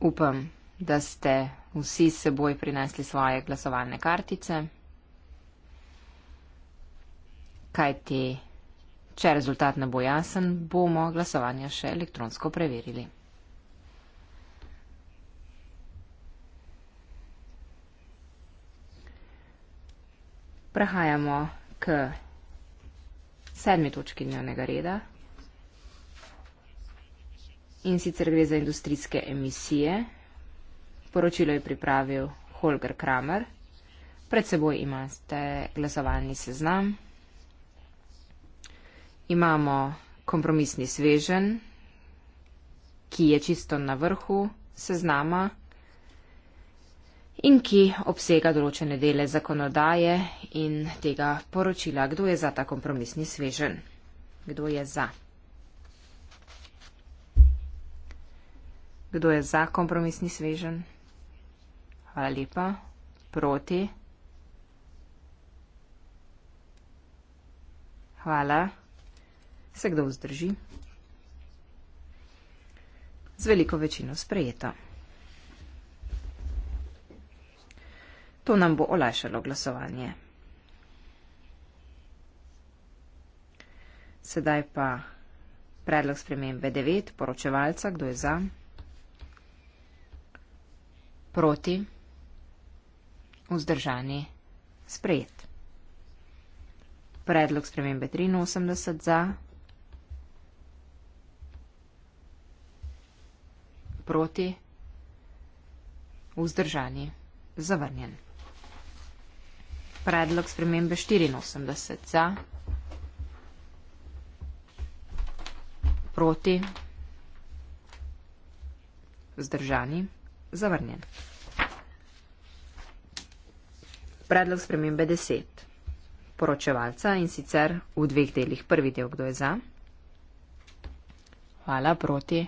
Upam, da ste vsi s seboj prinesli svoje glasovalne kartice. Kaj ti, če rezultat ne bo jasen, bomo glasovanje še elektronsko preverili. Prehajamo k sedmi točki dnevnega reda, in sicer gre za industrijske emisije. Poročilo je pripravil Holger Kramer. Pred seboj imate glasovalni seznam. Imamo kompromisni svežen, ki je čisto na vrhu seznama in ki obsega določene dele zakonodaje in tega poročila, kdo je za ta kompromisni svežen. Kdo je za? Kdo je za kompromisni svežen? Hvala lepa. Proti? Hvala. Se kdo vzdrži? Z veliko večino sprejeto. To nam bo olajšalo glasovanje. Sedaj pa predlog spremembe 9, poročevalca, kdo je za. Proti, vzdržani, sprejet. Predlog spremembe 83 za, proti, vzdržani, zavrnjen. Predlog spremembe 84 za, proti, vzdržani, zavrnjen. Zavrnjen. Predlog spremembe 10. Poročevalca in sicer v dveh delih. Prvi del, kdo je za? Hvala, proti.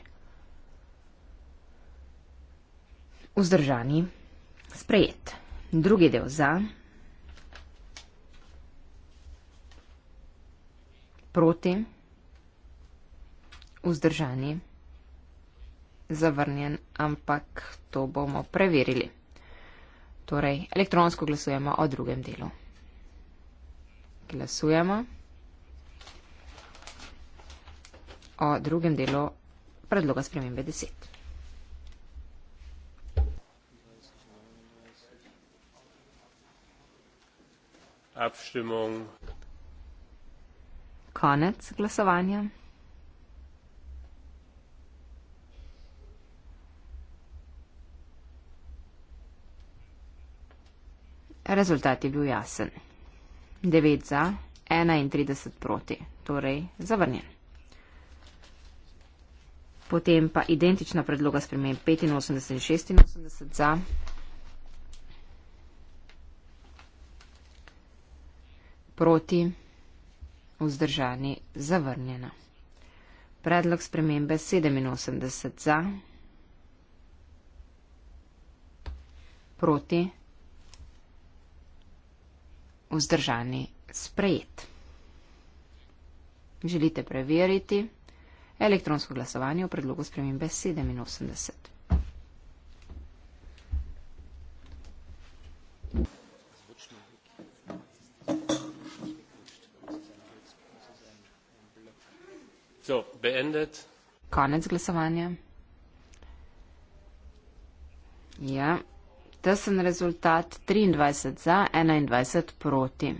Vzdržani. Sprejet. Drugi del za. Proti. Vzdržani zavrnjen, ampak to bomo preverili. Torej, elektronsko glasujemo o drugem delu. Glasujemo o drugem delu predloga spremembe 10. Abstimmung. Konec glasovanja. Rezultat je bil jasen. 9 za, 31 proti, torej zavrnjen. Potem pa identična predloga spremem 85 in 86 za. Proti, vzdržani, zavrnjena. Predlog spremembe 87 za, proti, vzdržani sprejet. Želite preveriti elektronsko glasovanje v predlogu spremembe 87. So, Konec glasovanja. Ja tesen rezultat 23 za, 21 proti.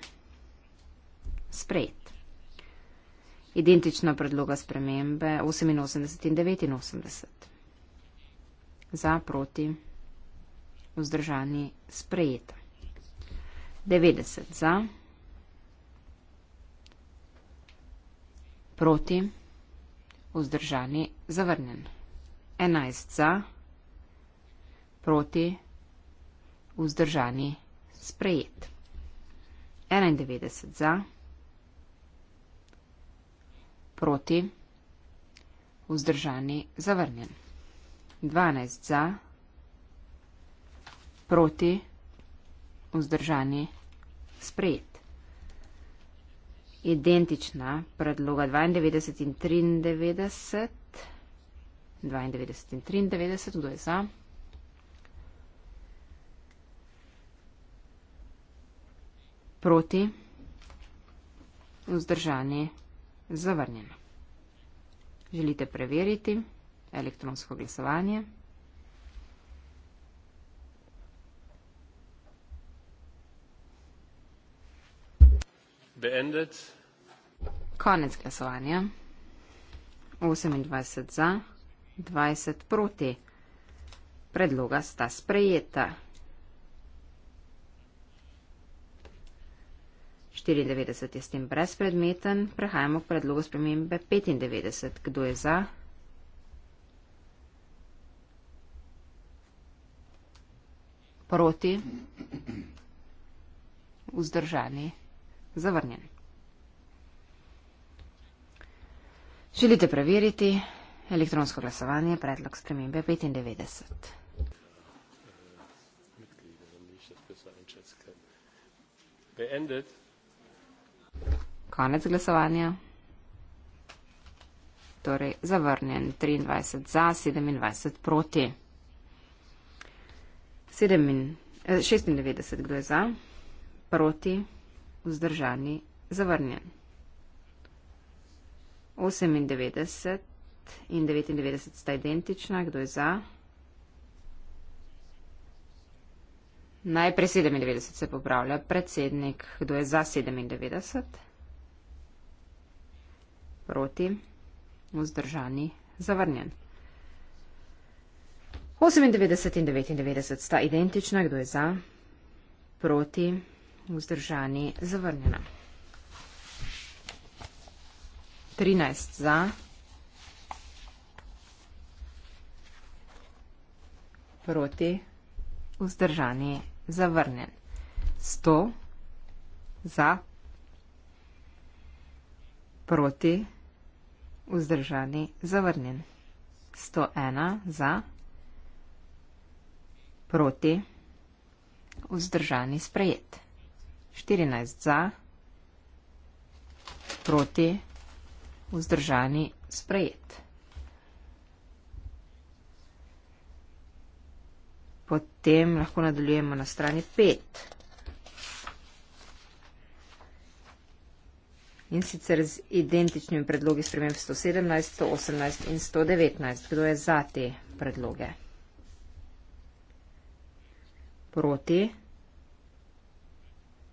Sprejet. Identično predloga spremembe 88 in 89. Za, proti, vzdržani, sprejet. 90 za, proti, vzdržani, zavrnjen. 11 za, proti, vzdržani vzdržani, sprejet. 91 za, proti, vzdržani, zavrnjen. 12 za, proti, vzdržani, sprejet. Identična predloga 92 in 93. 92 in 93, kdo je za? proti, vzdržani, zavrnjeno. Želite preveriti elektronsko glasovanje? Beendet. Konec glasovanja. 28 za, 20 proti. Predloga sta sprejeta. 94 je s tem brezpredmeten. Prehajamo k predlogu spremembe 95. Kdo je za? Proti? Vzdržani? Zavrnjen. Želite preveriti elektronsko glasovanje predlog spremembe 95? Beendet. Konec glasovanja. Torej, zavrnjen 23 za, 27 proti. 96 eh, kdo je za, proti, vzdržani, zavrnjen. 98 in 99 sta identična, kdo je za. Najprej 97 se popravlja predsednik, kdo je za 97 proti, vzdržani, zavrnjen. 98 in 99 sta identična, kdo je za, proti, vzdržani, zavrnjena. 13 za, 100 proti, vzdržani, zavrnjen. 100 za, proti, vzdržani, zavrnjen. 101 za, proti, vzdržani, sprejet. 14 za, proti, vzdržani, sprejet. Potem lahko nadaljujemo na strani 5. in sicer z identičnimi predlogi sprememb 117, 118 in 119. Kdo je za te predloge? Proti?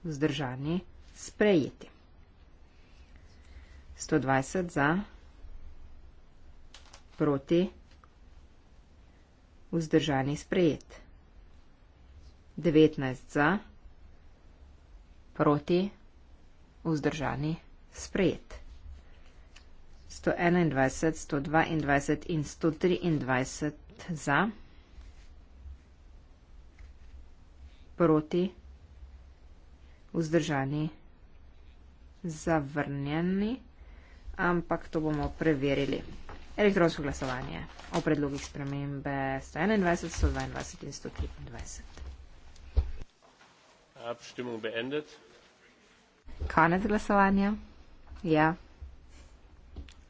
Vzdržani? Sprejeti. 120 za? Proti? Vzdržani? Sprejeti. 19 za? Proti? Vzdržani? Sprejeti sprejet. 121, 122 in 123 za, proti, vzdržani, zavrnjeni, ampak to bomo preverili. Elektronsko glasovanje o predlogih spremembe 121, 122 in 123. Abstimmung beendet. Konec glasovanja. Ja,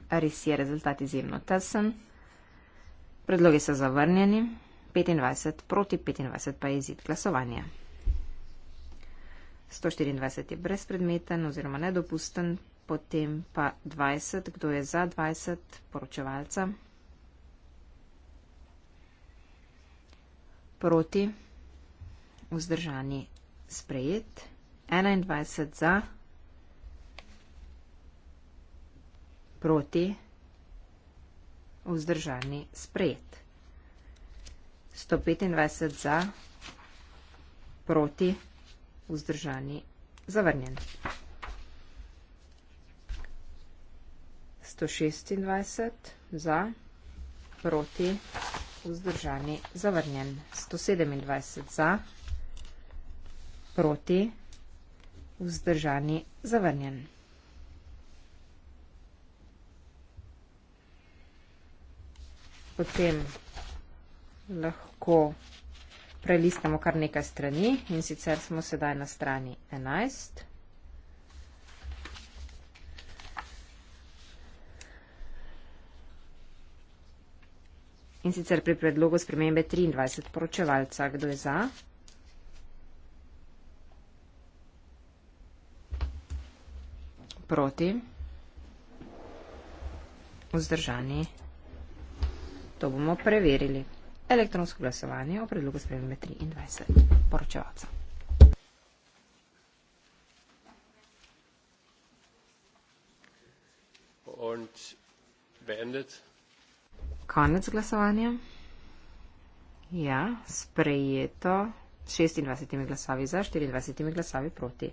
res je rezultat izjemno tesen. Predlogi so zavrnjeni, 25 proti 25 pa je izid glasovanja. 124 je brezpredmeten oziroma nedopusten, potem pa 20, kdo je za 20 poročevalca. Proti, vzdržani, sprejet, 21 za. proti, vzdržani, sprejet. 125 za, proti, vzdržani, zavrnjen. 126 za, proti, vzdržani, zavrnjen. 127 za, proti, vzdržani, zavrnjen. 128 za, proti, vzdržani, zavrnjen. potem lahko prelistamo kar nekaj strani in sicer smo sedaj na strani 11. In sicer pri predlogu spremembe 23 poročevalca, kdo je za? Proti? Vzdržani? To bomo preverili. Elektronsko glasovanje o predlogu spremembe 23. Poročevalca. Konec glasovanja. Ja, sprejeto. 26 glasovi za, 24 glasovi proti.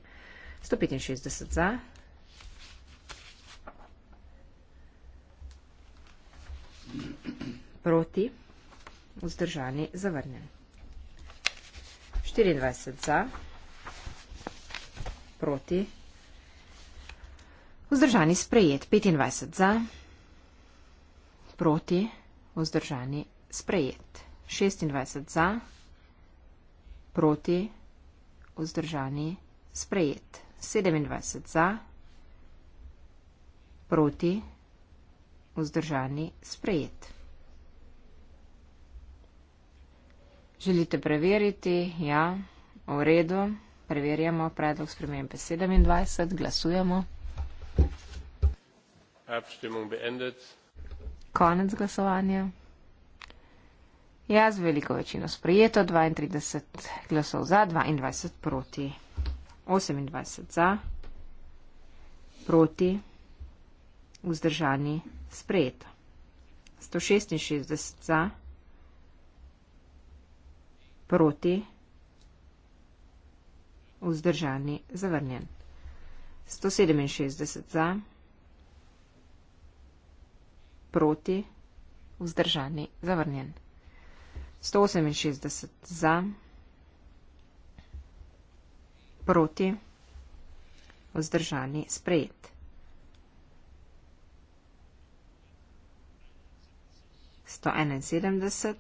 165 za, proti, vzdržani, zavrnjen. 24 za, proti, vzdržani, sprejet. 25 za, proti, vzdržani, sprejet. 26 za, proti, vzdržani, sprejet. 27 za, proti, vzdržani, sprejet. Želite preveriti? Ja, v redu. Preverjamo predlog spremembe 27. Glasujemo. Konec glasovanja. Jaz veliko večino sprejeto, 32 glasov za, 22 proti, 28 za, proti, vzdržani, sprejeto. 166 za, proti, vzdržani, zavrnjen. 167 za, proti, vzdržani, zavrnjen. 168 za, proti, vzdržani, sprejet. 171 za.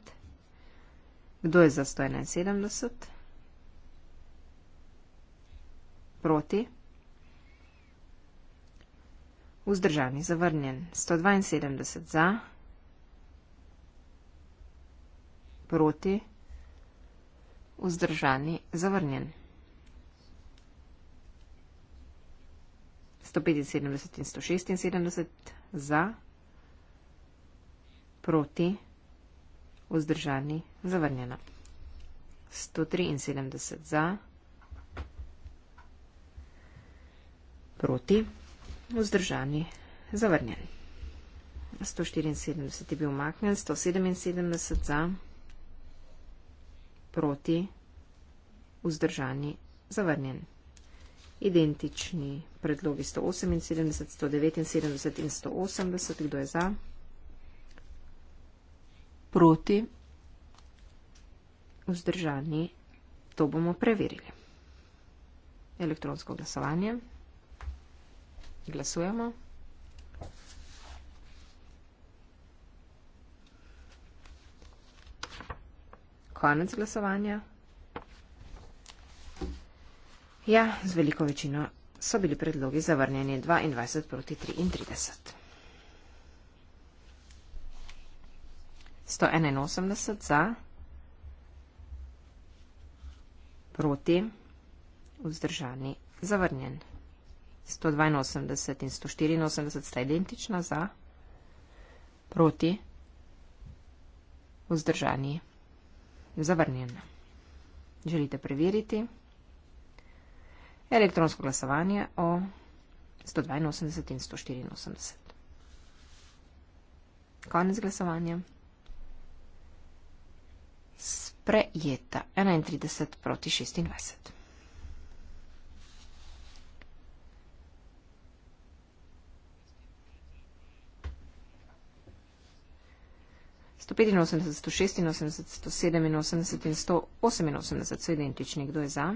Kdo je za 171? Proti. Vzdržani zavrnjen. 172 za. Proti. Vzdržani zavrnjen. 175 in 176 za. Proti vzdržani, zavrnjena. 173 za, proti, vzdržani, zavrnjen. 174 je bil umaknjen, 177 za, proti, vzdržani, zavrnjen. Identični predlogi 178, 179 in 180, kdo je za? proti, vzdržani, to bomo preverili. Elektronsko glasovanje. Glasujemo. Konec glasovanja. Ja, z veliko večino so bili predlogi zavrnjeni 22 proti 33. 181 za, proti, vzdržani, zavrnjen. 182 in 184 sta identična za, proti, vzdržani, zavrnjen. Želite preveriti elektronsko glasovanje o 182 in 184. Konec glasovanja sprejeta 31 proti 26. Sto petinosemdeset, sto šestinosemdeset, sto sedeminosemdeset in sto oseminosemdeset so identični. Kdo je za?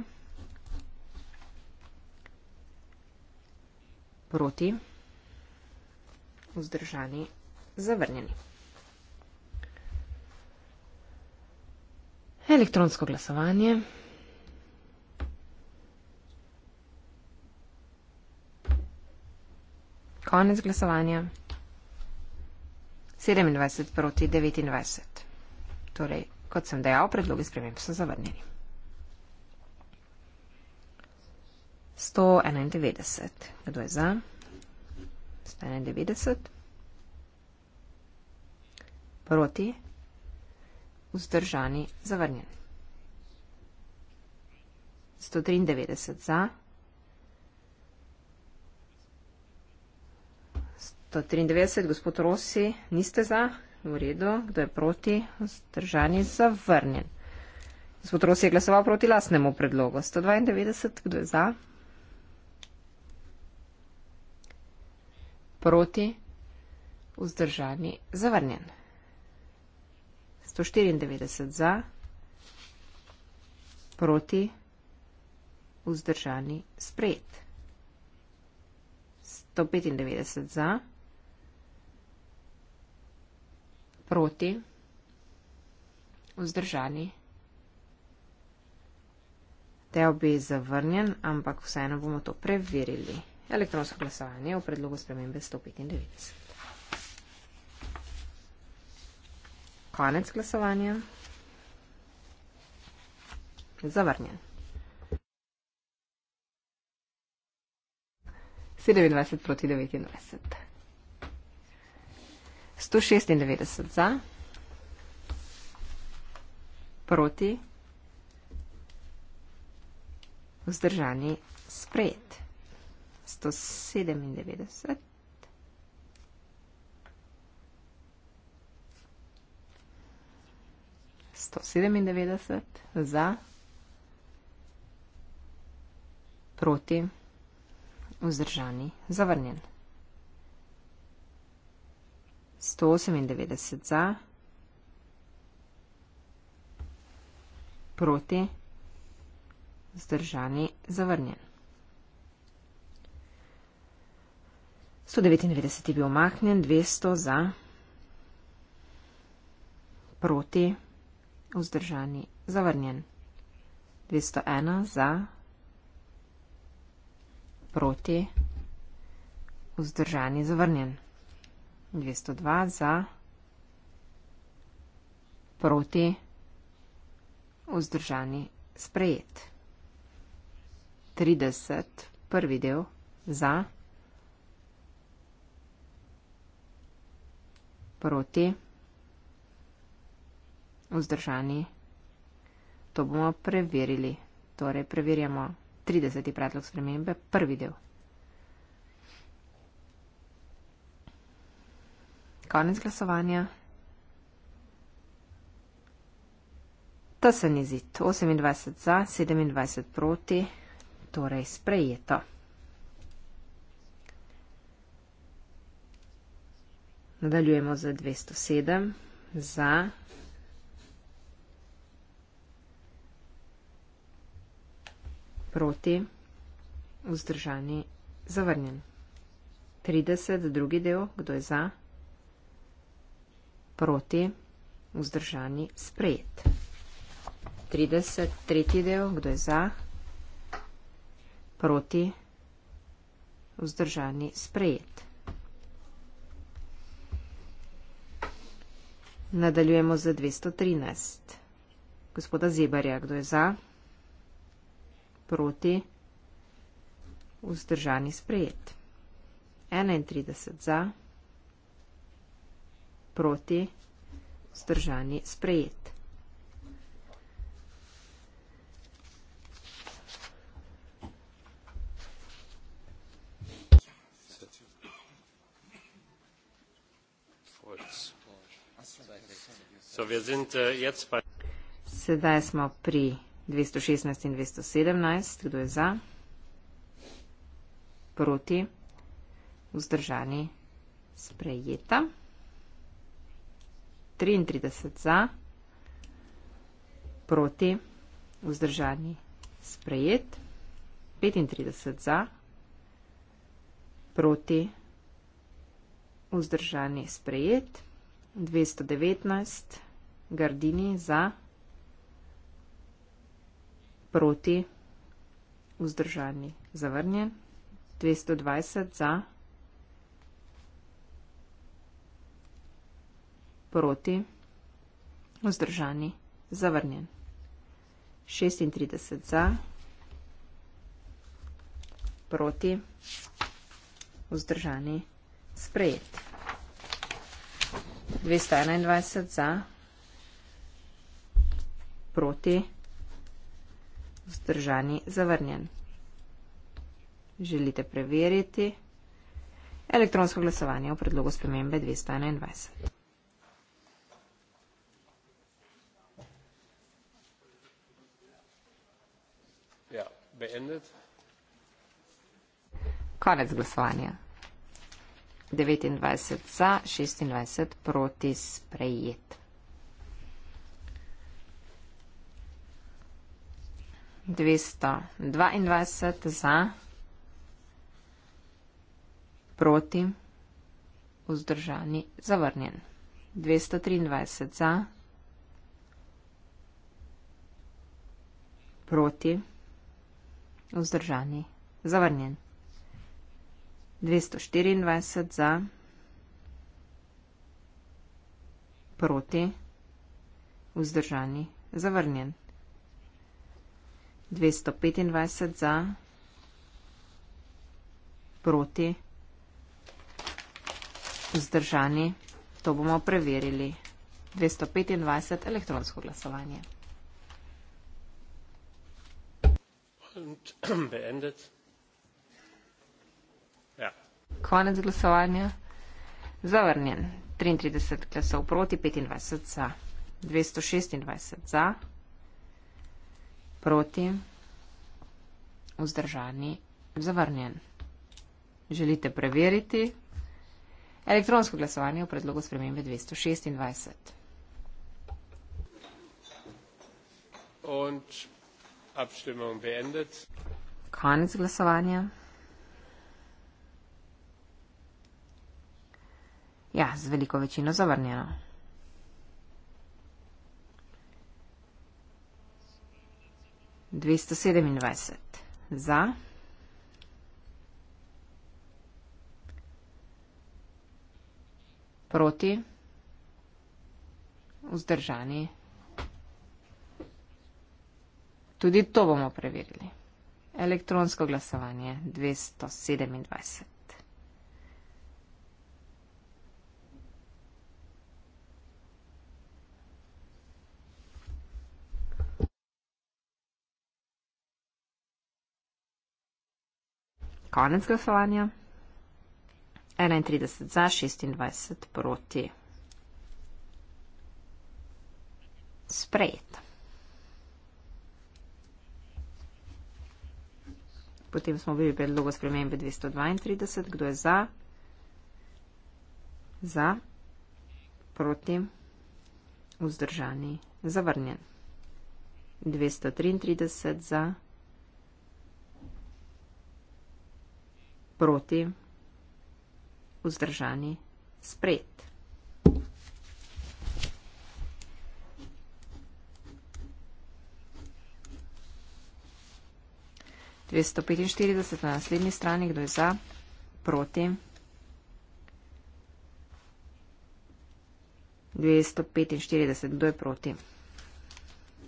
Proti. Vzdržani. Zavrnjeni. Elektronsko glasovanje. Konec glasovanja. 27 proti 29. Torej, kot sem dejal, predlogi sprememb so zavrnjeni. 191. Kdo je za? 191. Proti vzdržani zavrnjen. 193 za, 193, gospod Rosi, niste za, v redu, kdo je proti, vzdržani zavrnjen. Gospod Rosi je glasoval proti lasnemu predlogu. 192, kdo je za? Proti, vzdržani, zavrnjeni. 194 za, proti, vzdržani, sprejet. 195 za, proti, vzdržani. Del bi zavrnjen, ampak vseeno bomo to preverili. Elektronsko glasovanje v predlogu spremembe 195. konec glasovanja. Zavrnjen. 27 proti 29. 196 za, proti, vzdržani, sprejet. 197. 197 za, proti, vzdržani, zavrnjen. 198 za, proti, vzdržani, zavrnjen. 199 je bil omahnjen, 200 za, proti, vzdržani, zavrnjen vzdržani, zavrnjen. 201 za, proti, vzdržani, zavrnjen. 202 za, proti, vzdržani, sprejet. 30, prvi del, za, proti, vzdržani vzdržani. To bomo preverili. Torej, preverjamo 30. predlog spremembe, prvi del. Konec glasovanja. Tesen izid 28 za, 27 proti, torej sprejeto. Nadaljujemo z 207 za. proti, vzdržani, zavrnjen. 30, drugi del, kdo je za, proti, vzdržani, sprejet. 30, tretji del, kdo je za, proti, vzdržani, sprejet. Nadaljujemo z 213. Gospoda Zibarja, kdo je za? proti, vzdržani sprejet. 31 za, proti, vzdržani sprejet. Äh, Sedaj smo pri 216 in 217, kdo je za, proti, vzdržani, sprejeta. 33 za, proti, vzdržani, sprejet. 35 za, proti, vzdržani, sprejet. 219, gardini za proti, vzdržani, zavrnjen, 220 za, proti, vzdržani, zavrnjen, 36 za, proti, vzdržani, sprejet, 221 za, proti, vzdržani, sprejet vzdržani zavrnjen. Želite preveriti elektronsko glasovanje v predlogu spremembe 221. Ja, beendet. Konec glasovanja. 29 za, 26 proti sprejet. 222 za, proti, vzdržani, zavrnjen. 223 za, proti, vzdržani, zavrnjen. 224 za, proti, vzdržani, zavrnjen. 225 za, proti, vzdržani, to bomo preverili. 225 elektronsko glasovanje. Ähm, ja. Konec glasovanja. Zavrnjen. 33 glasov proti, 25 za. 226 za. Proti, vzdržani, zavrnjen. Želite preveriti elektronsko glasovanje v predlogu spremembe 226. Und abstimmung beendet. Konec glasovanja. Ja, z veliko večino zavrnjeno. 227 za, 5 proti, vzdržani. Tudi to bomo preverili. Elektronsko glasovanje 227. Konec glasovanja. 31 za, 26 proti. Sprejet. Potem smo bili predlogo spremembe 232. Kdo je za? Za, proti, vzdržani, zavrnjen. 233 za. proti, vzdržani, spred. Dvesto petinštirideset na naslednji strani, kdo je za, proti. Dvesto petinštirideset, kdo je proti.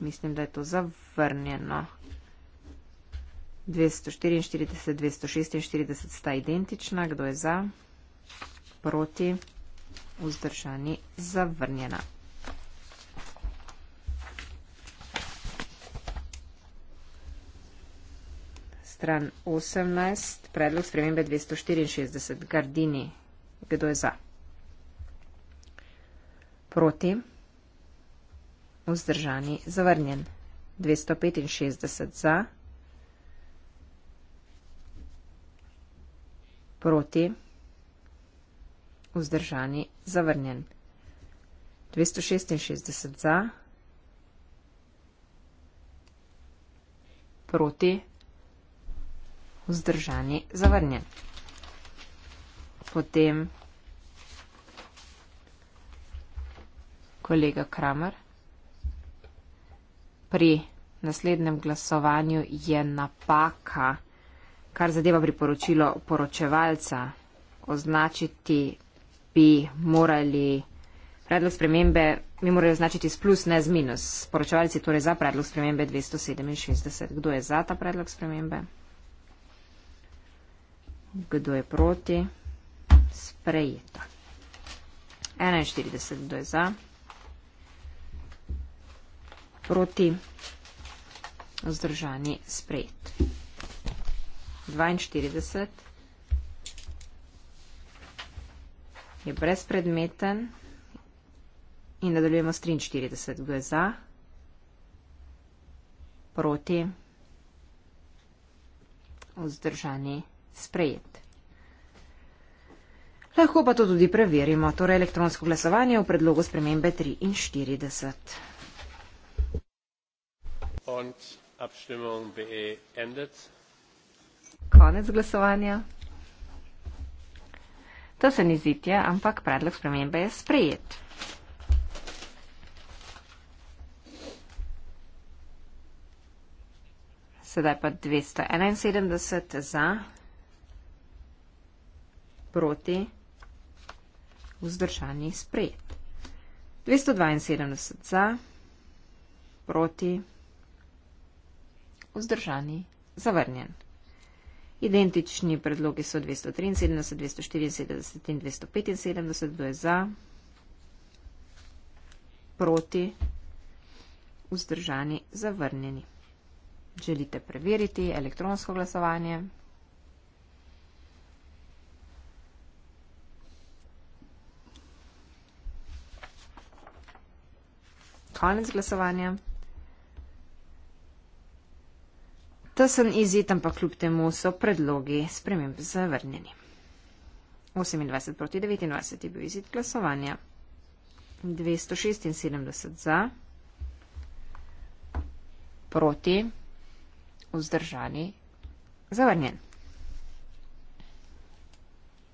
Mislim, da je to zavrnjeno. 244, 246 sta identična, kdo je za, proti, vzdržani, zavrnjena. Stran 18, predlog spremembe 264, Gardini, kdo je za, proti, vzdržani, zavrnjen, 265 za. Proti. Vzdržani. Zavrnjen. 266 za. Proti. Vzdržani. Zavrnjen. Potem. Kolega Kramer. Pri naslednjem glasovanju je napaka kar zadeva priporočilo poročevalca, označiti bi morali predlog spremembe, mi morajo označiti s plus, ne z minus. Poročevalci torej za predlog spremembe 267. Kdo je za ta predlog spremembe? Kdo je proti? Sprejeto. 41. Kdo je za? Proti? Zdržani sprejet dvainštirideset je brezpredmeten in nadaljujemo s triinštirideset. Kdo je za? Proti? Vzdržani? Sprejet. Lahko pa to tudi preverimo, torej elektronsko glasovanje v predlogu spremembe triinštirideset. Und Abstimmung beendet. Konec glasovanja. To se ni zitje, ampak predlog spremembe je sprejet. Sedaj pa 271 za, proti, vzdržani sprejet. 272 za, proti, vzdržani zavrnjen. Identični predlogi so 273, 274 in 275, kdo je za, proti, vzdržani, zavrnjeni. Želite preveriti elektronsko glasovanje? Konec glasovanja. tesen izid, ampak kljub temu so predlogi sprememb zavrnjeni. 28 proti 29 je bil izid glasovanja. 276 za, proti, vzdržani, zavrnjen.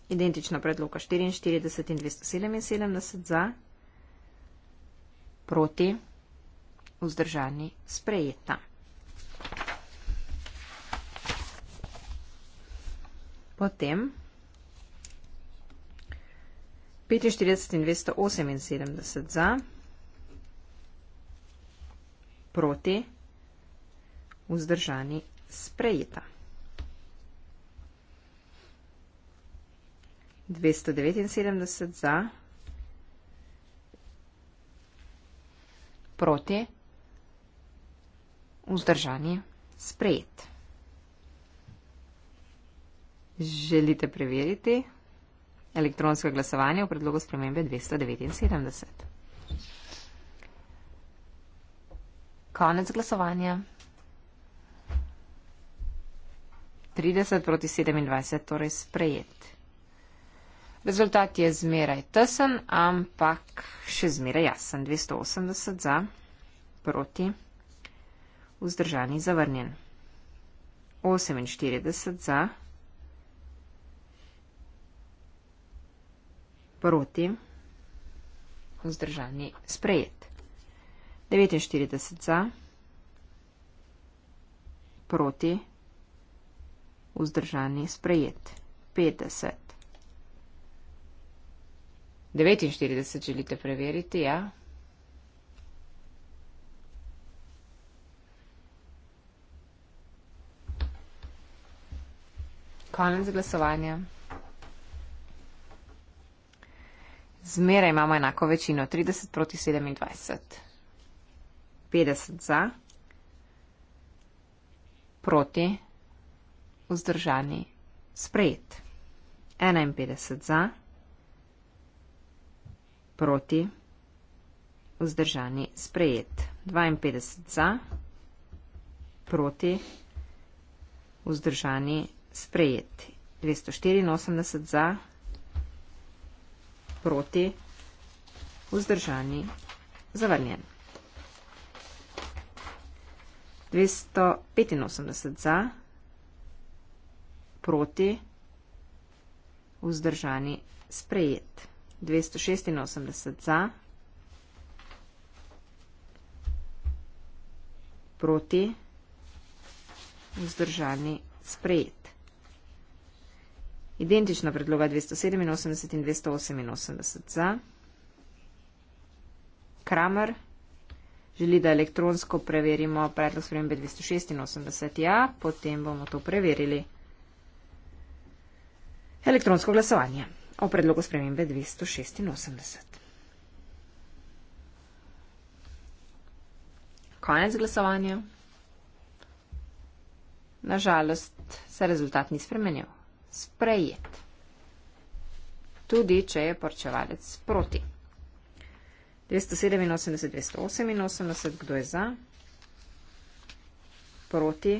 Identična predloga 44 in 277 za, proti, vzdržani, sprejeta. Potem 45 in 278 za, proti, vzdržani, sprejeta. 279 za, proti, vzdržani, sprejet. Želite preveriti elektronsko glasovanje v predlogu spremembe 279? Konec glasovanja. 30 proti 27, torej sprejet. Rezultat je zmeraj tesen, ampak še zmeraj jasen. 280 za, proti, vzdržani zavrnjen. 48 za, proti, vzdržani, sprejet. 49 za, proti, vzdržani, sprejet. 50. 49 želite preveriti, ja? Konec glasovanja. Zmeraj imamo enako večino, 30 proti 27. 50 za, proti, vzdržani, sprejet. 51 za, proti, vzdržani, sprejet. 52 za, proti, vzdržani, sprejet. 284 za, proti, vzdržani, zavrnjen. 285 za, proti, vzdržani, sprejet. 286 za, proti, vzdržani, sprejet. Identična predloga 287 in 288 za. Kramer želi, da elektronsko preverimo predlog spremembe 286. Ja, potem bomo to preverili. Elektronsko glasovanje o predlogu spremembe 286. Konec glasovanja. Nažalost se rezultat ni spremenil sprejet. Tudi, če je porčevalec proti. 287, 288, kdo je za? Proti,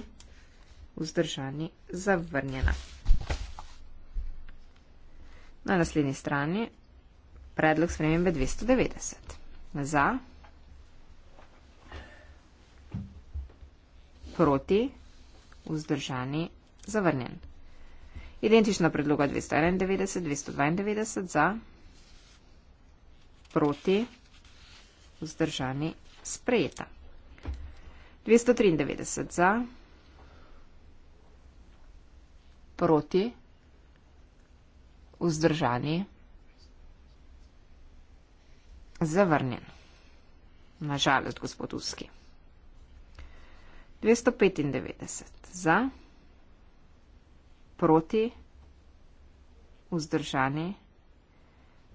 vzdržani, zavrnjena. Na naslednji strani predlog spremembe 290. Za, proti, vzdržani, zavrnjen. Identično predloga 291, 292 za, proti, vzdržani, sprejeta. 293 za, proti, vzdržani, zavrnjen. Nažalost, gospod Uski. 295 za proti, vzdržani.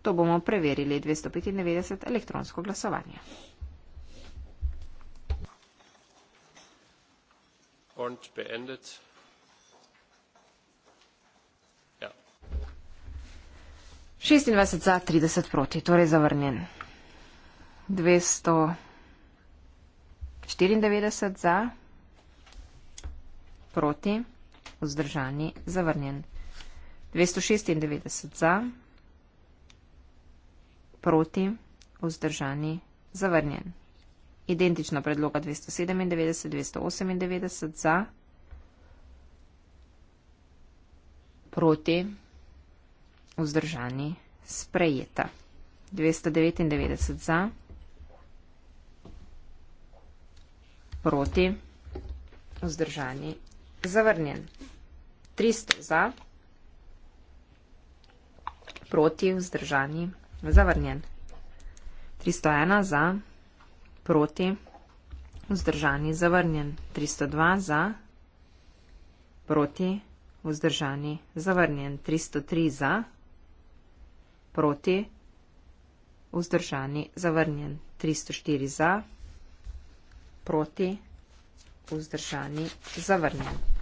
To bomo preverili 295 elektronsko glasovanje. Ja. 26 za 30 proti, torej zavrnjen. 294 za proti vzdržani, zavrnjen. 296 za, proti, vzdržani, zavrnjen. Identično predloga 297, 298 za, proti, vzdržani, sprejeta. 299 za, proti, vzdržani, zavrnjen. 300 za, proti, vzdržani, zavrnjen. 301 za, proti, vzdržani, zavrnjen. 302 za, proti, vzdržani, zavrnjen. 303 za, proti, vzdržani, zavrnjen. 304 za, proti, vzdržani, zavrnjen.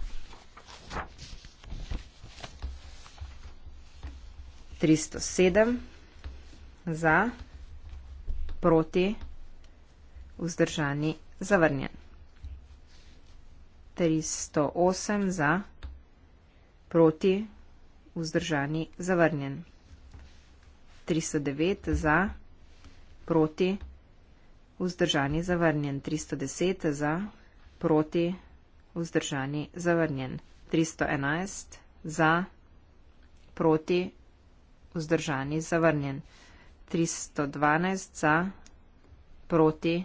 307 za, proti, vzdržani, zavrnjen. 308 za, proti, vzdržani, zavrnjen. 309 za, proti, vzdržani, zavrnjen. 310 za, proti, vzdržani, zavrnjen. 311 za, proti, vzdržani zavrnjen. 312 za, proti,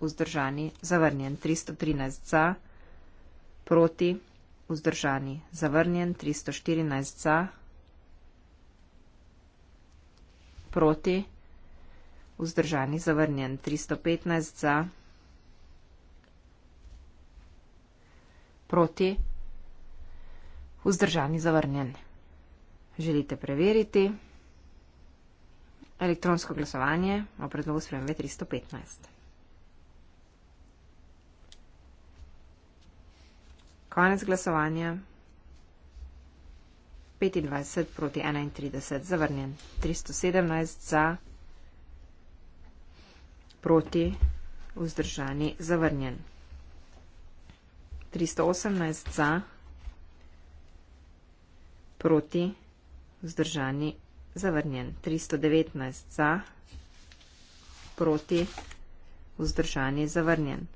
vzdržani zavrnjen. 313 za, proti, vzdržani zavrnjen. 314 za, proti, vzdržani zavrnjen. 315 za, proti, vzdržani zavrnjen. Želite preveriti elektronsko glasovanje o predlogu spremembe 315? Konec glasovanja. 25 proti 31 zavrnjen. 317 za proti vzdržani zavrnjen. 318 za proti vzdržani zavrnjen vzdržani, zavrnjen. 319 za, proti, vzdržani, zavrnjen.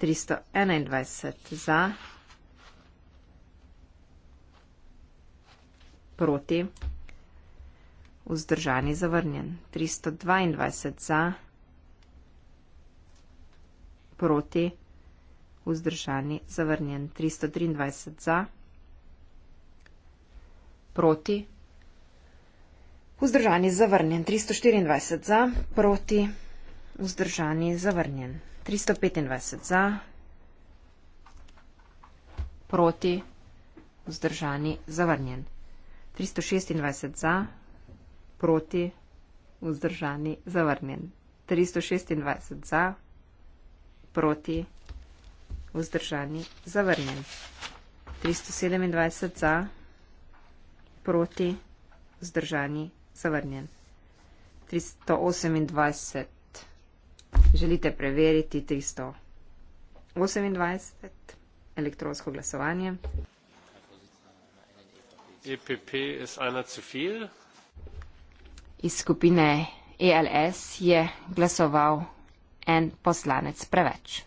321 za, proti, vzdržani, zavrnjen. 322 za, proti, vzdržani, zavrnjen. 323 za. Proti. Vzdržani zavrnjen. 324 za. Proti. Vzdržani zavrnjen. 325 za. Proti. Vzdržani zavrnjen. 326 za. Proti. Vzdržani zavrnjen. 326 za. Proti. Vzdržani zavrnjen. 327 za proti, vzdržani, zavrnjen. 328. Želite preveriti 328. elektronsko glasovanje. EPP je ena zu viel. Iz skupine ELS je glasoval en poslanec preveč.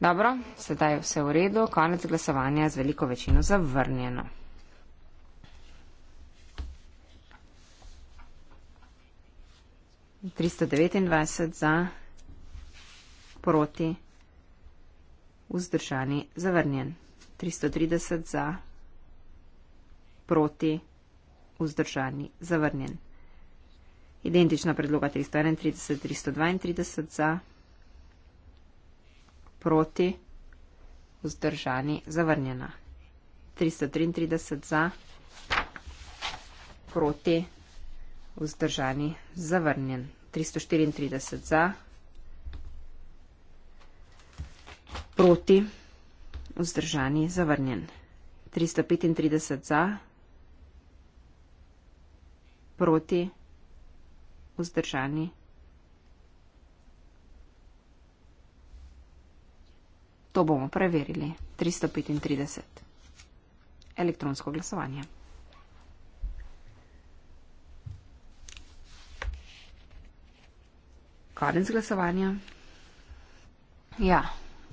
Dobro, sedaj je vse v redu, konec glasovanja je z veliko večino zavrnjeno. Tristo devetindvajset za, proti, vzdržani, zavrnjen. Tristo trideset za, proti, vzdržani, zavrnjen. Identična predloga tristo enaintrideset, tristo dvaintrideset za proti, vzdržani, zavrnjena. 333 za, proti, vzdržani, zavrnjen. 334 za, proti, vzdržani, zavrnjen. 335 za, proti, vzdržani, zavrnjen. To bomo preverili. 335. Elektronsko glasovanje. Konec glasovanja. Ja,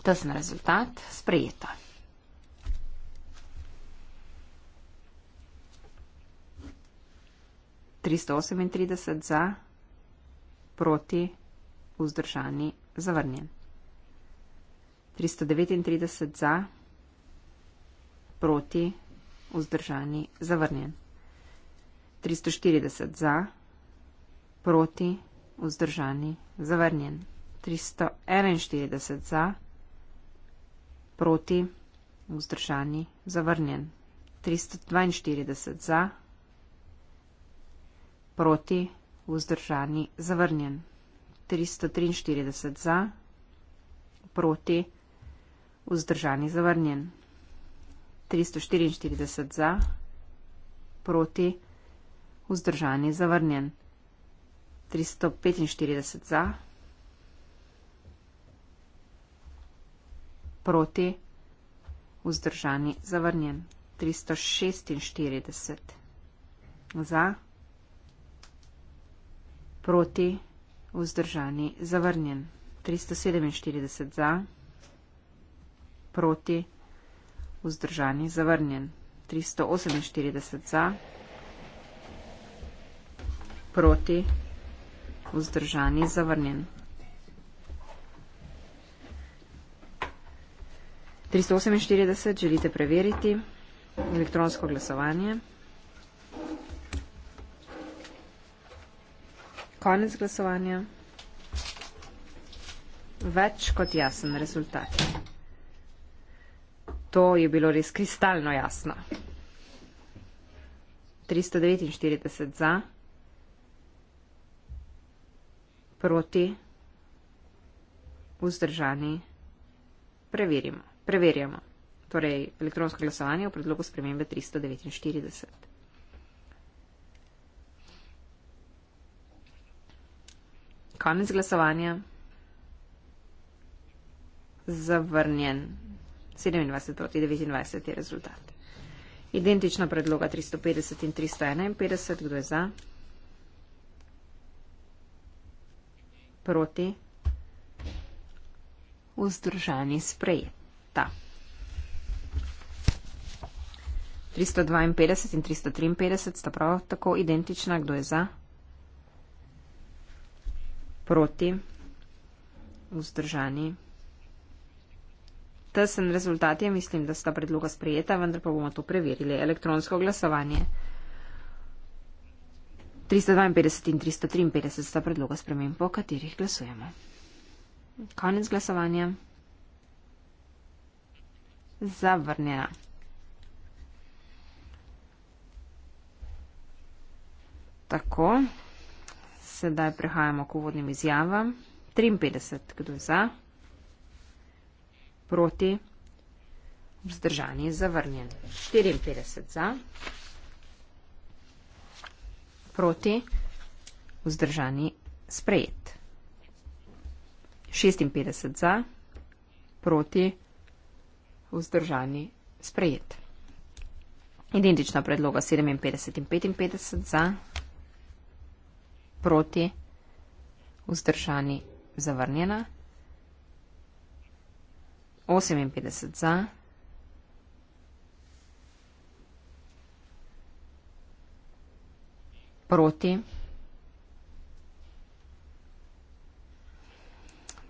tesen rezultat. Sprejeta. Tristo osemintrideset za, proti, vzdržani, zavrnjen. 339 za, proti, vzdržani, zavrnjen. 340 za, proti, vzdržani, zavrnjen. 341 za, proti, vzdržani, zavrnjen. 342 za, proti, vzdržani, zavrnjen. 343 za, proti, vzdržani, zavrnjen vzdržani zavrnjen. 344 za, proti, vzdržani zavrnjen. 345 za, proti, vzdržani zavrnjen. 346 za, proti, vzdržani zavrnjen. 347 za, proti, vzdržani zavrnjen proti, vzdržani zavrnjen. 348 za, proti, vzdržani zavrnjen. 348 želite preveriti elektronsko glasovanje. Konec glasovanja. Več kot jasen rezultat. To je bilo res kristalno jasno. 349 za, proti, vzdržani, preverimo. Preverjamo. Torej, elektronsko glasovanje v predlogu spremembe 349. Konec glasovanja. Zavrnjen. 27 proti 29 je rezultat. Identična predloga 350 in 351, kdo je za? Proti? Vzdržani sprejeta. 352 in 353 sta prav tako identična, kdo je za? Proti? Vzdržani sprejeta tesen rezultat je, mislim, da sta predloga sprejeta, vendar pa bomo to preverili. Elektronsko glasovanje. 352 in 353 sta predloga spremem, po katerih glasujemo. Konec glasovanja. Zavrnjena. Tako, sedaj prehajamo k uvodnim izjavam. 53, kdo je za? proti, vzdržan je zavrnjen. 54 za, proti, vzdržan je sprejet. 56 za, proti, vzdržan je sprejet. Identična predloga 57 in 55 za, proti, vzdržan je sprejet. Proti, vzdržani, zavrnjena. 58 za. Proti.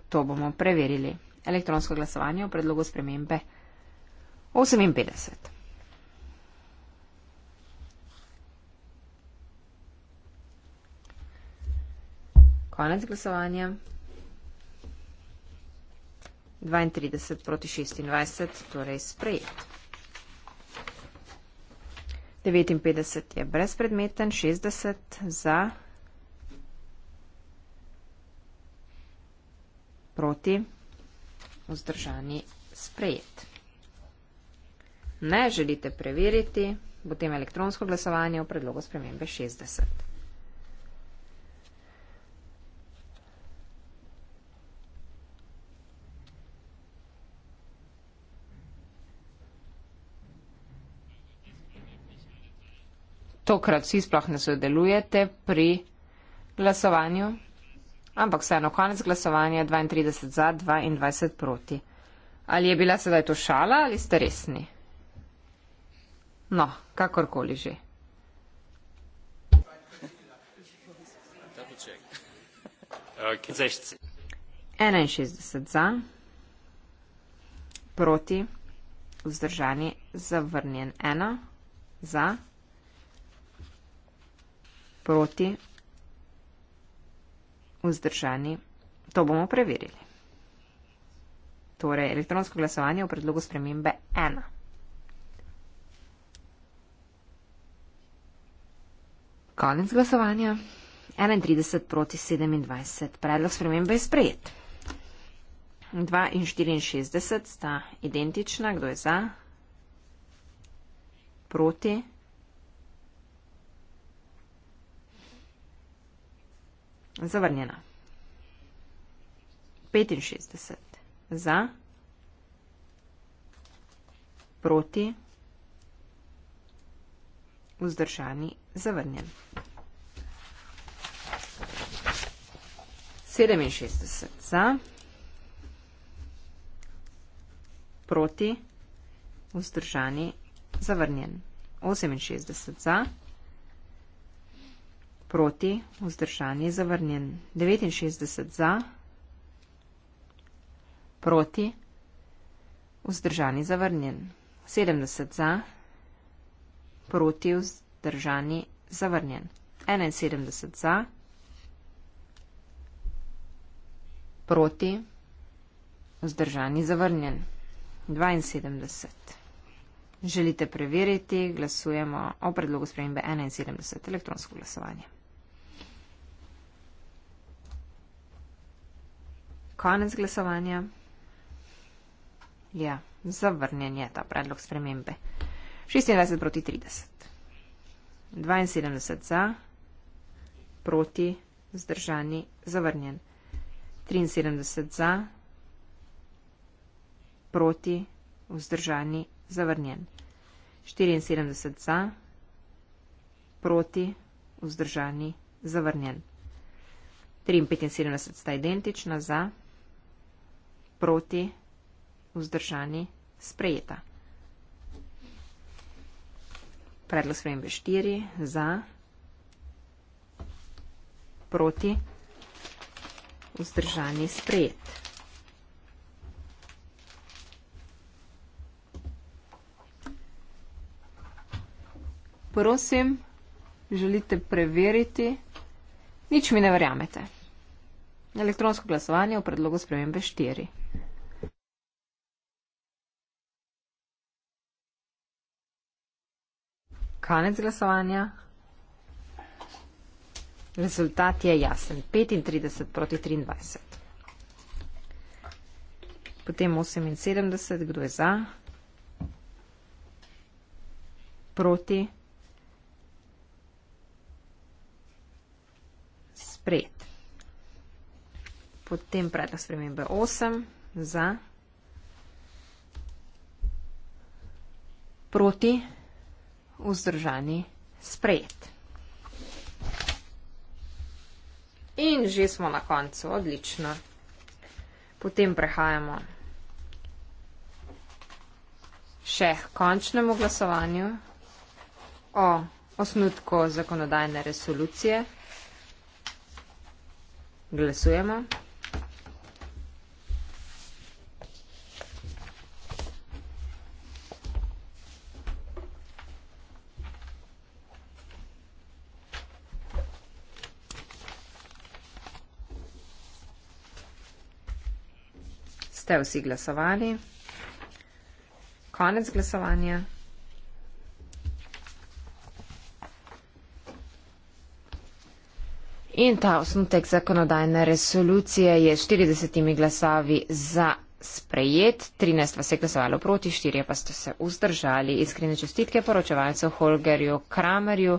To bomo preverili. Elektronsko glasovanje o predlogu spremembe 58. Konec glasovanja. 32 proti 26, torej sprejet. 59 je brezpredmeten, 60 za, proti, vzdržani, sprejet. Ne želite preveriti, potem elektronsko glasovanje v predlogu spremembe 60. tokrat vsi sploh ne sodelujete pri glasovanju, ampak vseeno konec glasovanja 32 za, 22 proti. Ali je bila sedaj to šala ali ste resni? No, kakorkoli že. Okay. 61 za, proti, vzdržani, zavrnjen 1 za proti vzdržani. To bomo preverili. Torej, elektronsko glasovanje v predlogu spremembe 1. Konec glasovanja. 31 proti 27. Predlog spremembe je sprejet. 2 in 64 sta identična. Kdo je za? Proti. zavrnjena. 65 za, proti, vzdržani, zavrnjen. 67 za, proti, vzdržani, zavrnjen. 68 za, proti, vzdržani, zavrnjen proti, vzdržan je zavrnjen. 69 za, proti, vzdržan je zavrnjen. 70 za, proti, vzdržan je zavrnjen. 71 za, proti, vzdržan je zavrnjen. 72. Želite preveriti, glasujemo o predlogu spremembe 71 elektronsko glasovanje. Konec glasovanja. Ja, zavrnjen je ta predlog spremembe. 26 proti 30. 72 za, proti, zdržani, zavrnjen. 73 za, proti, vzdržani, zavrnjen. 74 za, proti, vzdržani, zavrnjen. 73 sta identična za proti, vzdržani, sprejeta. Predlog spremembe 4 za, proti, vzdržani, sprejet. Prosim, želite preveriti? Nič mi ne verjamete. Elektronsko glasovanje v predlogu spremembe 4. Konec glasovanja. Rezultat je jasen. 35 proti 23. Potem 78. Kdo je za? Proti? Sprejet. Potem predlog spremembe 8 za, proti, vzdržani, sprejet. In že smo na koncu, odlično. Potem prehajamo še k končnemu glasovanju o osnutku zakonodajne resolucije. Glasujemo. ste vsi glasovali. Konec glasovanja. In ta osnutek zakonodajne resolucije je s 40 glasovi za sprejet, 13 vas je glasovalo proti, 4 pa ste se vzdržali. Iskrene čestitke poročevalcev Holgerju Kramerju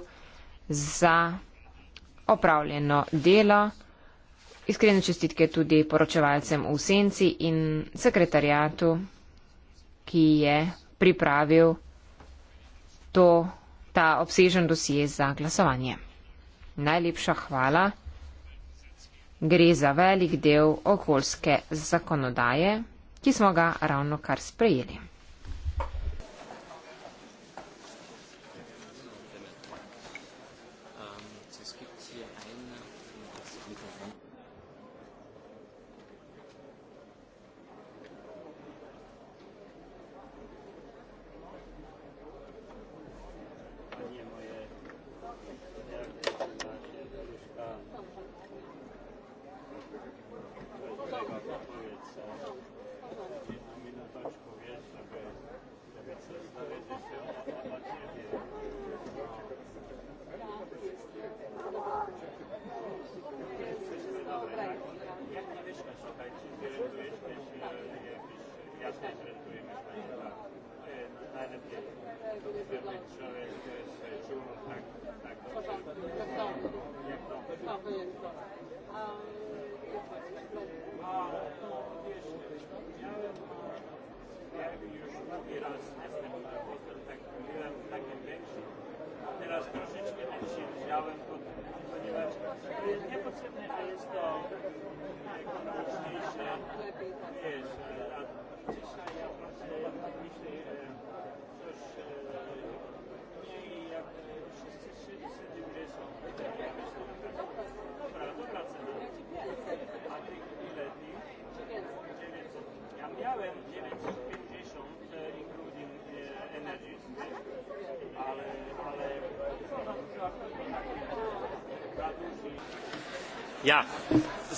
za opravljeno delo. Iskrene čestitke tudi poročevalcem v Senci in sekretarjatu, ki je pripravil to, ta obsežen dosje za glasovanje. Najlepša hvala. Gre za velik del okoljske zakonodaje, ki smo ga ravno kar sprejeli.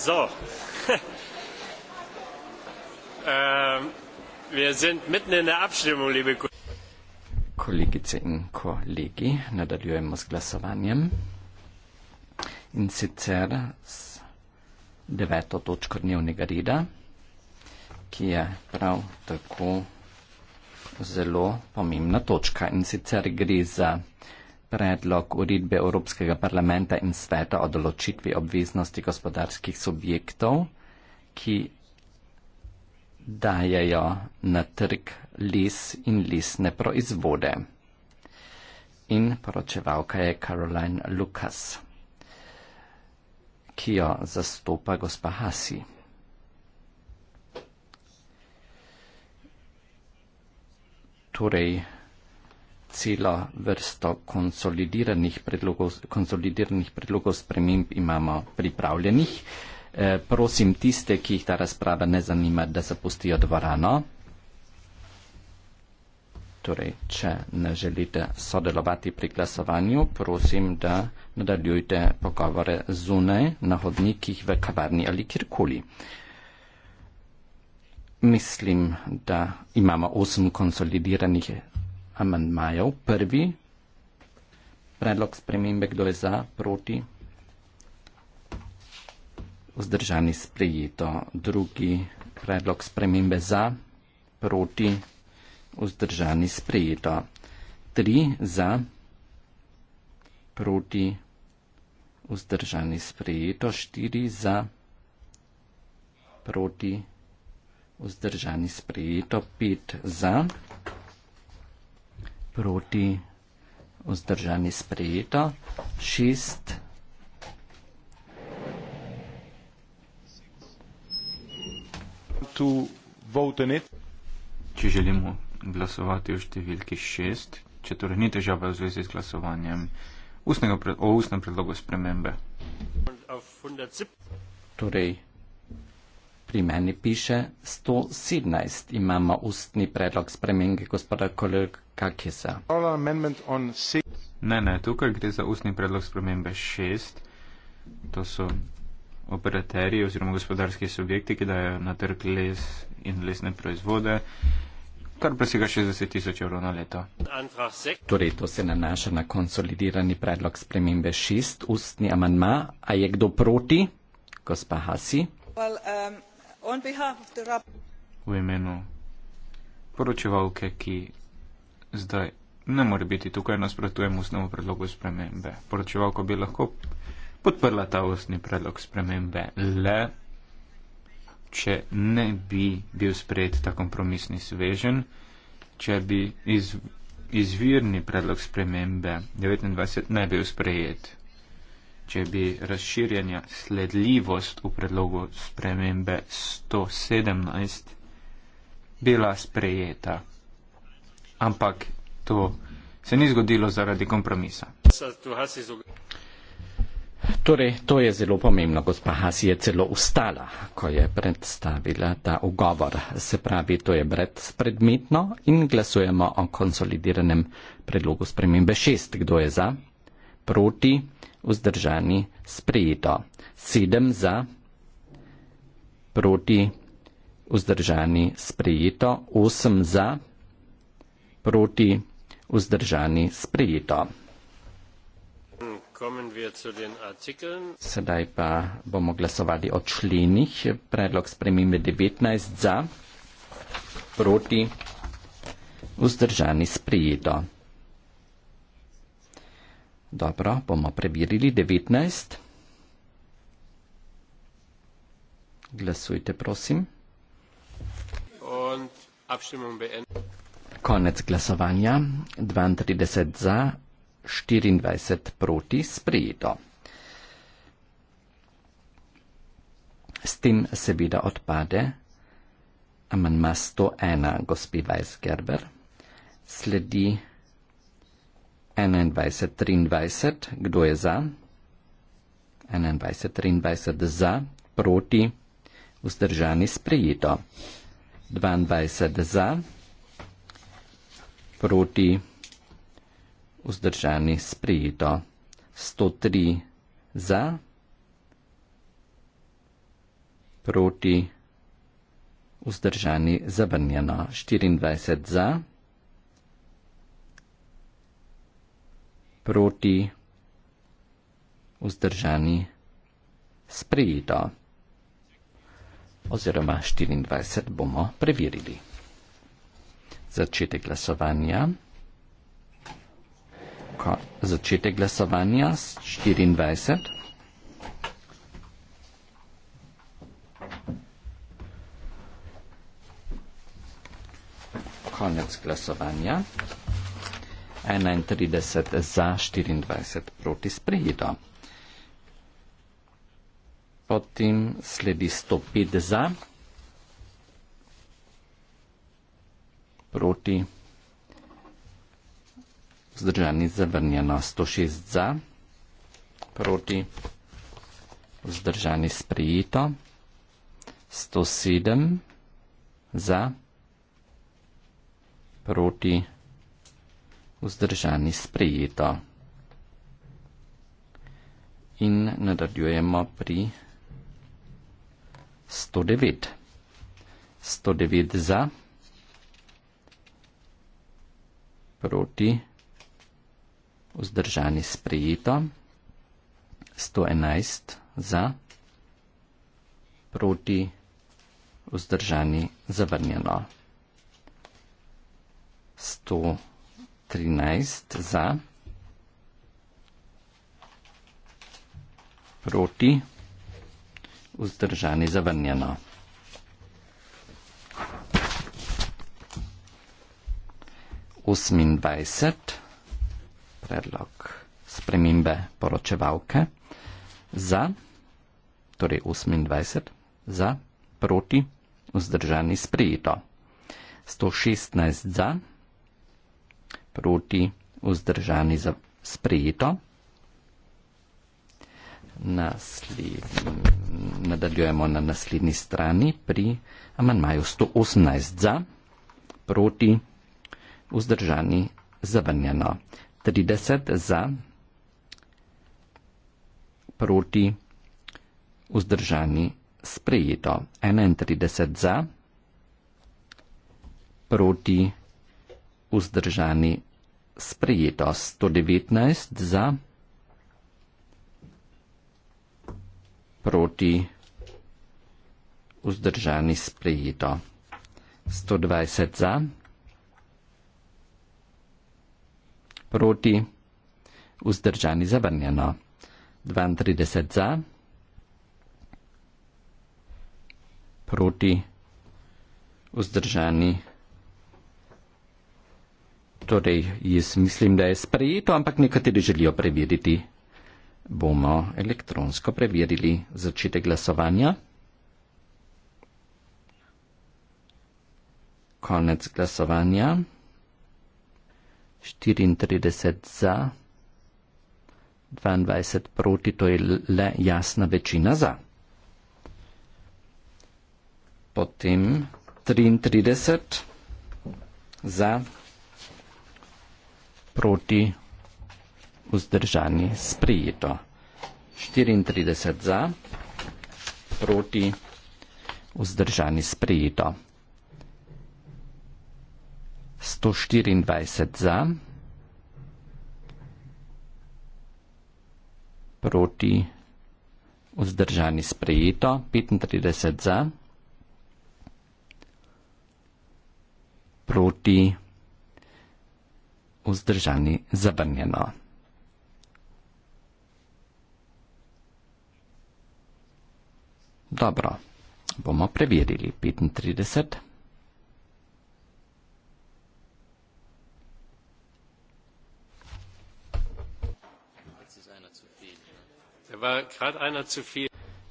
So. ähm, wir sind mitten in der Abstimmung, liebe Ko Kollegice in Kollegi, nadaljujemos glasovanjem. In sicer s deveto točko dnevnega reda, ki je prav tako zelo pomembna točka. In sicer gre za predlog uredbe Evropskega parlamenta in sveta o določitvi obveznosti gospodarskih subjektov, ki dajajo na trg les in lesne proizvode. In poročevalka je Caroline Lucas, ki jo zastopa gospa Hasi. Torej, cela vrsto konsolidiranih predlogov, konsolidiranih predlogov sprememb imamo pripravljenih. E, prosim tiste, ki jih ta razprava ne zanima, da zapustijo dvorano. Torej, če ne želite sodelovati pri glasovanju, prosim, da nadaljujte pogovore zunaj, na hodnikih, v kavarni ali kjerkoli. Mislim, da imamo osem konsolidiranih amandmajev. Prvi, predlog spremembe, kdo je za, proti, vzdržani sprejeto. Drugi, predlog spremembe za, proti, vzdržani sprejeto. Tri, za, proti, vzdržani sprejeto. Štiri, za, proti, vzdržani sprejeto. Pet, za proti vzdržani sprejeto. Šest. Če želimo glasovati o številki šest, če torej ni težava v zvezi z glasovanjem ustnega, o ustnem predlogu spremembe. Torej, pri meni piše 117. Imamo ustni predlog spremenge gospoda kolega. Kakisa. Ne, ne, tukaj gre za ustni predlog spremembe 6. To so operaterji oziroma gospodarski subjekti, ki dajo na trg les in lesne proizvode, kar presega 60 tisoč evrov na leto. Torej, to se nanaša na konsolidirani predlog spremembe 6, ustni amanma. A je kdo proti? Gospa Hasi. Well, um, v imenu poročevalke, ki zdaj ne more biti tukaj nasprotujem ustnemu predlogu spremembe. Poročevalko bi lahko podprla ta ustni predlog spremembe, le če ne bi bil sprejet ta kompromisni svežen, če bi iz, izvirni predlog spremembe 29 ne bil sprejet, če bi razširjanja sledljivost v predlogu spremembe 117 bila sprejeta ampak to se ni zgodilo zaradi kompromisa. Torej, to je zelo pomembno. Gospa Hasi je celo ustala, ko je predstavila ta ugovor. Se pravi, to je predmetno in glasujemo o konsolidiranem predlogu spremembe 6. Kdo je za? Proti, vzdržani, sprejeto. 7 za, proti, vzdržani, sprejeto. 8 za proti vzdržani sprejeto. Sedaj pa bomo glasovali o členih. Predlog spremembe 19 za, proti, vzdržani sprejeto. Dobro, bomo preverili 19. Glasujte, prosim. Konec glasovanja 32 za, 24 proti sprejeto. S tem seveda odpade amanma 101 gospi Weiss Gerber, sledi 21-23, kdo je za? 21-23 za, proti, vzdržani sprejeto. 22 za proti vzdržani sprejeto. 103 za, proti vzdržani zabrnjeno. 24 za, proti vzdržani sprejeto. Oziroma 24 bomo preverili začetek glasovanja. Ko začetek glasovanja s 24. Konec glasovanja. 31 za 24 proti sprejeto. Potem sledi 105 za. proti vzdržani zavrnjeno 106 za proti vzdržani sprejito 107 za proti vzdržani sprejito in nadaljujemo pri 109 109 za proti proti, vzdržani sprejeto, 111 za, proti, vzdržani zavrnjeno, 113 za, proti, vzdržani zavrnjeno. 28, predlog spremembe poročevalke, za, torej 28, za, proti, vzdržani sprejeto. 116 za, proti, vzdržani za sprejeto. Naslednji, nadaljujemo na naslednji strani pri amanmaju 118 za, proti, vzdržani za sprejeto uzdržani, zabrnjeno. 30 za, proti, uzdržani, sprejeto. 31 za, proti, uzdržani, sprejeto. 119 za, proti, uzdržani, sprejeto. 120 za, proti, uzdržani, sprejeto. proti, vzdržani zavrnjeno. 32 za, proti, vzdržani. Torej, jaz mislim, da je sprejeto, ampak nekateri želijo preveriti. Bomo elektronsko preverili začetek glasovanja. Konec glasovanja. 34 za, 22 proti, to je le jasna večina za. Potem 33 za, proti, vzdržani, sprijeto. 34 za, proti, vzdržani, sprijeto. 124 za, proti vzdržani sprejeto, 35 za, proti vzdržani zabrnjeno. Dobro, bomo preverili 35.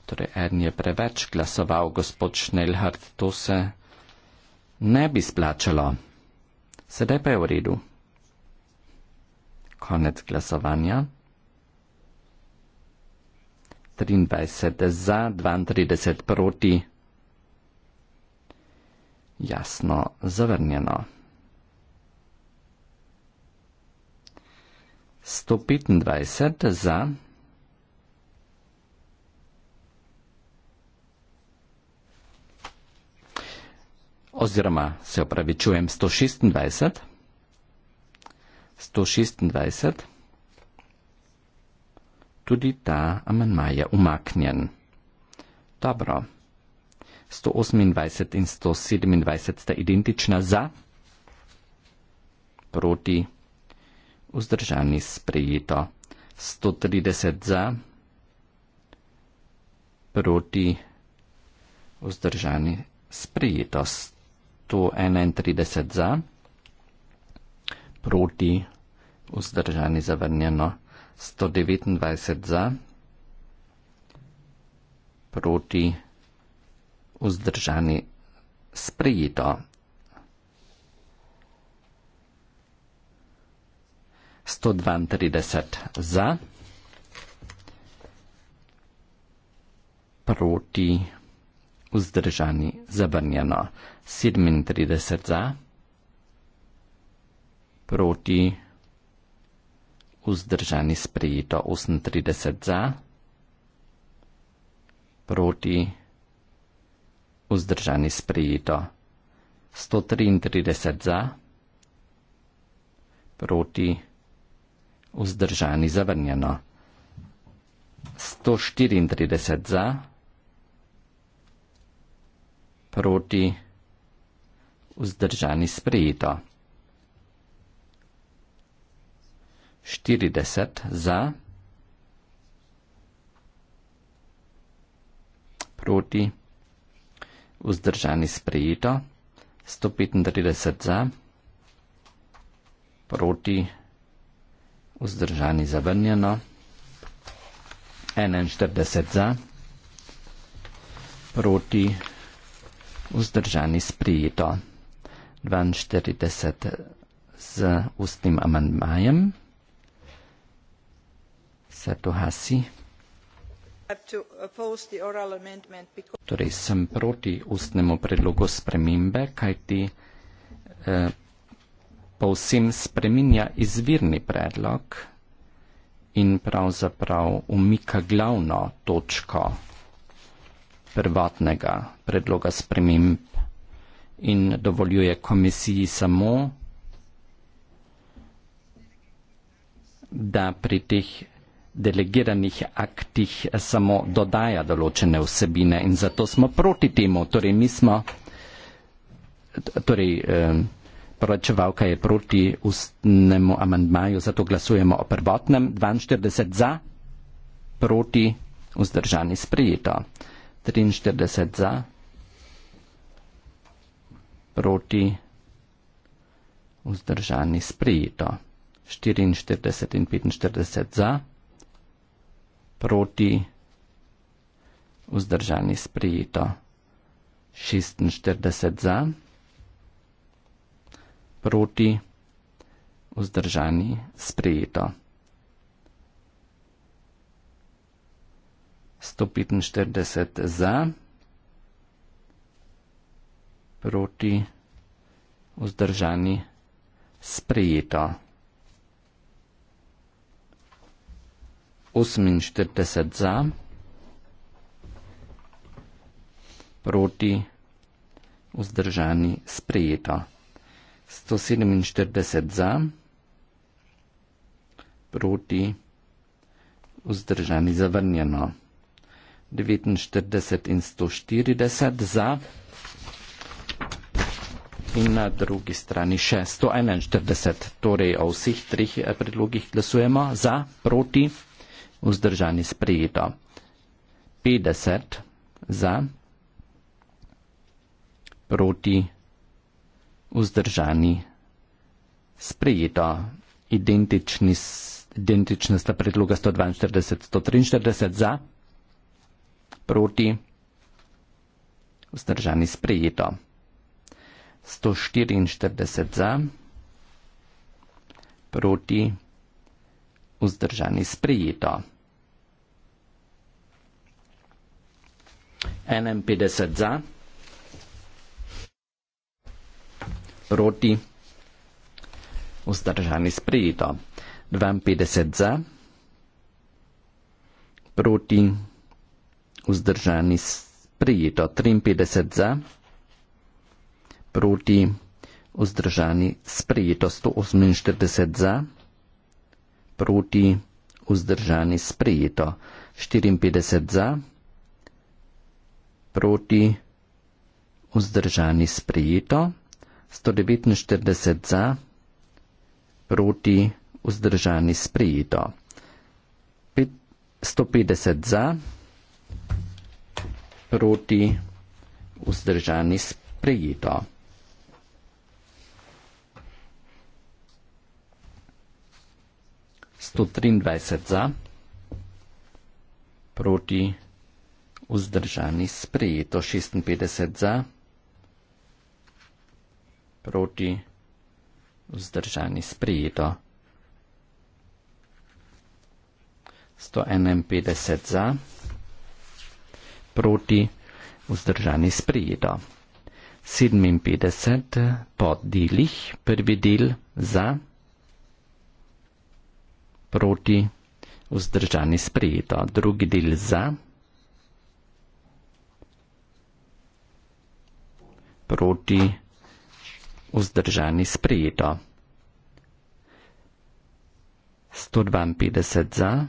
Torej, en je preveč glasoval, gospod Schnellhardt, to se ne bi splačalo. Sedaj pa je v redu. Konec glasovanja. 23 za, 32 proti. Jasno, zavrnjeno. 125 za. oziroma se opravičujem 126, 126, tudi ta amenma je umaknjen. Dobro, 128 in 127 sta identična za, proti, vzdržani sprejeto, 130 za, proti, vzdržani sprejeto. 131 za, proti, vzdržani zavrnjeno, 129 za, proti, vzdržani sprejeto. Sto dvaintrideset za, proti, vzdržani sprejeto vzdržani, zabrnjeno. 37 za, proti, vzdržani, sprejeto. 38 za, proti, vzdržani, sprejeto. 133 za, proti, vzdržani, zavrnjeno. 134 za, proti, vzdržani, zavrnjeno proti vzdržani sprejeto. 40 za, proti vzdržani sprejeto, 135 za, proti vzdržani zavrnjeno, 41 za, proti vzdržani sprejeto vzdržani sprijeto. 42 z ustnim amandmajem se to hasi. Torej sem proti ustnemu predlogu spremembe, kajti eh, povsem spreminja izvirni predlog in pravzaprav umika glavno točko prvotnega predloga sprememb in dovoljuje komisiji samo, da pri teh delegiranih aktih samo dodaja določene vsebine in zato smo proti temu. Torej, mi smo, torej, eh, poročevalka je proti ustnemu amandmaju, zato glasujemo o prvotnem, 42 za, proti, vzdržani sprejeto. 43 za, proti, vzdržani, sprijeto. 44 in 45 za, proti, vzdržani, sprijeto. 46 za, proti, vzdržani, sprijeto. 145 za, proti vzdržani sprejeto. 48 za, proti vzdržani sprejeto. 147 za, proti vzdržani zavrnjeno. 49 in 140 za in na drugi strani še 141. Torej o vseh treh eh, predlogih glasujemo za, proti, vzdržani sprejeto. 50 za, proti, vzdržani sprejeto. Identični, identična sta predloga 142, 143 za proti, vzdržani sprejeto. 144 za, proti, vzdržani sprejeto. 51 za, proti, vzdržani sprejeto. 52 za, proti, vzdržani sprejeto vzdržani sprejeto 53 za, proti vzdržani sprejeto 148 za, proti vzdržani sprejeto 54 za, proti vzdržani sprejeto 149 za, proti vzdržani sprejeto 150 za, proti vzdržani sprejeto. Sto triindvajset za, proti vzdržani sprejeto, šestinpetdeset za, proti vzdržani sprejeto, sto enainpetdeset za, proti, vzdržani sprijeto. 57 po delih, prvi del za, proti, vzdržani sprijeto, drugi del za, proti, vzdržani sprijeto. 152 za,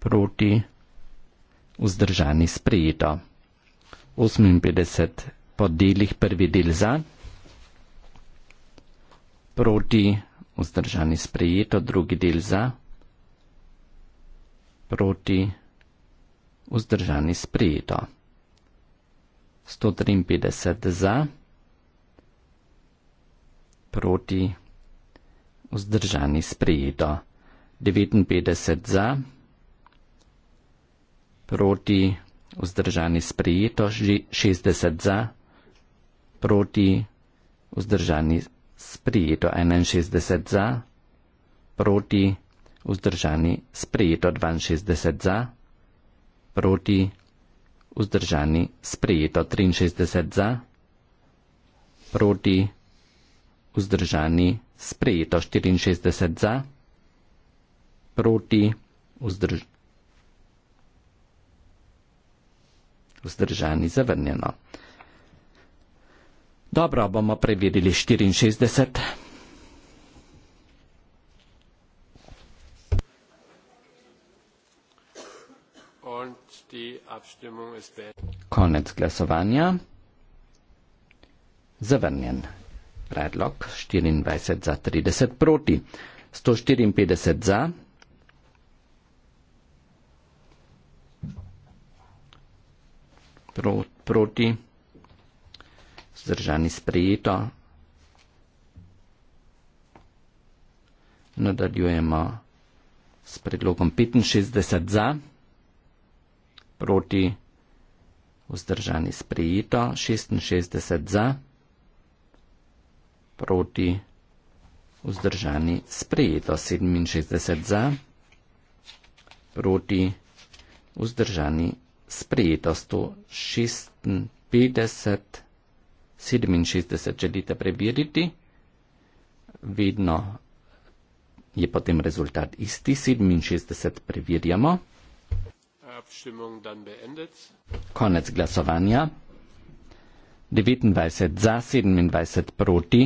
proti, vzdržani sprijeto vzdržani sprejeto. 58 po delih prvi del za, proti vzdržani sprejeto, drugi del za, proti vzdržani sprejeto. 153 za, proti vzdržani sprejeto, 59 za, proti vzdržani sprejeto proti, vzdržani sprejeto, 60 za, proti, vzdržani sprejeto, 61 za, proti, vzdržani sprejeto, 62 za, proti, vzdržani sprejeto, 63 za, proti, vzdržani sprejeto, 64 za, proti, vzdržani vzdržani zavrnjeno. Dobro, bomo preverili 64. Konec glasovanja. Zavrnjen. Predlog 24 za 30 proti. 154 za. pro, proti, zdržani sprejeto. Nadaljujemo s predlogom 65 za, proti, vzdržani sprejeto, 66 za, proti, vzdržani sprejeto, 67 za, proti, vzdržani sprejeto 156, 67, želite prebiriti, vedno je potem rezultat isti, 67 preverjamo. Konec glasovanja. 29 za, 27 proti,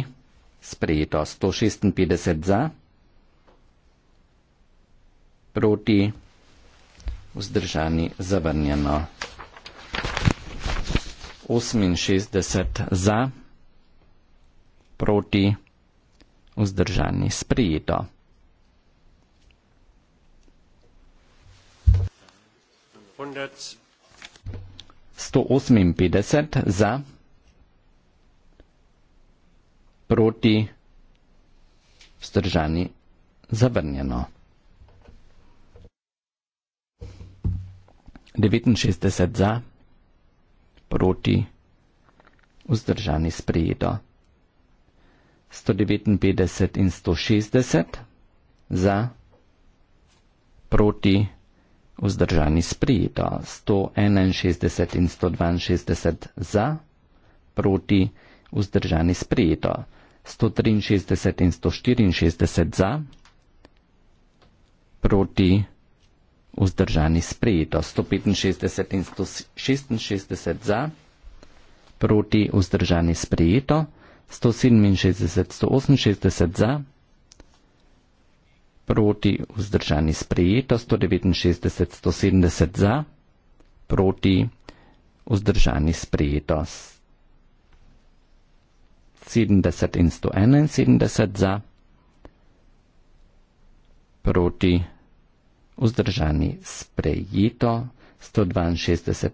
sprejeto 156 za, proti vzdržani zavrnjeno. 68 za, proti, vzdržani sprijeto. Sto oseminpetdeset za, proti, vzdržani, zavrnjeno. 69 za, proti, vzdržani sprejeto. 159 in 160 za, proti, vzdržani sprejeto. 161 in 162 za, proti, vzdržani sprejeto. 163 in 164 za, proti, vzdržani sprejeto vzdržani sprejeto. 165 in 166 za, proti vzdržani sprejeto, 167, 168 za, proti vzdržani sprejeto, 169, 170 za, proti vzdržani sprejeto. 70 in 171 za, proti vzdržani sprejeto vzdržani sprejito 162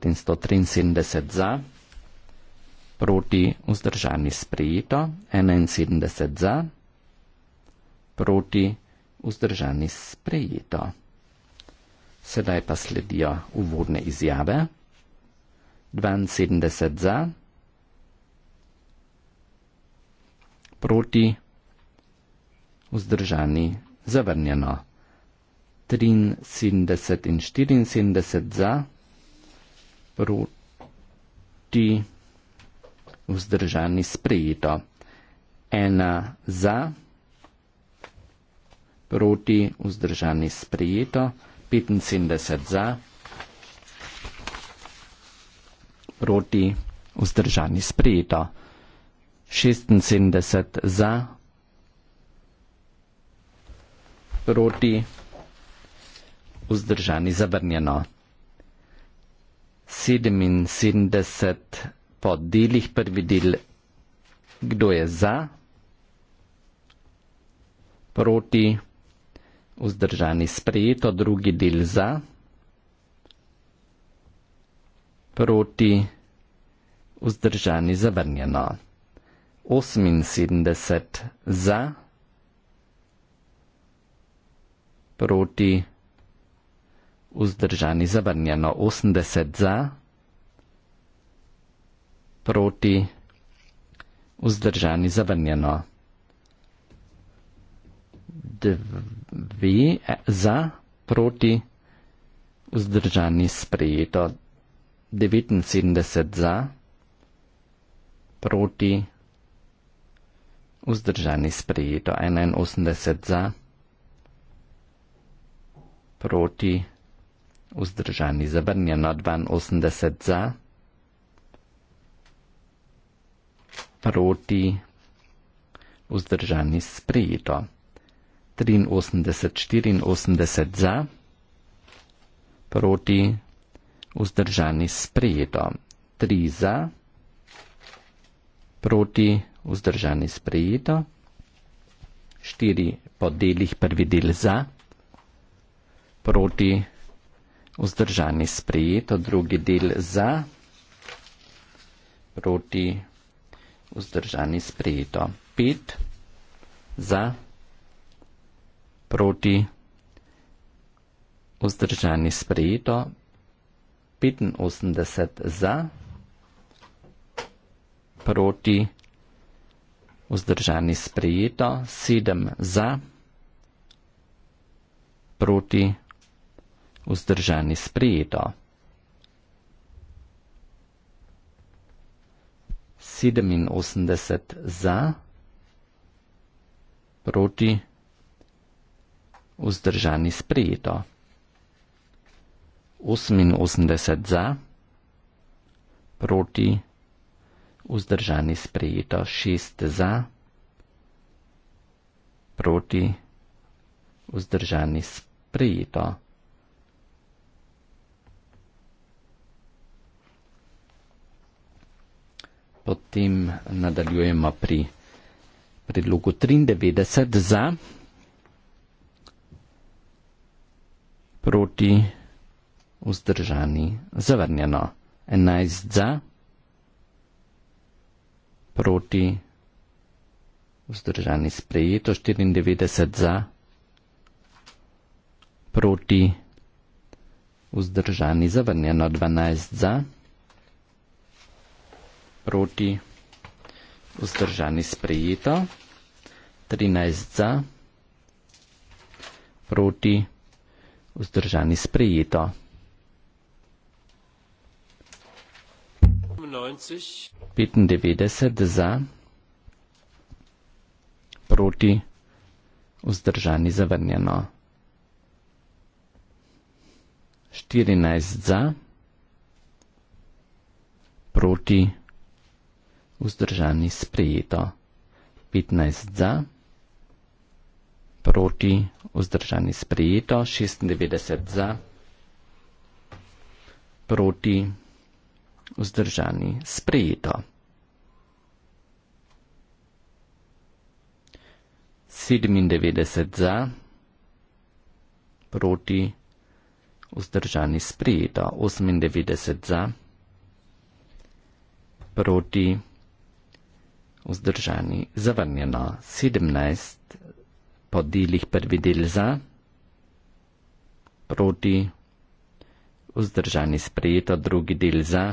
in 173 za, proti vzdržani sprejito 71 za, proti vzdržani sprejito. Sedaj pa sledijo uvodne izjave 72 za, proti vzdržani zavrnjeno. 73 in 74 za, proti vzdržani sprejeto. Ena za, proti vzdržani sprejeto, 75 za, proti vzdržani sprejeto. 76 za, proti vzdržani sprejeto vzdržani zavrnjeno. 77 po delih prvi del, kdo je za, proti, vzdržani sprejeto, drugi del za, proti, vzdržani zavrnjeno. 78 za, proti, vzdržani zavrnjeno vzdržani zavrnjeno 80 za, proti vzdržani zavrnjeno 2 e, za, proti vzdržani sprejeto 79 za, proti vzdržani sprejeto 81 za, proti vzdržani sprejeto 81 za, Vzdržani zabrnja na 82 za, proti vzdržani sprejeto. 83, 84 za, proti vzdržani sprejeto. 3 za, proti vzdržani sprejeto. 4 po delih prvi del za, proti vzdržani sprejeto vzdržani sprejeto, drugi del za, proti, vzdržani sprejeto, pet, za, proti, vzdržani sprejeto, 85 za, proti, vzdržani sprejeto, 7 za, proti, vzdržani sprejeto. 87 za, proti, vzdržani sprejeto. 88 za, proti, vzdržani sprejeto. 6 za, proti, vzdržani sprejeto. potem nadaljujemo pri predlogu 93 za, proti, vzdržani, zavrnjeno. 11 za, proti, vzdržani, sprejeto. 94 za, proti, vzdržani, zavrnjeno. 12 za, proti, vzdržani, zavrnjeno proti, vzdržani sprejeto, 13 za, proti, vzdržani sprejeto. 95 za, proti, vzdržani zavrnjeno. 14 za, proti, vzdržani zavrnjeno vzdržani sprejeto. 15 za, proti vzdržani sprejeto, 96 za, proti vzdržani sprejeto. 97 za, proti vzdržani sprejeto, 98 za, proti vzdržani sprejeto vzdržani, zavrnjeno 17 po delih prvi del za, proti, vzdržani sprejeto drugi del za,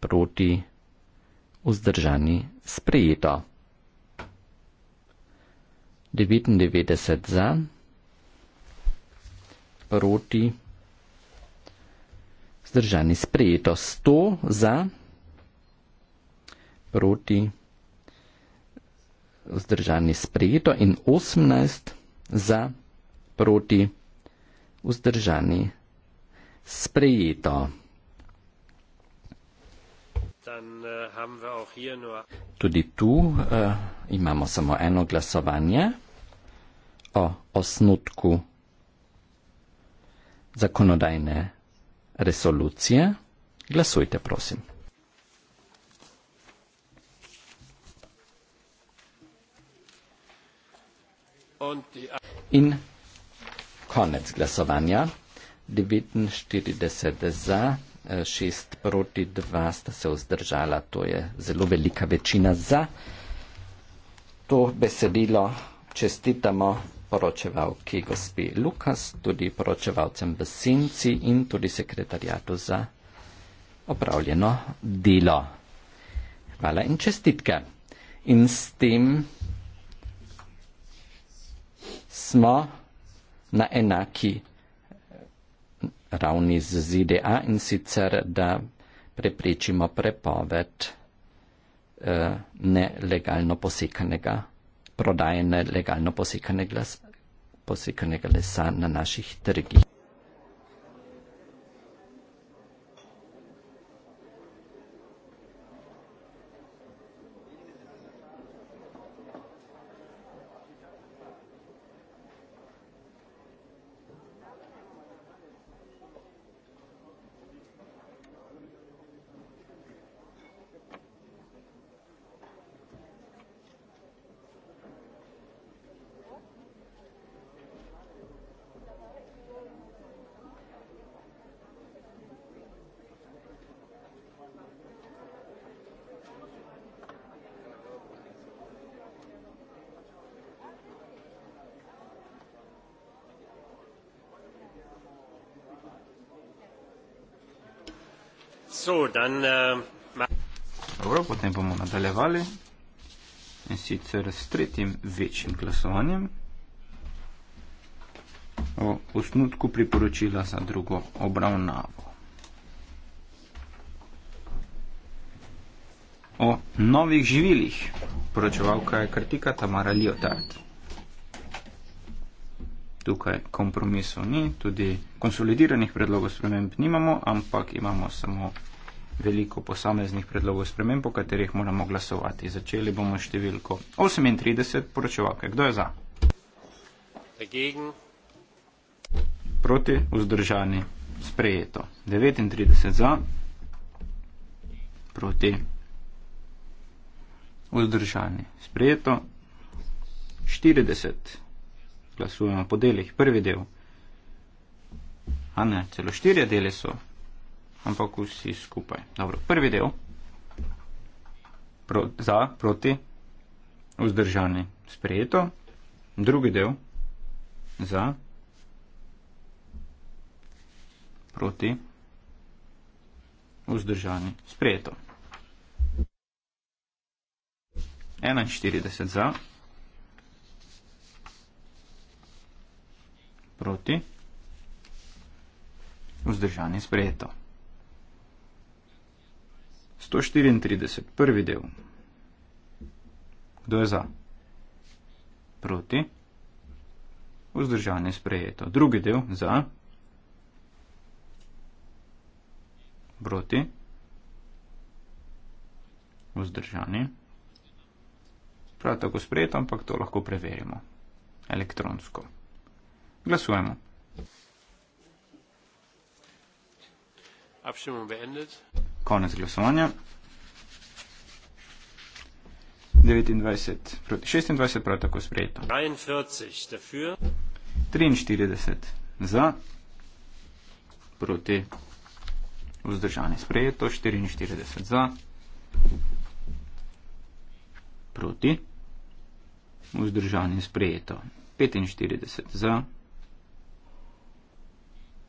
proti, vzdržani sprejeto. 99 za, proti, vzdržani sprejeto 100 za, proti, proti vzdržani sprejeto in 18 za proti vzdržani sprejeto. Äh, Tudi tu uh, imamo samo eno glasovanje o osnutku zakonodajne resolucije. Glasujte, prosim. In konec glasovanja. Devetn štirideset za, eh, šest proti dva sta se vzdržala, to je zelo velika večina za. To besedilo čestitamo poročevalki gospe Lukas, tudi poročevalcem v Senci in tudi sekretarjatu za opravljeno delo. Hvala in čestitke. In s tem smo na enaki ravni z ZDA in sicer, da preprečimo prepoved eh, nelegalno posekanega, prodajene legalno posekanega lesa na naših trgih. Ähm, Dobro, potem bomo nadaljevali in sicer s tretjim večjim glasovanjem o osnutku priporočila za drugo obravnavo. O novih živilih, poročevalka je kritika Tamara Liotard. Tukaj kompromisov ni, tudi konsolidiranih predlogov sprememb nimamo, ampak imamo samo veliko posameznih predlogov sprememb, po katerih moramo glasovati. Začeli bomo s številko 38, poročevalke. Kdo je za? Dagegen. Proti, vzdržani, sprejeto. 39 za, proti, vzdržani, sprejeto. 40, glasujemo po delih, prvi del. A ne, celo štirje deli so, ampak vsi skupaj. Dobro, prvi del. Pro, za, proti, vzdržani, sprejeto. Drugi del. Za, proti, vzdržani, sprejeto. 41 za, proti, vzdržani, sprejeto. 134. Prvi del. Kdo je za? Proti. Vzdržanje sprejeto. Drugi del. Za. Proti. Vzdržanje. Prav tako sprejeto, ampak to lahko preverimo. Elektronsko. Glasujemo. Abstimmung beendet konec glasovanja. 29 proti 26, prav tako sprejeto. 43 za, proti vzdržanje sprejeto, 44 za, proti vzdržanje sprejeto, 45 za,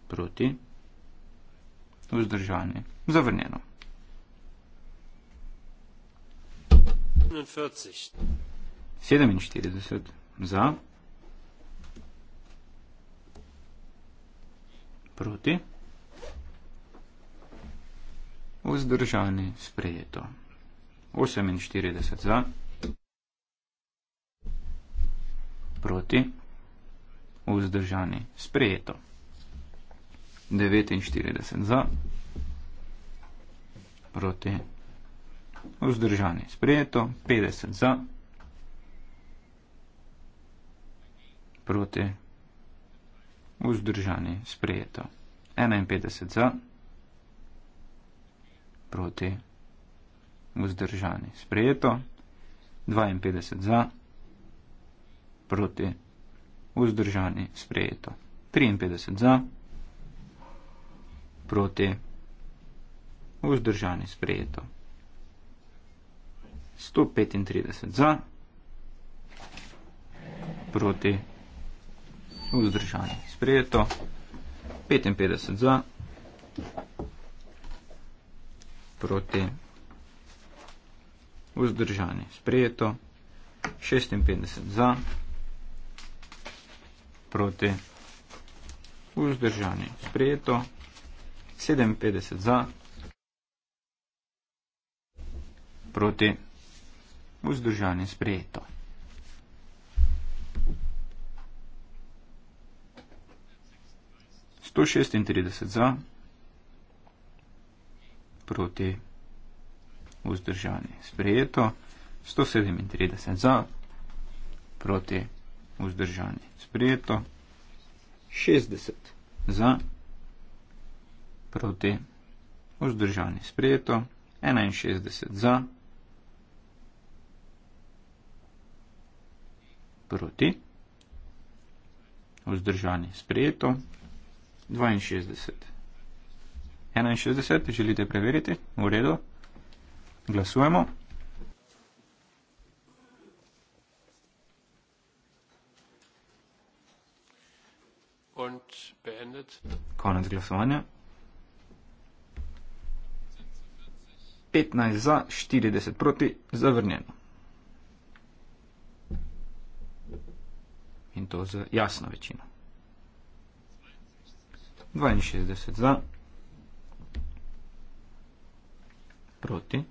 proti vzdržanje zavrnjeno. 47 za, proti, vzdržani, sprejeto. 48 za, proti, vzdržani, sprejeto. 49 za, proti, vzdržani, sprejeto. Vzdržanje sprejeto, 50 za, proti, vzdržanje sprejeto, 51 za, proti, vzdržanje sprejeto, 52 za, proti, vzdržanje sprejeto, 53 za, proti, vzdržanje sprejeto. 53 za, proti, 135 za, proti vzdržanje sprejeto, 55 za, proti vzdržanje sprejeto, 56 za, proti vzdržanje sprejeto, 57 za, proti vzdržanje sprejeto, vzdržan in sprejeto. Sto šestintrideset za, proti, vzdržan in sprejeto. Sto sedemintrideset za, proti, vzdržan in sprejeto. Šestdeset za, proti, vzdržan in sprejeto. Enainšestdeset za, proti, vzdržan in sprejeto. proti, vzdržani sprejeto, 62. 61, želite preveriti, v redu, glasujemo. Konec glasovanja. 15 za, 40 proti, zavrnjeno. in to z jasno večino. 62 za, proti,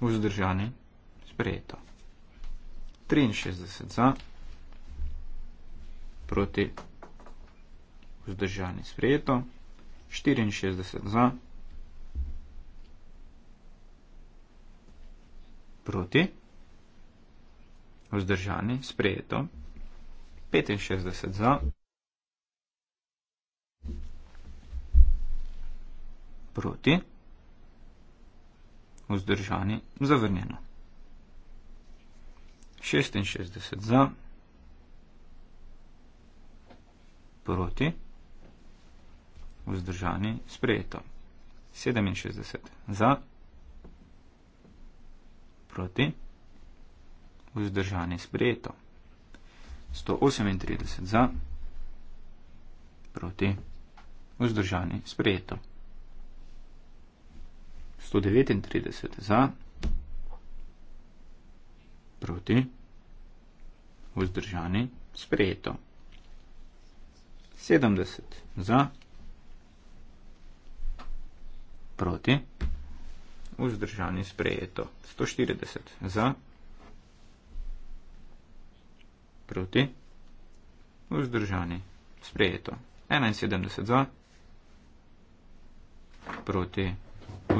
vzdržani, sprejeto. 63 za, proti, vzdržani, sprejeto. 64 za, proti, vzdržani, sprejeto vzdržani, sprejeto, 65 za. Proti, vzdržani, zavrnjeno. 66 za, proti, vzdržani, sprejeto. 67 za, proti vzdržanje sprejeto. 138 za, proti, vzdržanje sprejeto. 139 za, proti, vzdržanje sprejeto. 70 za, proti, vzdržanje sprejeto. 140 za, proti, Proti. Vzdržani. Sprejeto. 71 za. Proti.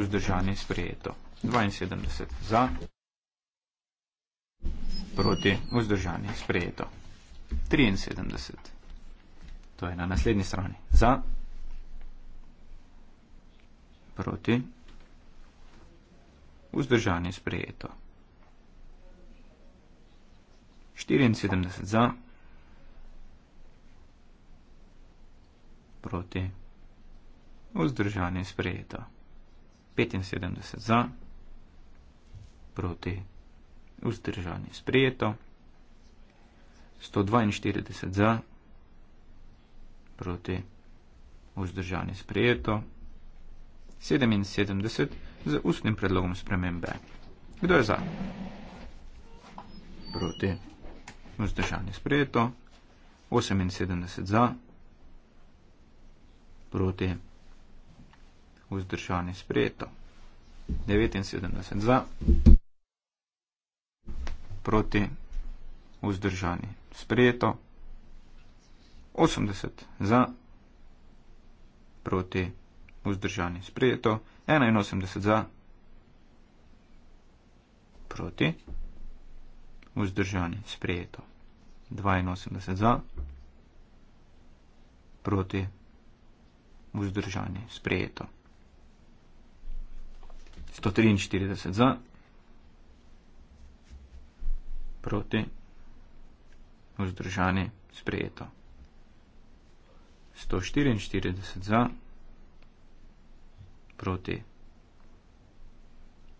Vzdržani. Sprejeto. 72 za. Proti. Vzdržani. Sprejeto. 73. To je na naslednji strani. Za. Proti. Vzdržani. Sprejeto. 74 za, proti, vzdržanje sprejeto. 75 za, proti, vzdržanje sprejeto. 142 za, proti, vzdržanje sprejeto. 77 z ustnim predlogom spremembe. Kdo je za? Proti vzdržanje sprejeto, 78 za, proti vzdržanje sprejeto, 79 za, proti vzdržanje sprejeto, 80 za, proti vzdržanje sprejeto, 81 za, proti vzdržanje sprejeto. 82 za, proti vzdržanje, sprejeto. 143 za, proti vzdržanje, sprejeto. 144 za, proti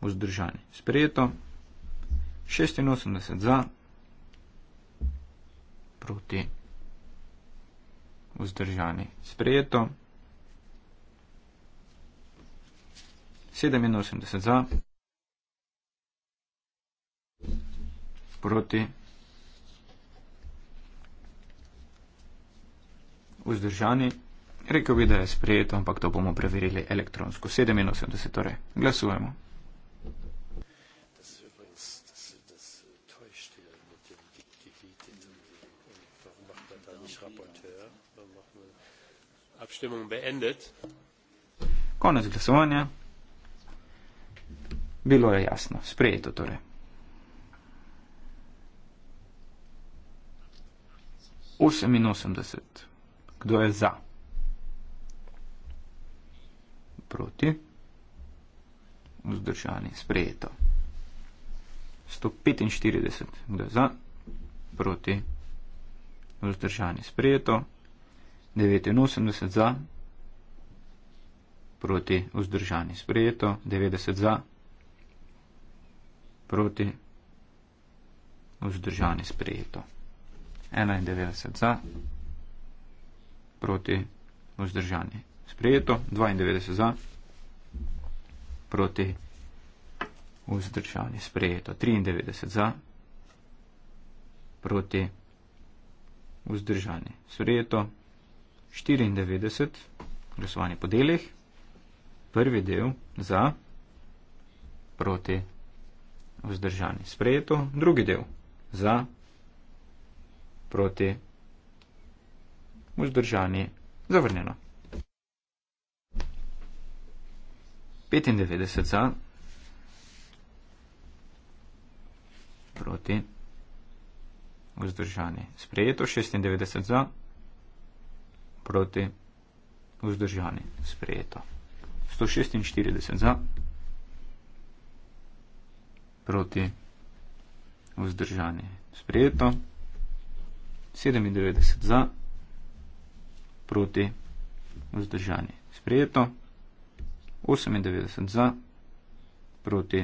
vzdržanje, sprejeto. 86 za, proti vzdržanje proti vzdržani. Sprejeto. 87 za. Proti. Vzdržani. Rekel bi, da je sprejeto, ampak to bomo preverili elektronsko. 87 torej. Glasujemo. Abstimmung beendet. Konec glasovanja. Bilo je jasno, sprejeto torej. 88. Kdo je za? Proti? Vzdržani, sprejeto. 145. Kdo je za? Proti? Vzdržani, sprejeto. 89 za, proti vzdržani sprejeto, 90 za, proti vzdržani sprejeto, 91 za, proti vzdržani sprejeto, 92 za, proti vzdržani sprejeto, 93 za, proti vzdržani sprejeto, 94, glasovanje po delih, prvi del za, proti, vzdržani, sprejeto, drugi del za, proti, vzdržani, zavrnjeno. 95 za, proti, vzdržani, sprejeto, 96 za, proti vzdržani sprejeto. 146 za, proti vzdržani sprejeto. 97 za, proti vzdržani sprejeto. 98 za, proti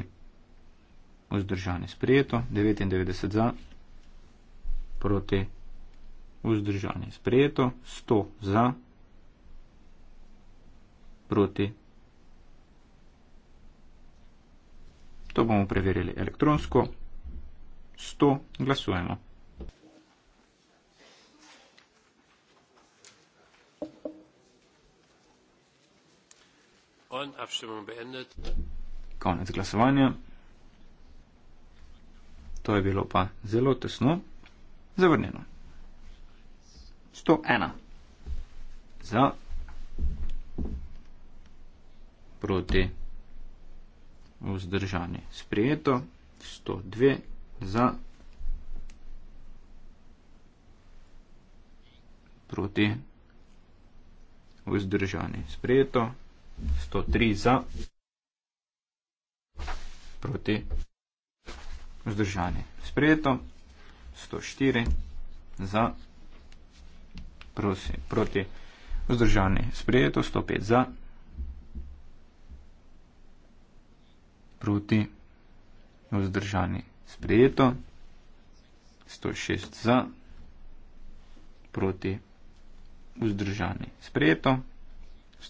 vzdržani sprejeto. 99 za, proti vzdržani sprejeto vzdržanje sprejeto, 100 za, proti. To bomo preverili elektronsko, 100 glasujemo. Konec glasovanja. To je bilo pa zelo tesno. Zavrnjeno. 101. Za. Proti. Vzdržanje. Sprijeto. 102. Za. Proti. Vzdržanje. Sprijeto. 103. Za. Proti. Vzdržanje. Sprijeto. 104. Za. Proti prosim, proti, vzdržani, sprejeto, 105 za, proti, vzdržani, sprejeto, 106 za, proti, vzdržani, sprejeto,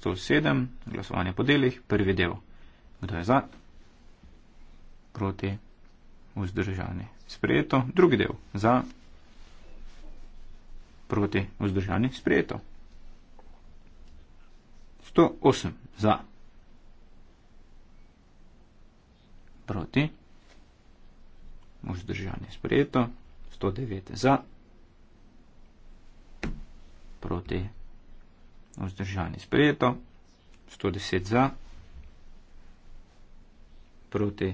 107, glasovanje po delih, prvi del, kdo je za, proti, vzdržani, sprejeto, drugi del, za, proti, proti vzdržani sprejeto. 108 za. Proti. Vzdržani sprejeto. 109 za. Proti. Vzdržani sprejeto. 110 za. Proti.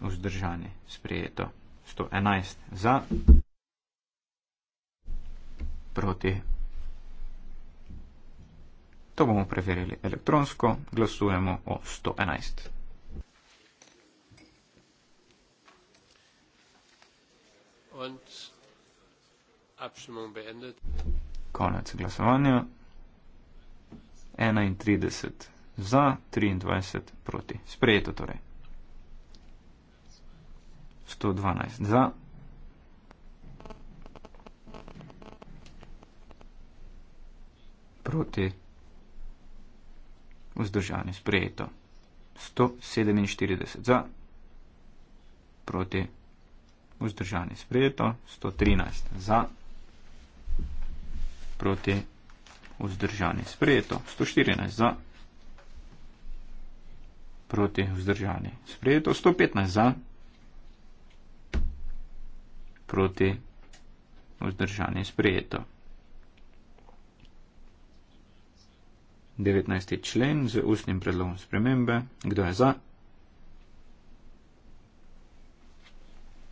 Vzdržani sprejeto. 111 za proti. To bomo preverili elektronsko, glasujemo o 111. Konec glasovanja. 31 za, 23 proti. Sprejeto torej. 112 za, proti, vzdržani, sprejeto. 147 za, proti, vzdržani, sprejeto. 113 za, proti, vzdržani, sprejeto. 114 za, proti, vzdržani, sprejeto. 115 za, proti, vzdržani, sprejeto. 19. člen z ustnim predlogom spremembe. Kdo je za?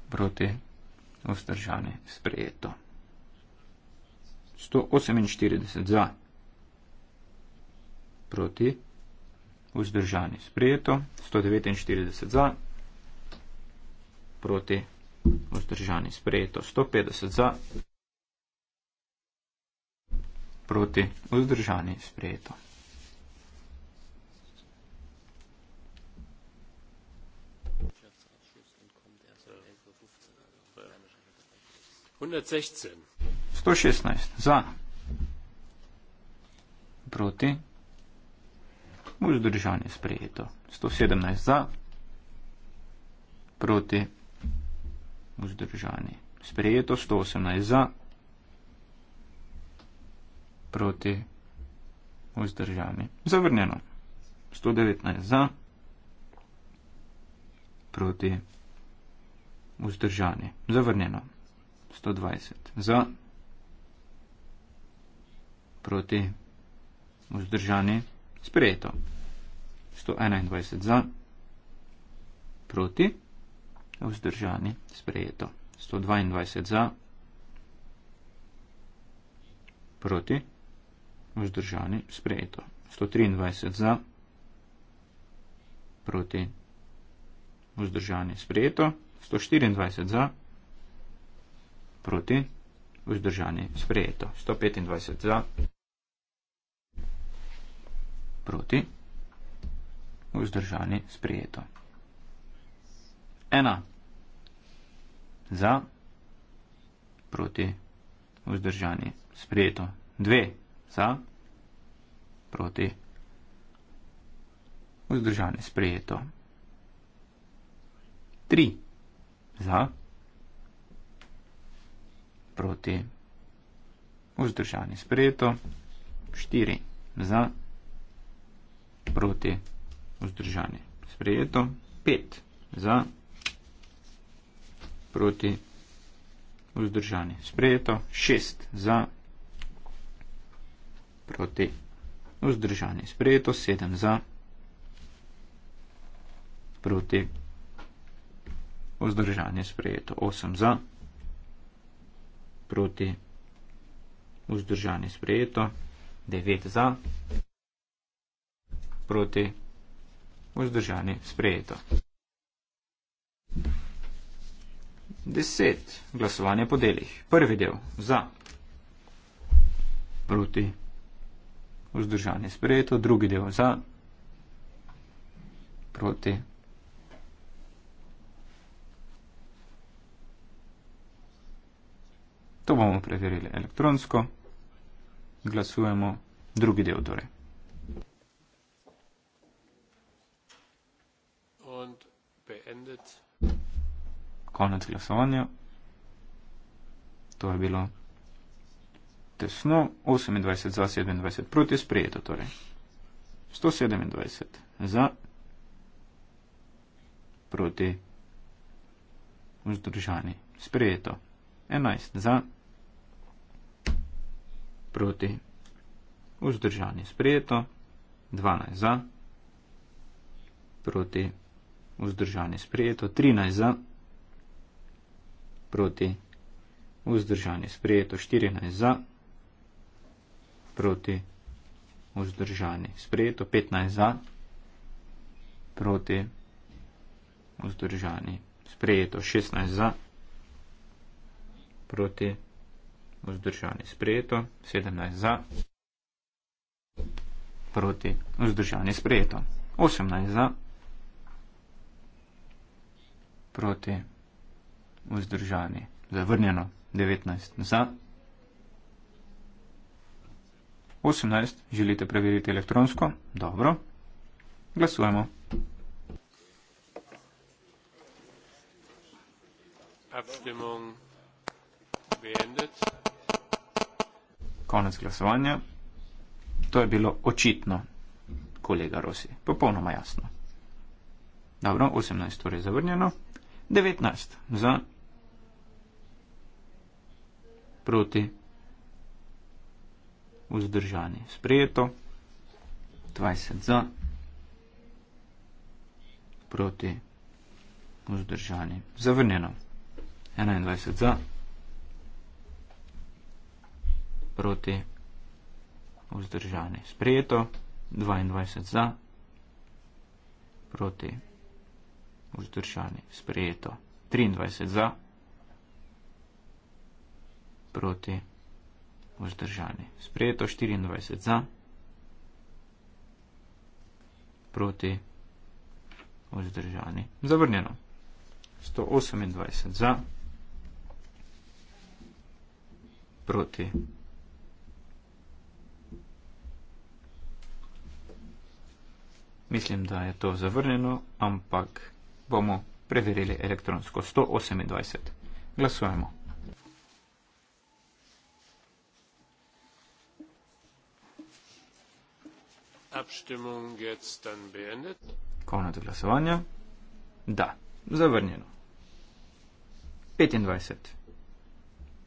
Proti. Ostržane. Sprejeto. 148 za. Proti. Vzdržani sprejeto, 149 za, proti vzdržani sprejeto, 150 za, proti vzdržani sprejeto. 116 za, proti, vzdržanje sprejeto. 117 za, proti, vzdržanje sprejeto. 118 za, proti, vzdržanje zavrnjeno. 119 za, proti, vzdržanje zavrnjeno. 120 za proti vzdržani sprejeto. 121 za proti vzdržani sprejeto. 122 za proti vzdržani sprejeto. 123 za proti vzdržani sprejeto. 124 za proti vzdržani sprejeto proti, vzdržani, sprejeto. 125 za, proti, vzdržani, sprejeto. 1 za, proti, vzdržani, sprejeto. 2 za, proti, vzdržani, sprejeto. 3 za, proti, vzdržani, sprejeto proti. Vzdržani sprejeto, 4 za, proti. Vzdržani sprejeto, 5 za, proti. Vzdržani sprejeto, 6 za, proti. Vzdržani sprejeto, 7 za, proti. Vzdržanje sprejeto 8 za proti, vzdržani sprejeto, 9 za, proti, vzdržani sprejeto. 10. Glasovanje po delih. Prvi del za, proti, vzdržani sprejeto, drugi del za, proti, vzdržani sprejeto. To bomo preverili elektronsko. Glasujemo drugi del torej. Konec glasovanja. To je bilo tesno. 28 za, 27 proti, sprejeto torej. 127 za, proti, vzdržani, sprejeto. 11 za, proti, vzdržani sprejeto, 12 za, proti, vzdržani sprejeto, 13 za, proti, vzdržani sprejeto, 14 za, proti, vzdržani sprejeto, 15 za, proti, vzdržani sprejeto, 16 za, proti, proti vzdržani sprejeto, 17 za, proti vzdržani sprejeto, 18 za, proti vzdržani zavrnjeno, 19 za, 18, želite preveriti elektronsko, dobro, glasujemo. Abstimmung beendet. Konec glasovanja. To je bilo očitno, kolega Rosi. Popolnoma jasno. Dobro, 18 torej zavrnjeno. 19 za. Proti. Vzdržani. Sprejeto. 20 za. Proti. Vzdržani. Zavrnjeno. 21 za proti vzdržani. Sprejeto, 22 za, proti vzdržani. Sprejeto, 23 za, proti vzdržani. Sprejeto, 24 za, proti vzdržani. Zavrnjeno, 128 za, proti vzdržani. Mislim, da je to zavrnjeno, ampak bomo preverili elektronsko 128. Glasujemo. Konec glasovanja. Da, zavrnjeno. 25.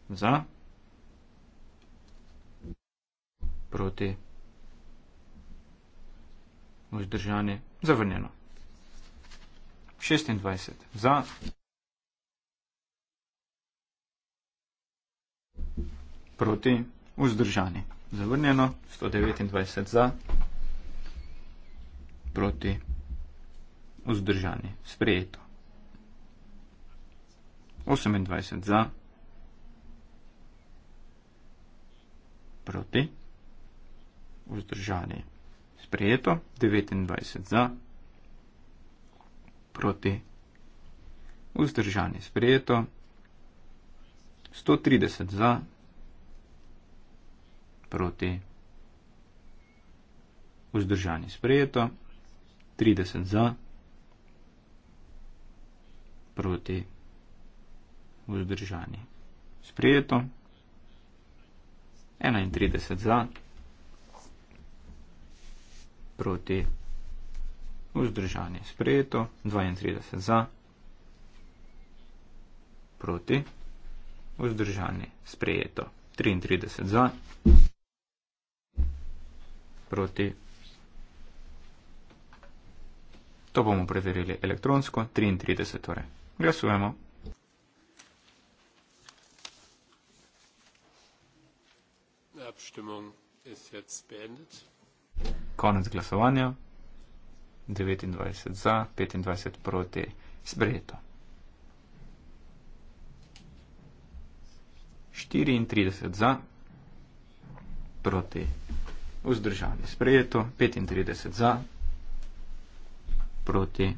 Za. Proti vzdržanje zavrnjeno. 26 za. Proti vzdržanje zavrnjeno. 129 za. Proti vzdržanje sprejeto. 28 za. Proti vzdržanje sprejeto, 29 za, proti, vzdržani sprejeto, 130 za, proti, vzdržani sprejeto, 30 za, proti, vzdržani sprejeto, 31 za, proti, vzdržani sprejeto, 31 za, proti. Vzdržanje je sprejeto, 32 za, proti. Vzdržanje je sprejeto, 33 za, proti. To bomo preverili elektronsko, 33 torej. Glasujemo. Abstimmung ist jetzt beendet. Konec glasovanja. 29 za, 25 proti. Sprejeto. 34 za, proti. Vzdržanje. Sprejeto. 35 za, proti.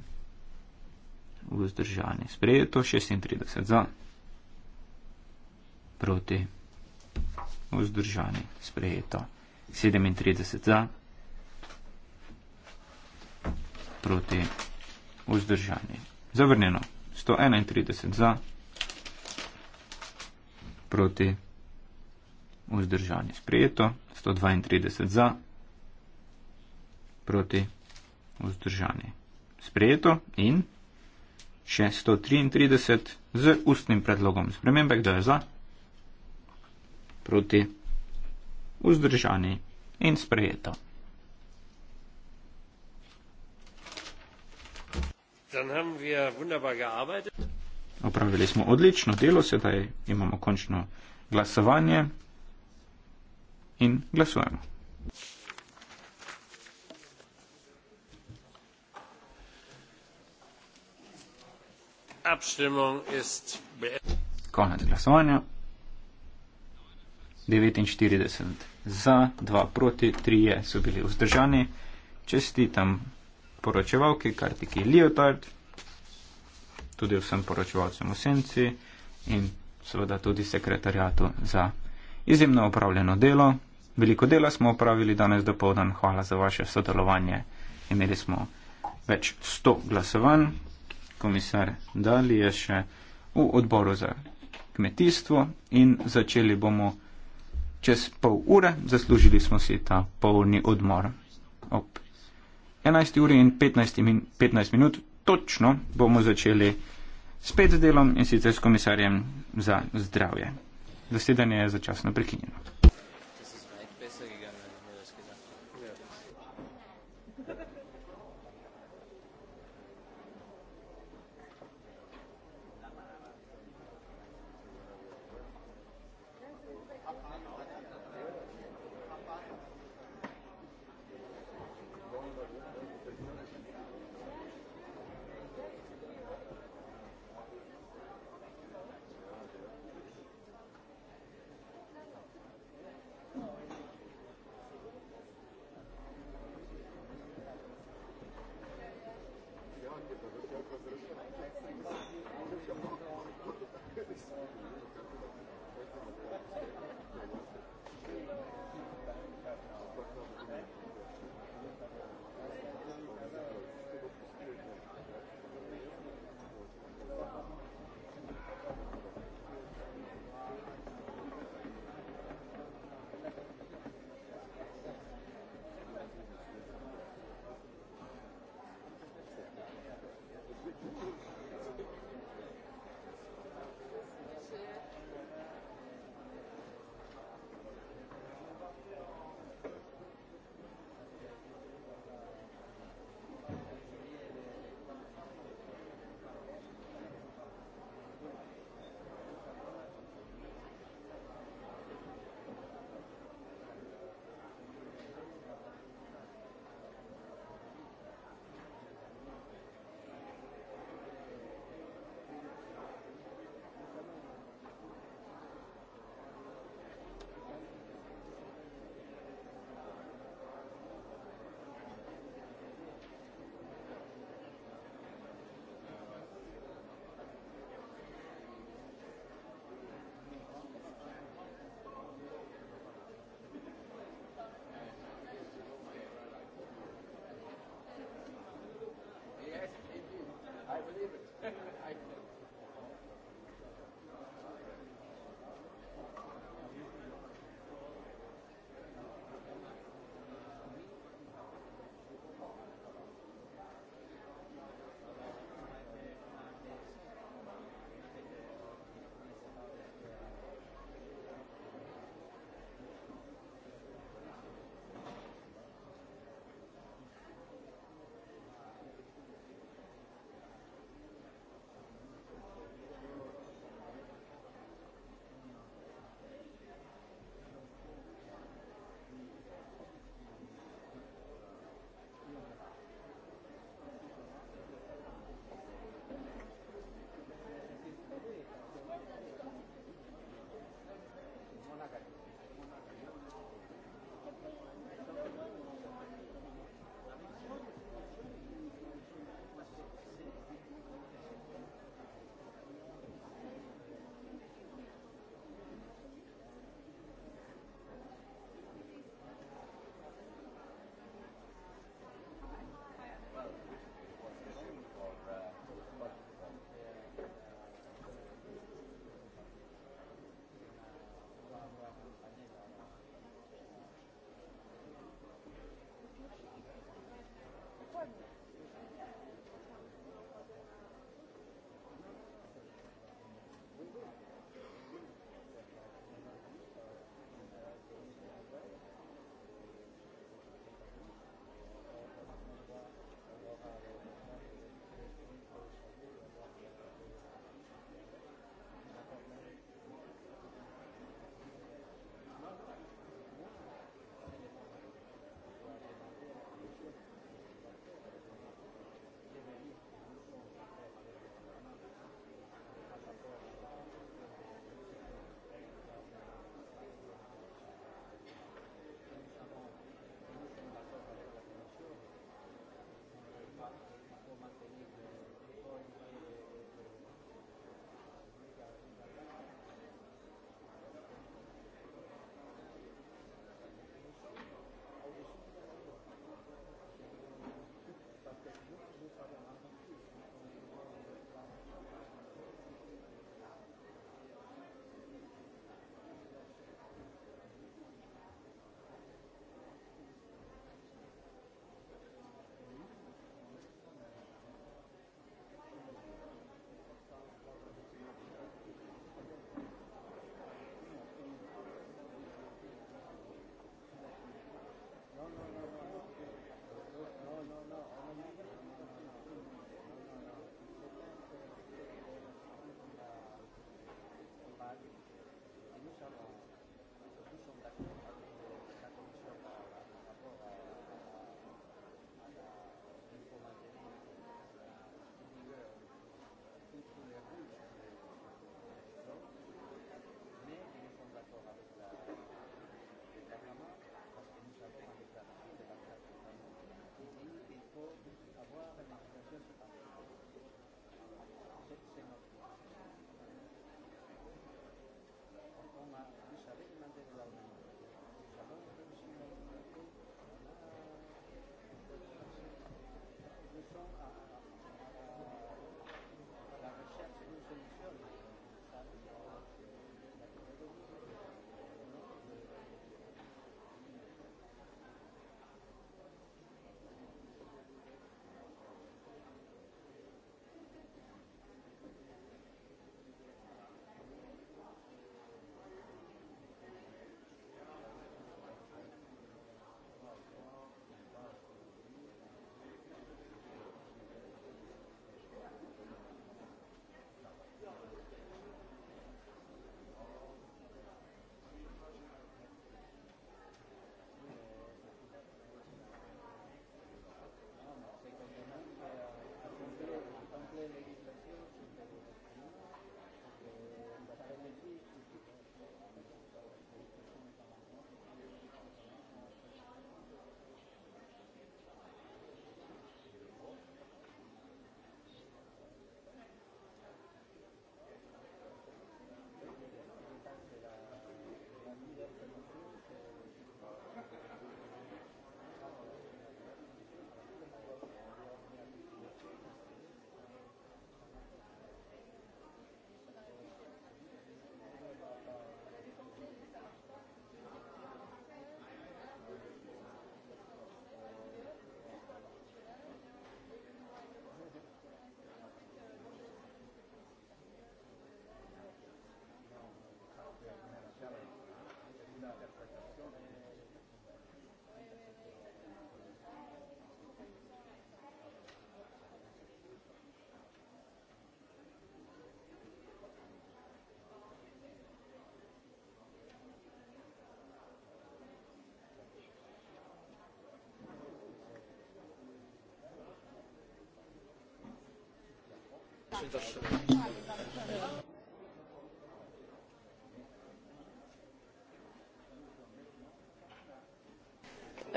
Vzdržanje. Sprejeto. 36 za, proti. Vzdržanje. Sprejeto. 37 za, proti proti vzdržani. Zavrnjeno. 131 za proti vzdržani. Sprejeto. 132 za proti vzdržani. Sprejeto in še 133 z ustnim predlogom spremembe, kdo je za, proti, vzdržani in sprejeto. Opravili smo odlično delo, sedaj imamo končno glasovanje in glasujemo. Konec glasovanja. 49 za, 2 proti, 3 so bili vzdržani. Čestitam poročevalki, kartiki Liotard, tudi vsem poročevalcem v senci in seveda tudi sekretarjatu za izjemno opravljeno delo. Veliko dela smo opravili danes do povdan, hvala za vaše sodelovanje. Imeli smo več sto glasovanj. Komisar Dali je še v odboru za kmetijstvo in začeli bomo čez pol ure, zaslužili smo si ta polni odmor ob 14.00. 11. uri in 15, min 15 minut točno bomo začeli spet z delom in sicer s komisarjem za zdravje. Zasedanje je začasno prekinjeno.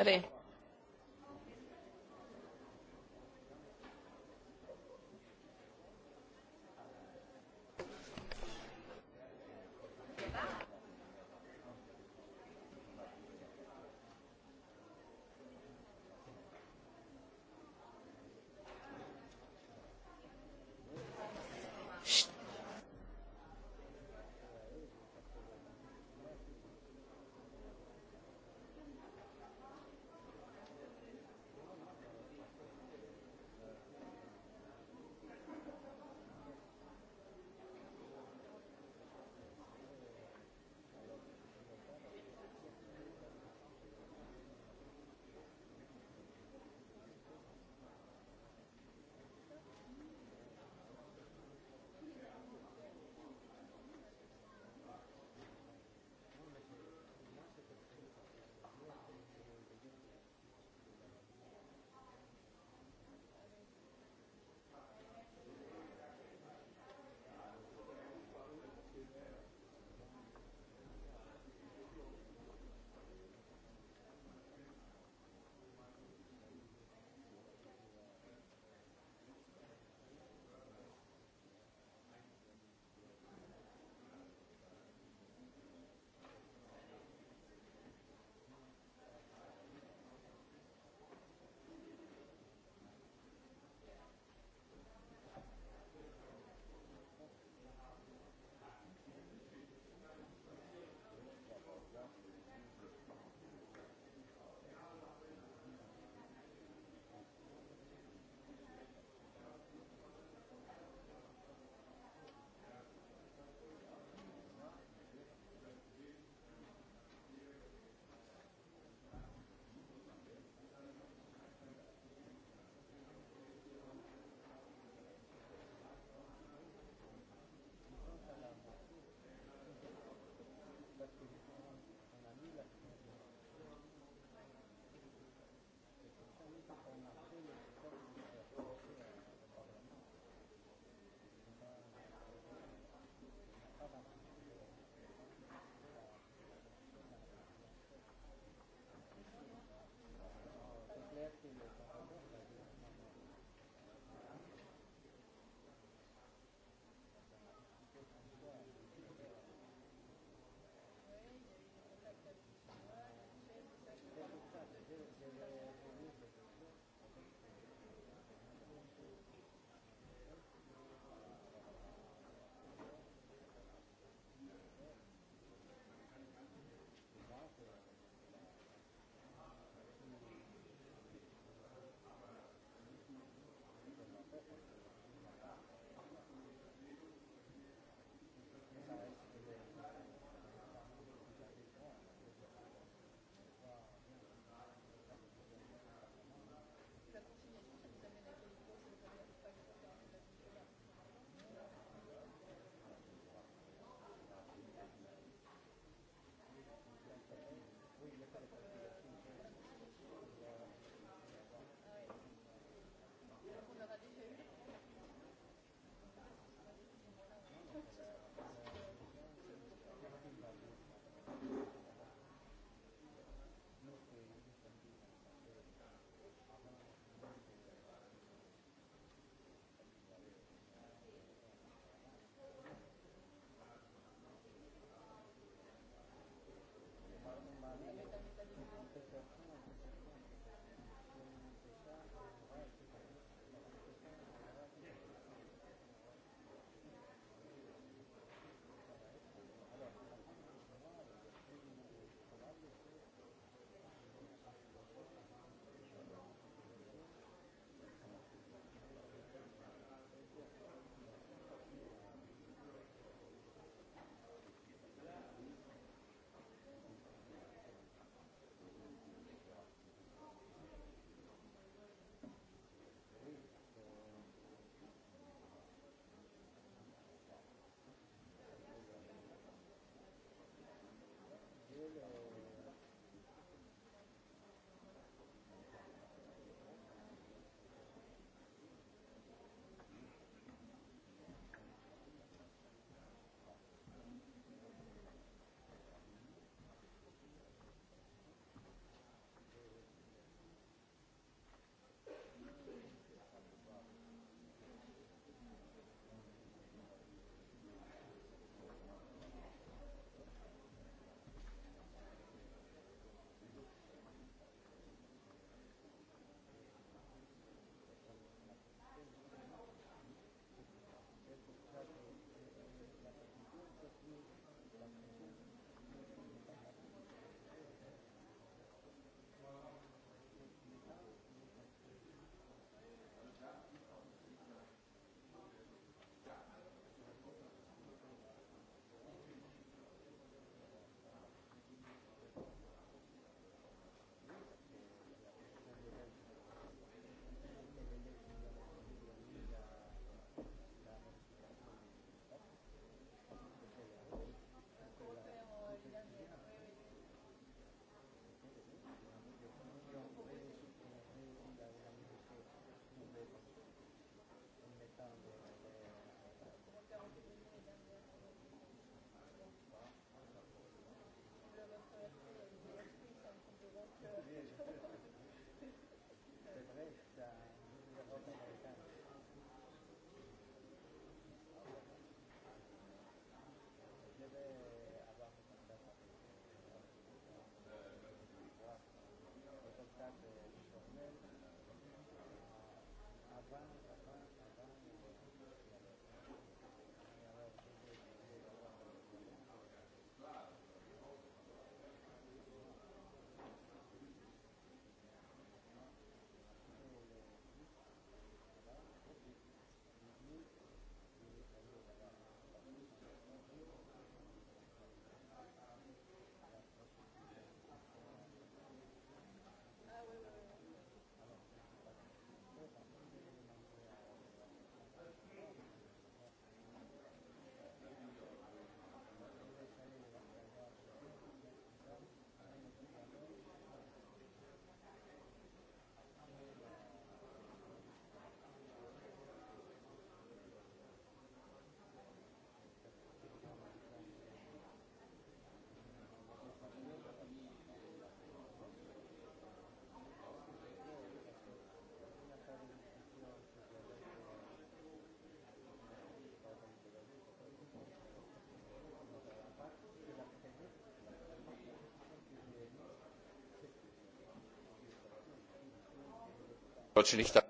re. pač ni tako.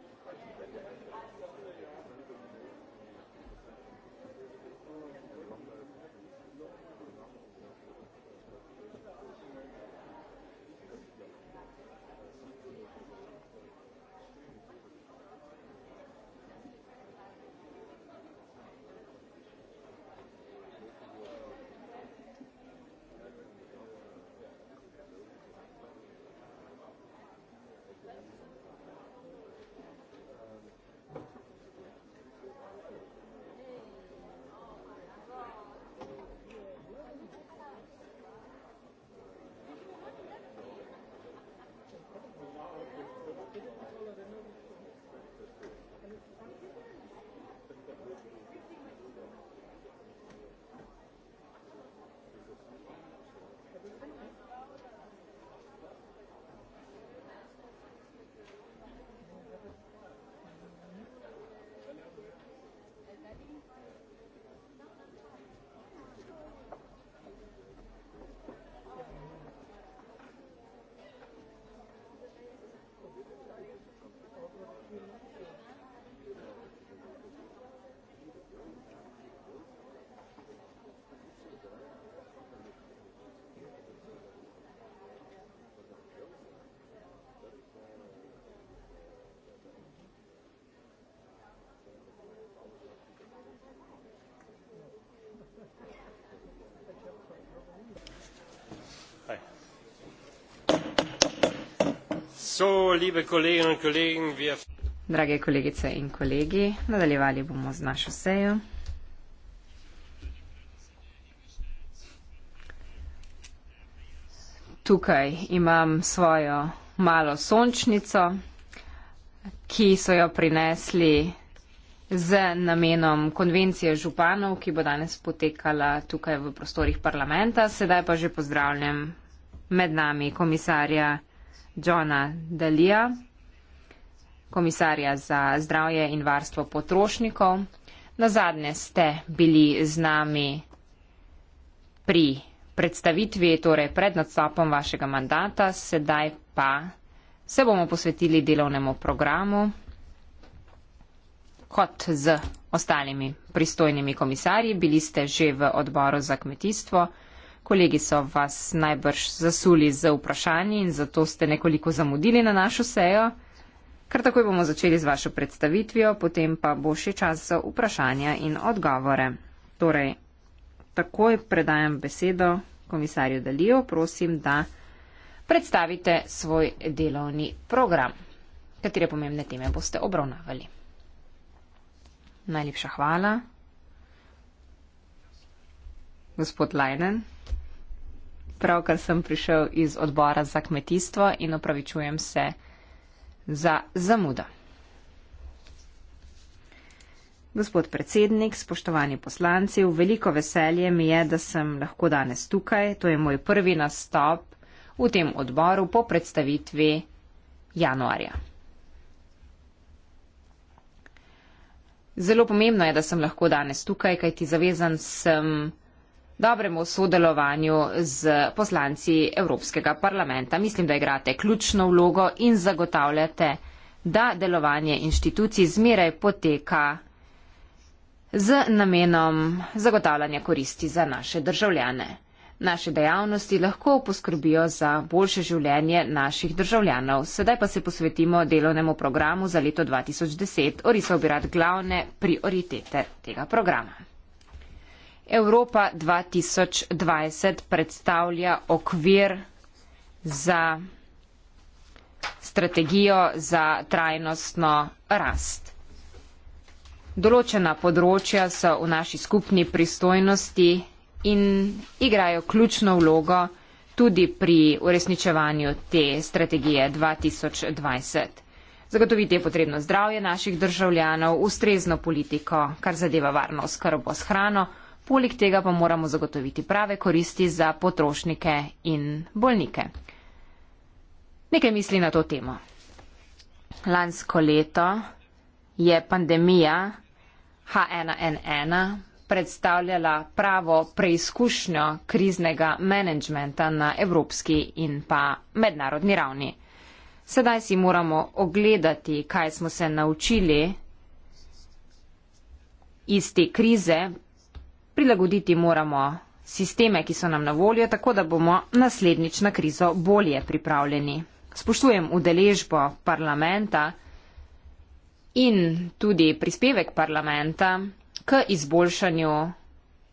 Drage kolegice in kolegi, nadaljevali bomo z našo sejo. Tukaj imam svojo malo sončnico, ki so jo prinesli z namenom konvencije županov, ki bo danes potekala tukaj v prostorih parlamenta. Sedaj pa že pozdravljam med nami komisarja Johna Dalija, komisarja za zdravje in varstvo potrošnikov. Na zadnje ste bili z nami pri predstavitvi, torej pred nadstopom vašega mandata, sedaj pa se bomo posvetili delovnemu programu kot z ostalimi pristojnimi komisarji. Bili ste že v odboru za kmetijstvo. Kolegi so vas najbrž zasuli z vprašanji in zato ste nekoliko zamudili na našo sejo. Kar takoj bomo začeli z vašo predstavitvijo, potem pa bo še čas za vprašanja in odgovore. Torej, takoj predajam besedo komisarju Dalijo, prosim, da predstavite svoj delovni program, katere pomembne teme boste obravnavali. Najlepša hvala. Gospod Lajden, pravkar sem prišel iz odbora za kmetijstvo in opravičujem se za zamudo. Gospod predsednik, spoštovani poslanci, v veliko veselje mi je, da sem lahko danes tukaj. To je moj prvi nastop v tem odboru po predstavitvi januarja. Zelo pomembno je, da sem lahko danes tukaj, kaj ti zavezan sem dobremu sodelovanju z poslanci Evropskega parlamenta. Mislim, da igrate ključno vlogo in zagotavljate, da delovanje inštitucij zmeraj poteka z namenom zagotavljanja koristi za naše državljane naše dejavnosti lahko poskrbijo za boljše življenje naših državljanov. Sedaj pa se posvetimo delovnemu programu za leto 2010. Orisal bi rad glavne prioritete tega programa. Evropa 2020 predstavlja okvir za strategijo za trajnostno rast. Določena področja so v naši skupni pristojnosti in igrajo ključno vlogo tudi pri uresničevanju te strategije 2020. Zagotoviti je potrebno zdravje naših državljanov, ustrezno politiko, kar zadeva varno skrbo s hrano, poleg tega pa moramo zagotoviti prave koristi za potrošnike in bolnike. Nekaj misli na to temo. Lansko leto je pandemija H1N1 predstavljala pravo preizkušnjo kriznega menedžmenta na evropski in pa mednarodni ravni. Sedaj si moramo ogledati, kaj smo se naučili iz te krize, prilagoditi moramo sisteme, ki so nam na voljo, tako da bomo naslednjič na krizo bolje pripravljeni. Spoštujem udeležbo parlamenta in tudi prispevek parlamenta k izboljšanju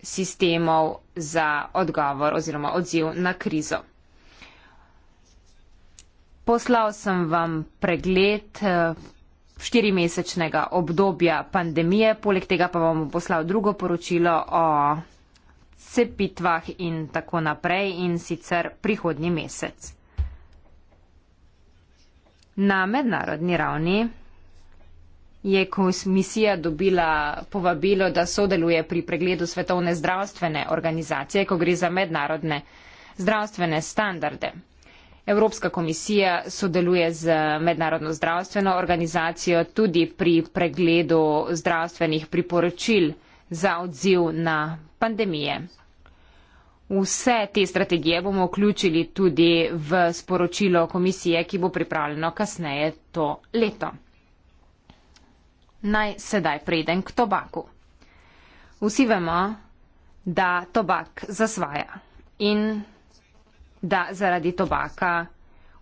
sistemov za odgovor oziroma odziv na krizo. Poslal sem vam pregled eh, štirimesečnega obdobja pandemije, poleg tega pa vam bom poslal drugo poročilo o cepitvah in tako naprej in sicer prihodnji mesec. Na mednarodni ravni je komisija dobila povabilo, da sodeluje pri pregledu Svetovne zdravstvene organizacije, ko gre za mednarodne zdravstvene standarde. Evropska komisija sodeluje z Mednarodno zdravstveno organizacijo tudi pri pregledu zdravstvenih priporočil za odziv na pandemije. Vse te strategije bomo vključili tudi v sporočilo komisije, ki bo pripravljeno kasneje to leto naj sedaj preden k tobaku. Vsi vemo, da tobak zasvaja in da zaradi tobaka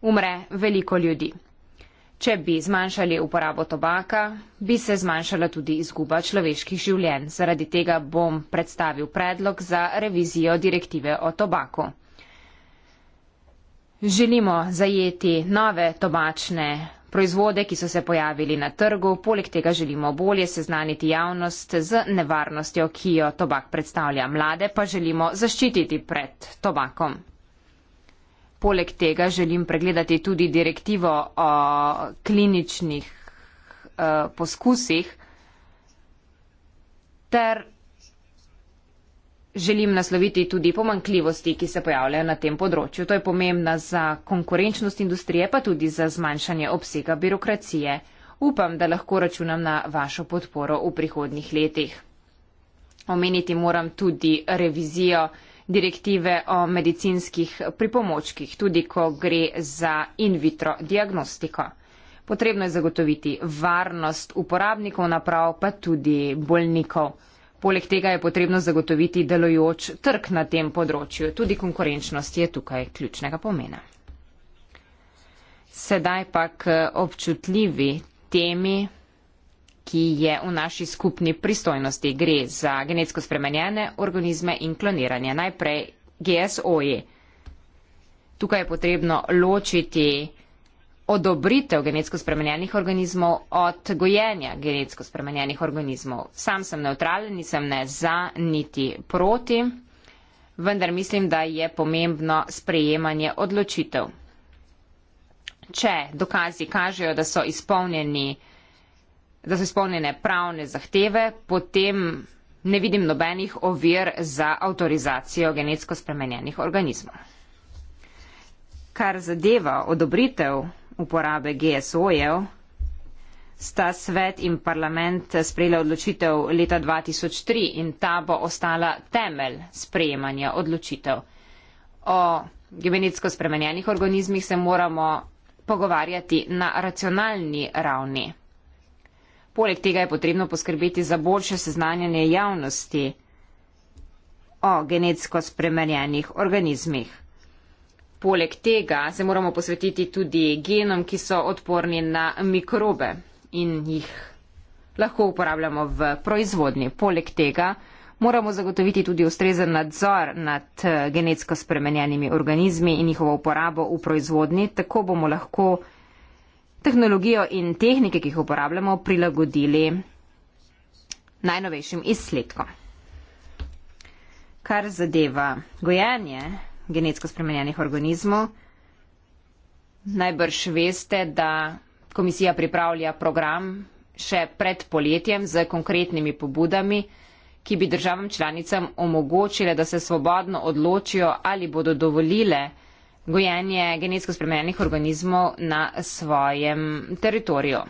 umre veliko ljudi. Če bi zmanjšali uporabo tobaka, bi se zmanjšala tudi izguba človeških življenj. Zaradi tega bom predstavil predlog za revizijo direktive o tobaku. Želimo zajeti nove tobačne proizvode, ki so se pojavili na trgu. Poleg tega želimo bolje seznaniti javnost z nevarnostjo, ki jo tobak predstavlja. Mlade pa želimo zaščititi pred tobakom. Poleg tega želim pregledati tudi direktivo o kliničnih eh, poskusih ter želim nasloviti tudi pomankljivosti, ki se pojavljajo na tem področju. To je pomembna za konkurenčnost industrije, pa tudi za zmanjšanje obsega birokracije. Upam, da lahko računam na vašo podporo v prihodnih letih. Omeniti moram tudi revizijo direktive o medicinskih pripomočkih, tudi ko gre za in vitro diagnostiko. Potrebno je zagotoviti varnost uporabnikov naprav, pa tudi bolnikov. Poleg tega je potrebno zagotoviti delojoč trg na tem področju. Tudi konkurenčnost je tukaj ključnega pomena. Sedaj pa k občutljivi temi, ki je v naši skupni pristojnosti. Gre za genetsko spremenjene organizme in kloniranje. Najprej GSOI. E. Tukaj je potrebno ločiti odobritev genetsko spremenjenih organizmov od gojenja genetsko spremenjenih organizmov. Sam sem neutralen, nisem ne za niti proti, vendar mislim, da je pomembno sprejemanje odločitev. Če dokazi kažejo, da so, da so izpolnjene pravne zahteve, potem ne vidim nobenih ovir za avtorizacijo genetsko spremenjenih organizmov. Kar zadeva odobritev uporabe GSO-jev, sta svet in parlament sprejela odločitev leta 2003 in ta bo ostala temelj sprejemanja odločitev. O genetsko spremenjenih organizmih se moramo pogovarjati na racionalni ravni. Poleg tega je potrebno poskrbeti za boljše seznanjanje javnosti o genetsko spremenjenih organizmih. Poleg tega se moramo posvetiti tudi genom, ki so odporni na mikrobe in jih lahko uporabljamo v proizvodnji. Poleg tega moramo zagotoviti tudi ustrezen nadzor nad eh, genetsko spremenjenimi organizmi in njihovo uporabo v proizvodnji, tako bomo lahko tehnologijo in tehnike, ki jih uporabljamo, prilagodili najnovejšim izsledkom. Kar zadeva gojenje, genetsko spremenjenih organizmov. Najbrž veste, da komisija pripravlja program še pred poletjem z konkretnimi pobudami, ki bi državam članicam omogočile, da se svobodno odločijo ali bodo dovolile gojenje genetsko spremenjenih organizmov na svojem teritoriju.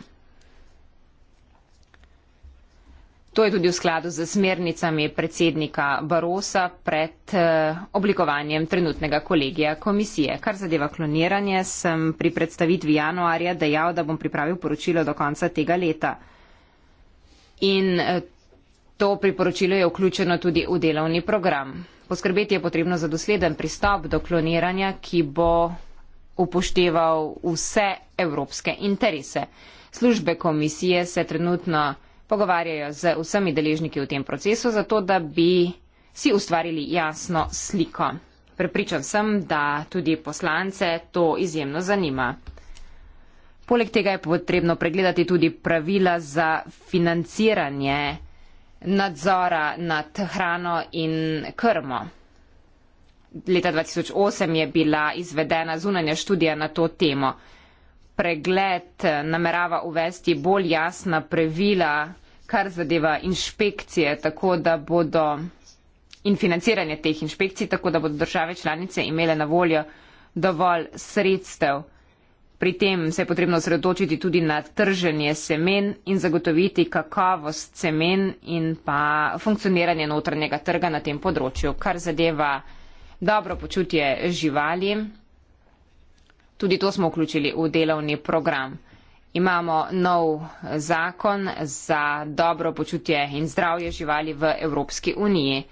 To je tudi v skladu z smernicami predsednika Barosa pred eh, oblikovanjem trenutnega kolegija komisije. Kar zadeva kloniranje, sem pri predstavitvi januarja dejal, da bom pripravil poročilo do konca tega leta. In eh, to priporočilo je vključeno tudi v delovni program. Poskrbeti je potrebno za dosleden pristop do kloniranja, ki bo upošteval vse evropske interese. Službe komisije se trenutno pogovarjajo z vsemi deležniki v tem procesu, zato da bi si ustvarili jasno sliko. Prepričan sem, da tudi poslance to izjemno zanima. Poleg tega je potrebno pregledati tudi pravila za financiranje nadzora nad hrano in krmo. Leta 2008 je bila izvedena zunanja študija na to temo pregled namerava uvesti bolj jasna pravila, kar zadeva inšpekcije, tako da bodo in financiranje teh inšpekcij, tako da bodo države članice imele na voljo dovolj sredstev. Pri tem se je potrebno osredotočiti tudi na trženje semen in zagotoviti kakovost semen in pa funkcioniranje notranjega trga na tem področju, kar zadeva dobro počutje živalim. Tudi to smo vključili v delovni program. Imamo nov zakon za dobro počutje in zdravje živali v Evropski uniji.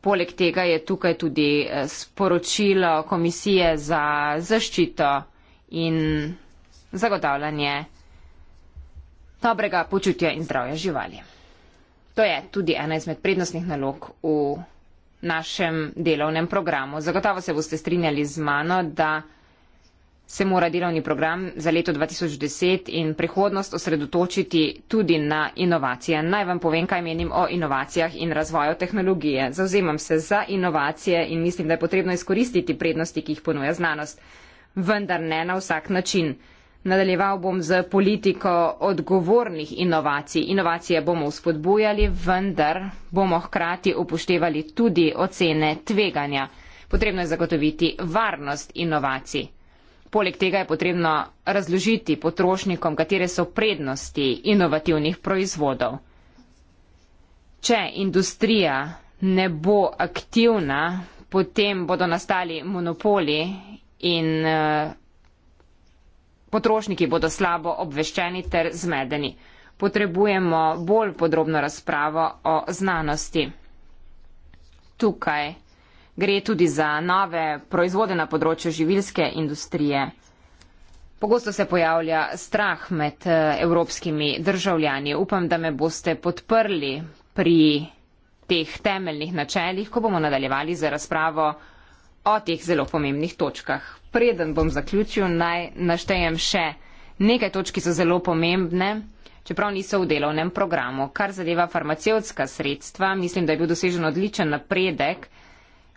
Poleg tega je tukaj tudi eh, sporočilo Komisije za zaščito in zagotavljanje dobrega počutja in zdravja živali. To je tudi ena izmed prednostnih nalog v Evropski uniji našem delovnem programu. Zagotovo se boste strinjali z mano, da se mora delovni program za leto 2010 in prihodnost osredotočiti tudi na inovacije. Naj vam povem, kaj menim o inovacijah in razvoju tehnologije. Zauzemam se za inovacije in mislim, da je potrebno izkoristiti prednosti, ki jih ponuja znanost, vendar ne na vsak način. Nadaljeval bom z politiko odgovornih inovacij. Inovacije bomo vzpodbujali, vendar bomo hkrati upoštevali tudi ocene tveganja. Potrebno je zagotoviti varnost inovacij. Poleg tega je potrebno razložiti potrošnikom, katere so prednosti inovativnih proizvodov. Če industrija ne bo aktivna, potem bodo nastali monopoli in eh, Potrošniki bodo slabo obveščeni ter zmedeni. Potrebujemo bolj podrobno razpravo o znanosti. Tukaj gre tudi za nove proizvode na področju živilske industrije. Pogosto se pojavlja strah med eh, evropskimi državljani. Upam, da me boste podprli pri teh temeljnih načeljih, ko bomo nadaljevali z razpravo o teh zelo pomembnih točkah preden bom zaključil, naj naštejem še nekaj točk, ki so zelo pomembne, čeprav niso v delovnem programu. Kar zadeva farmacevtska sredstva, mislim, da je bil dosežen odličen napredek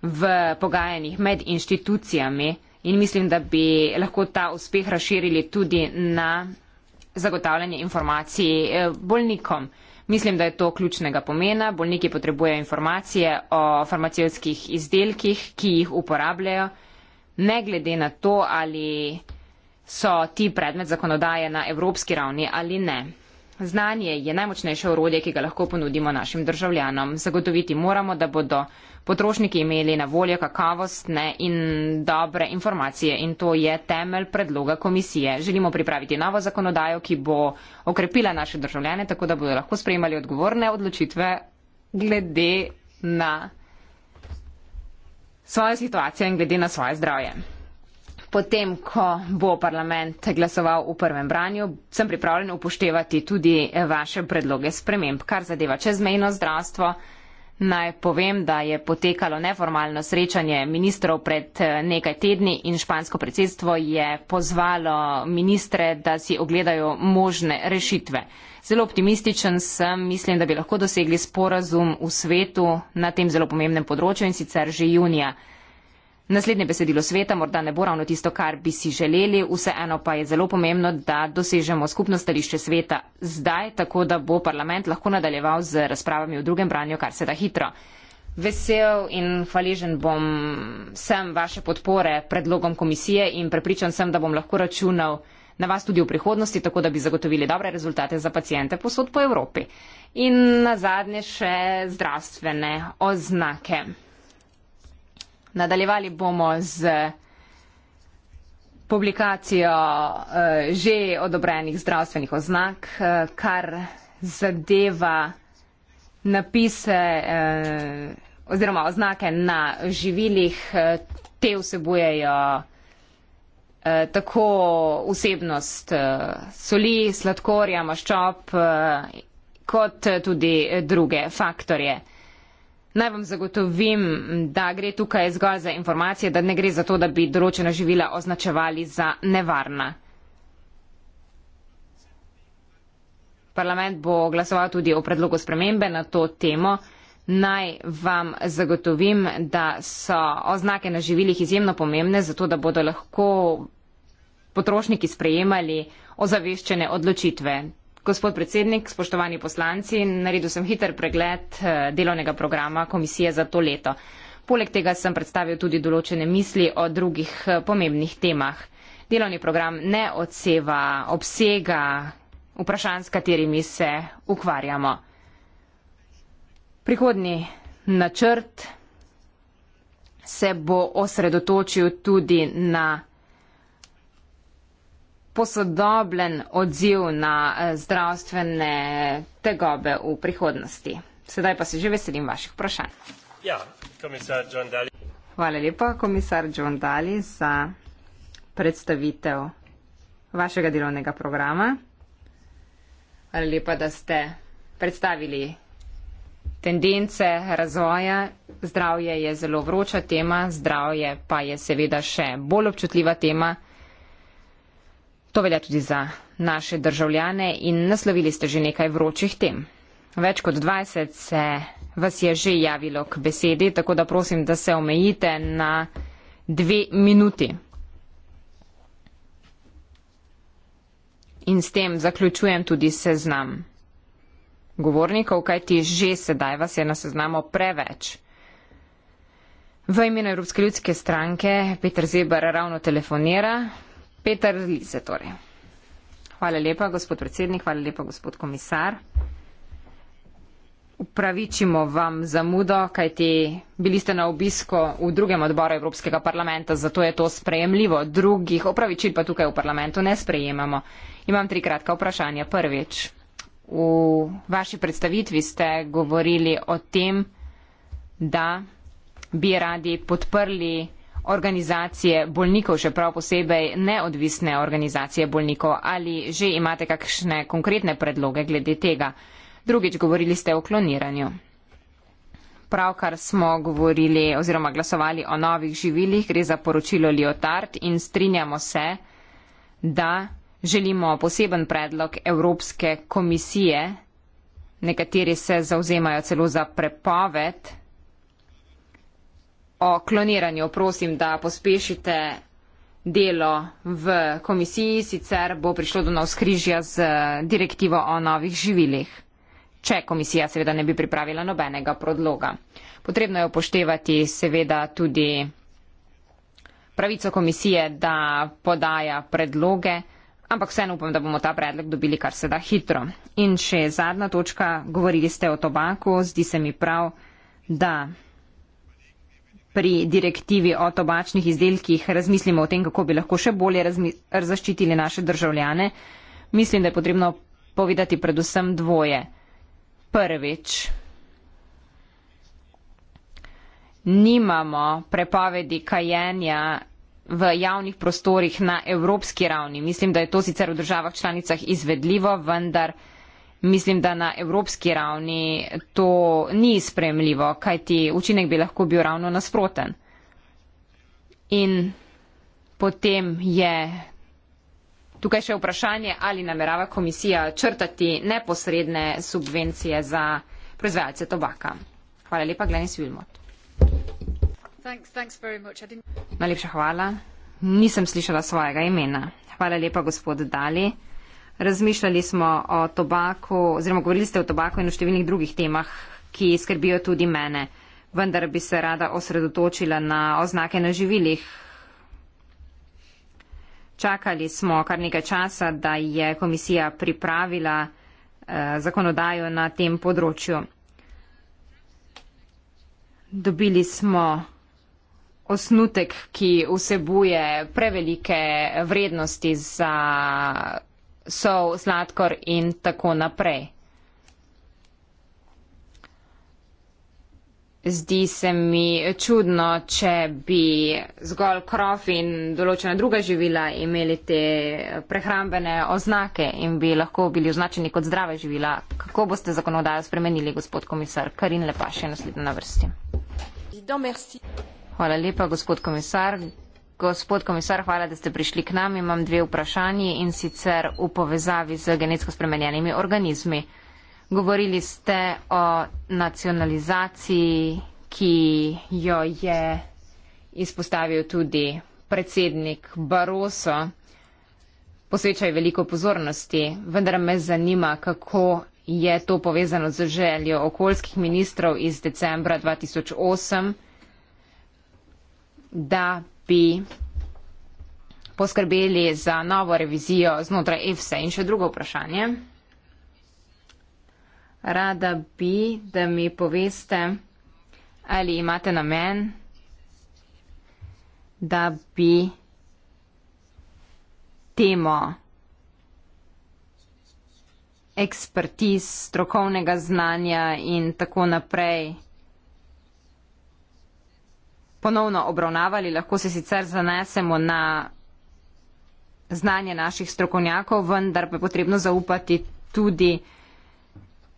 v pogajanjih med inštitucijami in mislim, da bi lahko ta uspeh razširili tudi na zagotavljanje informacij eh, bolnikom. Mislim, da je to ključnega pomena. Bolniki potrebujejo informacije o farmacevskih izdelkih, ki jih uporabljajo ne glede na to, ali so ti predmet zakonodaje na evropski ravni ali ne. Znanje je najmočnejše orodje, ki ga lahko ponudimo našim državljanom. Zagotoviti moramo, da bodo potrošniki imeli na voljo kakavostne in dobre informacije in to je temelj predloga komisije. Želimo pripraviti novo zakonodajo, ki bo okrepila naše državljane, tako da bodo lahko sprejemali odgovorne odločitve glede na svojo situacijo in glede na svoje zdravje. Potem, ko bo parlament glasoval v prvem branju, sem pripravljen upoštevati tudi eh, vaše predloge sprememb, kar zadeva čezmejno zdravstvo. Naj povem, da je potekalo neformalno srečanje ministrov pred eh, nekaj tedni in špansko predsedstvo je pozvalo ministre, da si ogledajo možne rešitve. Zelo optimističen sem, mislim, da bi lahko dosegli sporazum v svetu na tem zelo pomembnem področju in sicer že junija. Naslednje besedilo sveta morda ne bo ravno tisto, kar bi si želeli, vseeno pa je zelo pomembno, da dosežemo skupno stališče sveta zdaj, tako da bo parlament lahko nadaljeval z razpravami v drugem branju, kar se da hitro. Vesel in hvaležen bom sem vaše podpore predlogom komisije in prepričan sem, da bom lahko računal na vas tudi v prihodnosti, tako da bi zagotovili dobre rezultate za pacijente posod po Evropi. In na zadnje še zdravstvene oznake. Nadaljevali bomo z publikacijo eh, že odobrenih zdravstvenih oznak, eh, kar zadeva napise eh, oziroma oznake na živilih. Te vsebujejo eh, tako vsebnost eh, soli, sladkorja, maščob, eh, kot tudi druge faktorje. Naj vam zagotovim, da gre tukaj zgolj za informacije, da ne gre za to, da bi določena živila označevali za nevarna. Parlament bo glasoval tudi o predlogu spremembe na to temo naj vam zagotovim, da so oznake na živilih izjemno pomembne, zato da bodo lahko potrošniki sprejemali ozaveščene odločitve. Gospod predsednik, spoštovani poslanci, naredil sem hiter pregled eh, delovnega programa komisije za to leto. Poleg tega sem predstavil tudi določene misli o drugih eh, pomembnih temah. Delovni program ne odseva obsega vprašanj, s katerimi se ukvarjamo. Prihodni načrt se bo osredotočil tudi na posodobljen odziv na eh, zdravstvene tegobe v prihodnosti. Sedaj pa se že veselim vaših vprašanj. Ja, komisar John Daly. Hvala lepa, komisar John Daly, za predstavitev vašega delovnega programa. Hvala lepa, da ste predstavili tendence razvoja. Zdravje je zelo vroča tema, zdravje pa je seveda še bolj občutljiva tema. To velja tudi za naše državljane in naslovili ste že nekaj vročih tem. Več kot 20 se vas je že javilo k besedi, tako da prosim, da se omejite na dve minuti. In s tem zaključujem tudi seznam govornikov, kajti že sedaj vas je na seznamu preveč. V imenu Evropske ljudske stranke Peter Zebar ravno telefonira. Peter Lise torej. Hvala lepa, gospod predsednik, hvala lepa, gospod komisar. Upravičimo vam zamudo, kajti bili ste na obisko v drugem odboru Evropskega parlamenta, zato je to sprejemljivo. Drugih opravičil pa tukaj v parlamentu ne sprejemamo. Imam tri kratka vprašanja. Prvič. V vaši predstavitvi ste govorili o tem, da bi radi podprli organizacije bolnikov, še prav posebej neodvisne organizacije bolnikov. Ali že imate kakšne konkretne predloge glede tega? Drugič, govorili ste o kloniranju. Pravkar smo govorili oziroma glasovali o novih živilih, gre za poročilo Liotard in strinjamo se, da želimo poseben predlog Evropske komisije, nekateri se zauzemajo celo za prepoved o kloniranju. Prosim, da pospešite delo v komisiji, sicer bo prišlo do navskrižja z direktivo o novih živilih, če komisija seveda ne bi pripravila nobenega predloga. Potrebno je upoštevati seveda tudi pravico komisije, da podaja predloge ampak vseeno upam, da bomo ta predlog dobili kar se da hitro. In še zadnja točka, govorili ste o tobaku, zdi se mi prav, da pri direktivi o tobačnih izdelkih razmislimo o tem, kako bi lahko še bolje zaščitili naše državljane. Mislim, da je potrebno povedati predvsem dvoje. Prvič, nimamo prepovedi kajenja v javnih prostorih na evropski ravni. Mislim, da je to sicer v državah članicah izvedljivo, vendar mislim, da na evropski ravni to ni spremljivo, kajti učinek bi lahko bil ravno nasproten. In potem je tukaj še vprašanje, ali namerava komisija črtati neposredne subvencije za proizvajalce tobaka. Hvala lepa, Glenis Vilmot. Najlepša hvala. Nisem slišala svojega imena. Hvala lepa, gospod Dali. Razmišljali smo o tobaku, oziroma govorili ste o tobaku in o številnih drugih temah, ki skrbijo tudi mene. Vendar bi se rada osredotočila na oznake na živilih. Čakali smo kar nekaj časa, da je komisija pripravila eh, zakonodajo na tem področju. Dobili smo osnutek, ki vsebuje prevelike vrednosti za sol, sladkor in tako naprej. Zdi se mi čudno, če bi zgolj krof in določena druga živila imeli te prehrambene oznake in bi lahko bili označeni kot zdrave živila. Kako boste zakonodajo spremenili, gospod komisar? Karin Lepaš je naslednja na vrsti. Merci. Hvala lepa, gospod komisar. Gospod komisar, hvala, da ste prišli k nam. Imam dve vprašanji in sicer v povezavi z genetsko spremenjenimi organizmi. Govorili ste o nacionalizaciji, ki jo je izpostavil tudi predsednik Baroso. Posvečajo veliko pozornosti, vendar me zanima, kako je to povezano z željo okoljskih ministrov iz decembra 2008 da bi poskrbeli za novo revizijo znotraj EFSA. In še drugo vprašanje. Rada bi, da mi poveste, ali imate namen, da bi temo ekspertiz, strokovnega znanja in tako naprej ponovno obravnavali. Lahko se sicer zanesemo na znanje naših strokovnjakov, vendar pa je potrebno zaupati tudi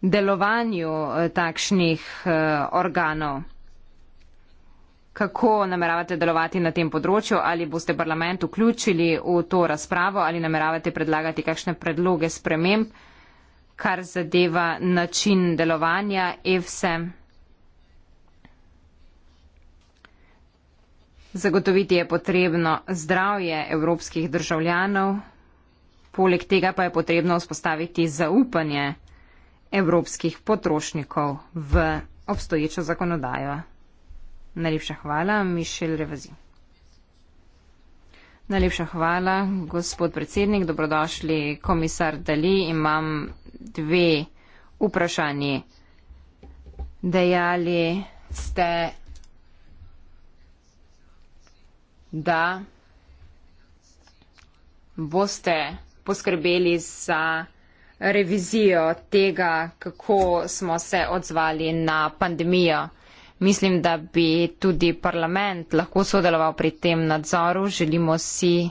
delovanju eh, takšnih eh, organov. Kako nameravate delovati na tem področju? Ali boste parlament vključili v to razpravo? Ali nameravate predlagati kakšne predloge sprememb, kar zadeva način delovanja EFSE? Zagotoviti je potrebno zdravje evropskih državljanov, poleg tega pa je potrebno vzpostaviti zaupanje evropskih potrošnikov v obstoječo zakonodajo. Najlepša hvala, Mišel Revazi. Najlepša hvala, gospod predsednik, dobrodošli, komisar Dali. Imam dve vprašanji. Dejali ste da boste poskrbeli za revizijo tega, kako smo se odzvali na pandemijo. Mislim, da bi tudi parlament lahko sodeloval pri tem nadzoru. Želimo si,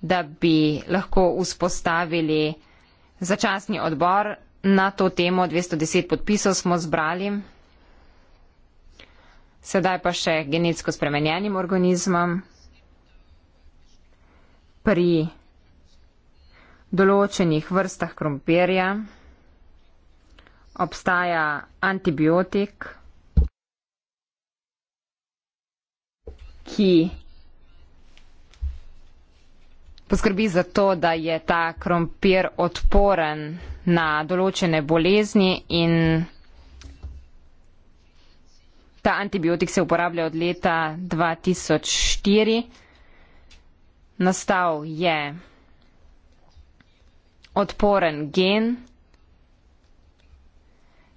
da bi lahko vzpostavili začasni odbor na to temo. 210 podpisov smo zbrali. Sedaj pa še genetsko spremenjenim organizmom pri določenih vrstah krompirja obstaja antibiotik, ki poskrbi za to, da je ta krompir odporen na določene bolezni in ta antibiotik se uporablja od leta 2004 nastal je odporen gen,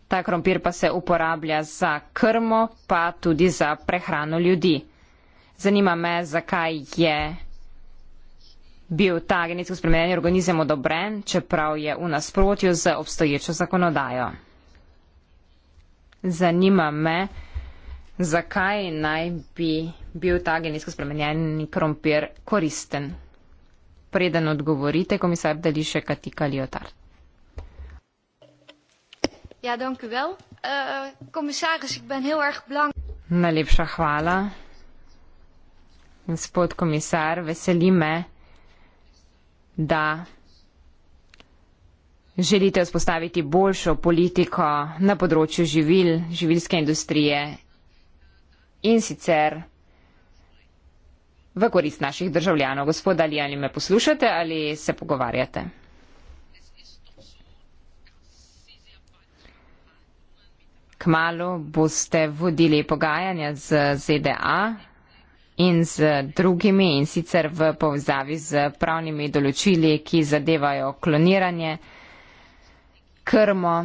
ta krompir pa se uporablja za krmo, pa tudi za prehrano ljudi. Zanima me, zakaj je bil ta genetsko spremenjen organizem odobren, čeprav je v nasprotju z obstoječo zakonodajo. Zanima me, zakaj naj bi bil ta genetsko spremenjen krompir koristen. Preden odgovorite, komisar Deliše Katika Liotar. Ja, dank u wel. Uh, commissaris, ik ben heel erg blank. Najlepša hvala. Gospod komisar, veseli me, da želite vzpostaviti boljšo politiko na področju živil, živilske industrije in sicer v korist naših državljanov. Gospod Ali, ali me poslušate ali se pogovarjate? Kmalo boste vodili pogajanja z ZDA in z drugimi in sicer v povezavi z pravnimi določili, ki zadevajo kloniranje, krmo,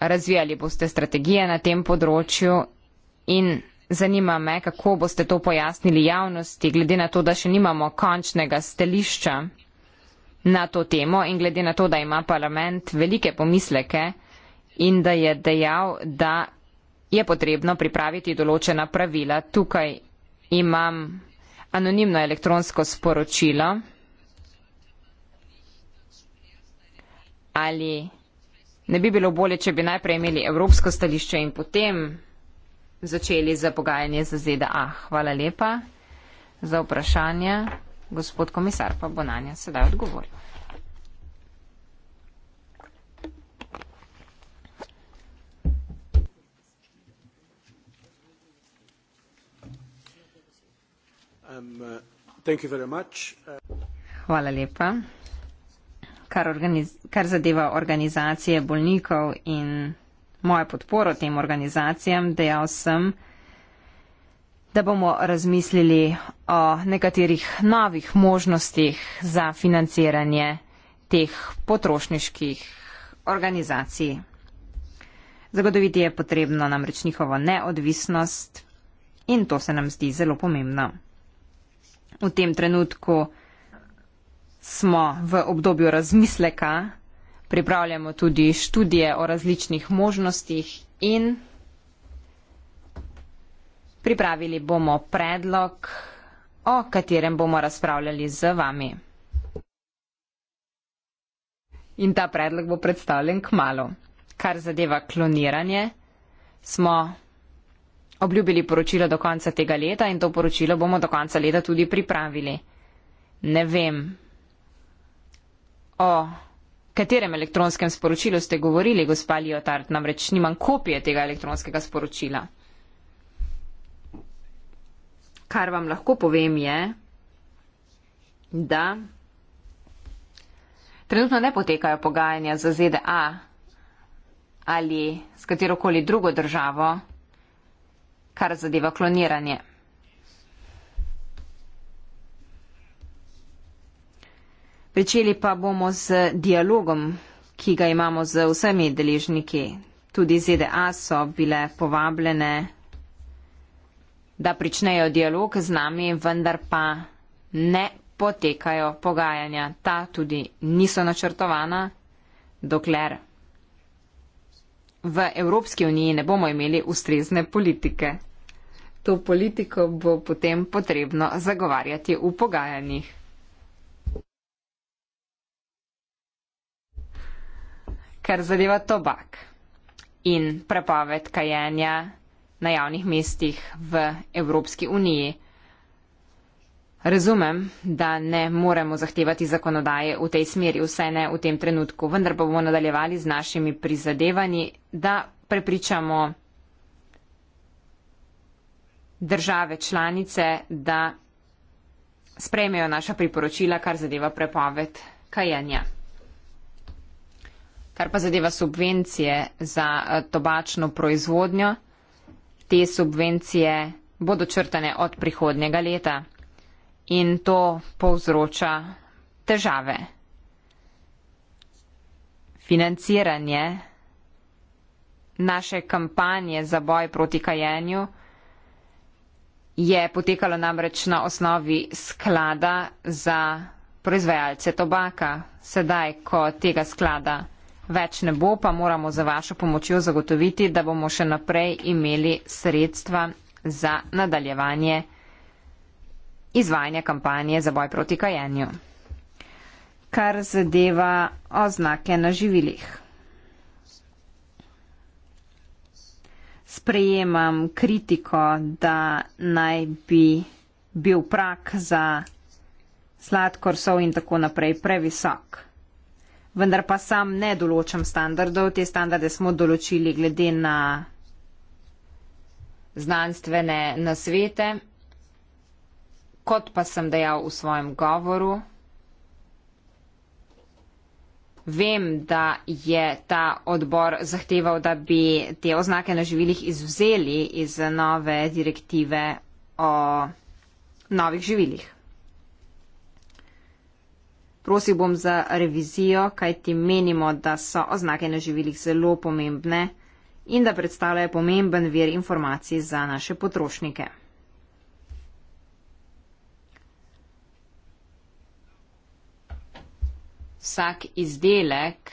razvijali boste strategije na tem področju in Zanima me, kako boste to pojasnili javnosti, glede na to, da še nimamo končnega stališča na to temo in glede na to, da ima parlament velike pomisleke in da je dejal, da je potrebno pripraviti določena pravila. Tukaj imam anonimno elektronsko sporočilo. Ali ne bi bilo bolje, če bi najprej imeli evropsko stališče in potem začeli za pogajanje za ZDA. Hvala lepa za vprašanje. Gospod komisar pa bo na nje sedaj odgovoril. Um, uh, Hvala lepa. Kar, organiz, kar zadeva organizacije bolnikov in mojo podporo tem organizacijam, dejal sem, da bomo razmislili o nekaterih novih možnostih za financiranje teh potrošniških organizacij. Zagotoviti je potrebno namreč njihovo neodvisnost in to se nam zdi zelo pomembno. V tem trenutku smo v obdobju razmisleka pripravljamo tudi študije o različnih možnostih in pripravili bomo predlog, o katerem bomo razpravljali z vami. In ta predlog bo predstavljen k malu. Kar zadeva kloniranje, smo obljubili poročilo do konca tega leta in to poročilo bomo do konca leta tudi pripravili. Ne vem. O katerem elektronskem sporočilu ste govorili, gospa Liotard, namreč nimam kopije tega elektronskega sporočila. Kar vam lahko povem je, da trenutno ne potekajo pogajanja za ZDA ali s katerokoli drugo državo, kar zadeva kloniranje. Pričeli pa bomo z dialogom, ki ga imamo z vsemi deležniki. Tudi ZDA so bile povabljene, da pričnejo dialog z nami, vendar pa ne potekajo pogajanja. Ta tudi niso načrtovana, dokler v Evropski uniji ne bomo imeli ustrezne politike. To politiko bo potem potrebno zagovarjati v pogajanjih. kar zadeva tobak in prepoved kajenja na javnih mestih v Evropski uniji. Razumem, da ne moremo zahtevati zakonodaje v tej smeri, vse ne v tem trenutku, vendar pa bomo nadaljevali z našimi prizadevanji, da prepričamo države članice, da sprejmejo naša priporočila, kar zadeva prepoved kajenja. Kar pa zadeva subvencije za eh, tobačno proizvodnjo, te subvencije bodo črtane od prihodnjega leta in to povzroča težave. Financiranje naše kampanje za boj proti kajenju je potekalo namreč na osnovi sklada za proizvajalce tobaka. Sedaj, ko tega sklada več ne bo, pa moramo za vašo pomočjo zagotoviti, da bomo še naprej imeli sredstva za nadaljevanje izvajanja kampanje za boj proti kajenju. Kar zadeva oznake na živilih. Sprejemam kritiko, da naj bi bil prak za sladkor sov in tako naprej previsok vendar pa sam ne določam standardov. Te standarde smo določili glede na znanstvene nasvete. Kot pa sem dejal v svojem govoru, vem, da je ta odbor zahteval, da bi te oznake na živilih izvzeli iz nove direktive o novih živilih. Prosil bom za revizijo, kaj ti menimo, da so oznake na živilih zelo pomembne in da predstavljajo pomemben vir informacij za naše potrošnike. Vsak izdelek,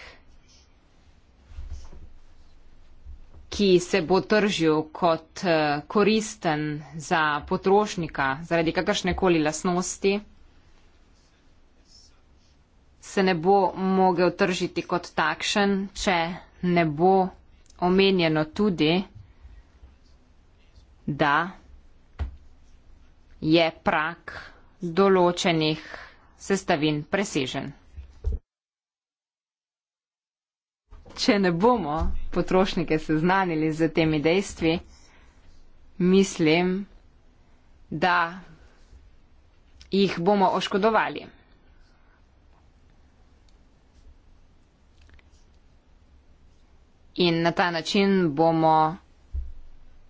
ki se bo tržil kot eh, koristen za potrošnika zaradi kakršne koli lasnosti, se ne bo mogel tržiti kot takšen, če ne bo omenjeno tudi, da je prak določenih sestavin presežen. Če ne bomo potrošnike seznanili z temi dejstvi, mislim, da jih bomo oškodovali. in na ta način bomo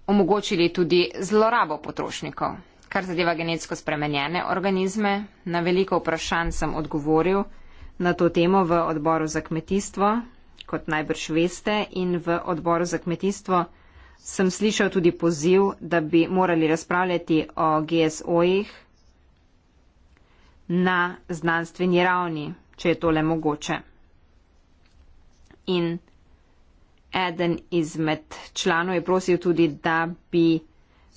omogočili tudi zlorabo potrošnikov. Kar zadeva genetsko spremenjene organizme, na veliko vprašanj sem odgovoril na to temo v odboru za kmetijstvo, kot najbrž veste, in v odboru za kmetijstvo sem slišal tudi poziv, da bi morali razpravljati o GSO-jih na znanstveni ravni, če je tole mogoče. In Eden izmed članov je prosil tudi, da bi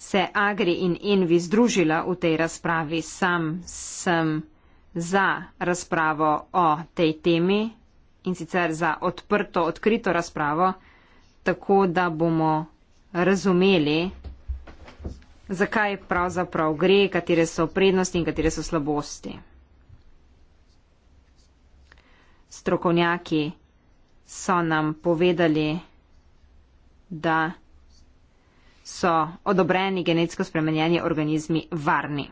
se Agri in Envi združila v tej razpravi. Sam sem za razpravo o tej temi in sicer za odprto, odkrito razpravo, tako da bomo razumeli, zakaj pravzaprav gre, katere so prednosti in katere so slabosti. Strokovnjaki so nam povedali, da so odobreni genetsko spremenjeni organizmi varni.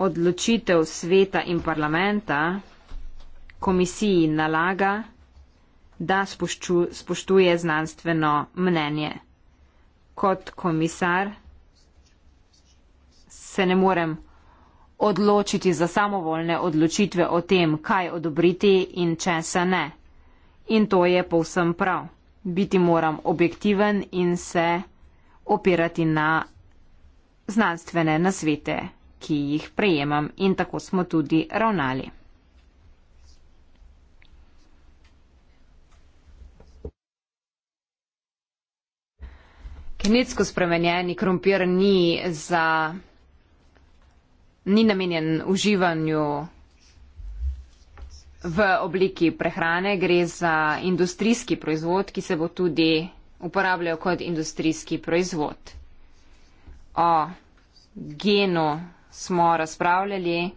Odločitev sveta in parlamenta komisiji nalaga, da spoštuje znanstveno mnenje. Kot komisar se ne morem odločiti za samovoljne odločitve o tem, kaj odobriti in če se ne. In to je povsem prav. Biti moram objektiven in se opirati na znanstvene nasvete, ki jih prejemam in tako smo tudi ravnali. Kenetsko spremenjeni krompir ni za ni namenjen uživanju v obliki prehrane, gre za industrijski proizvod, ki se bo tudi uporabljal kot industrijski proizvod. O genu smo razpravljali,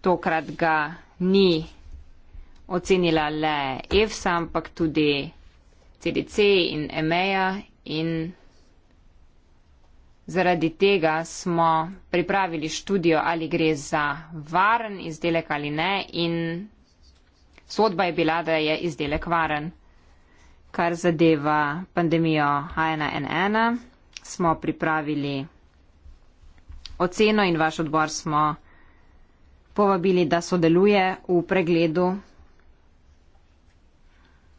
tokrat ga ni ocenila le EFSA, ampak tudi CDC in EMEA in Zaradi tega smo pripravili študijo, ali gre za varen izdelek ali ne in sodba je bila, da je izdelek varen. Kar zadeva pandemijo H1N1, smo pripravili oceno in vaš odbor smo povabili, da sodeluje v pregledu.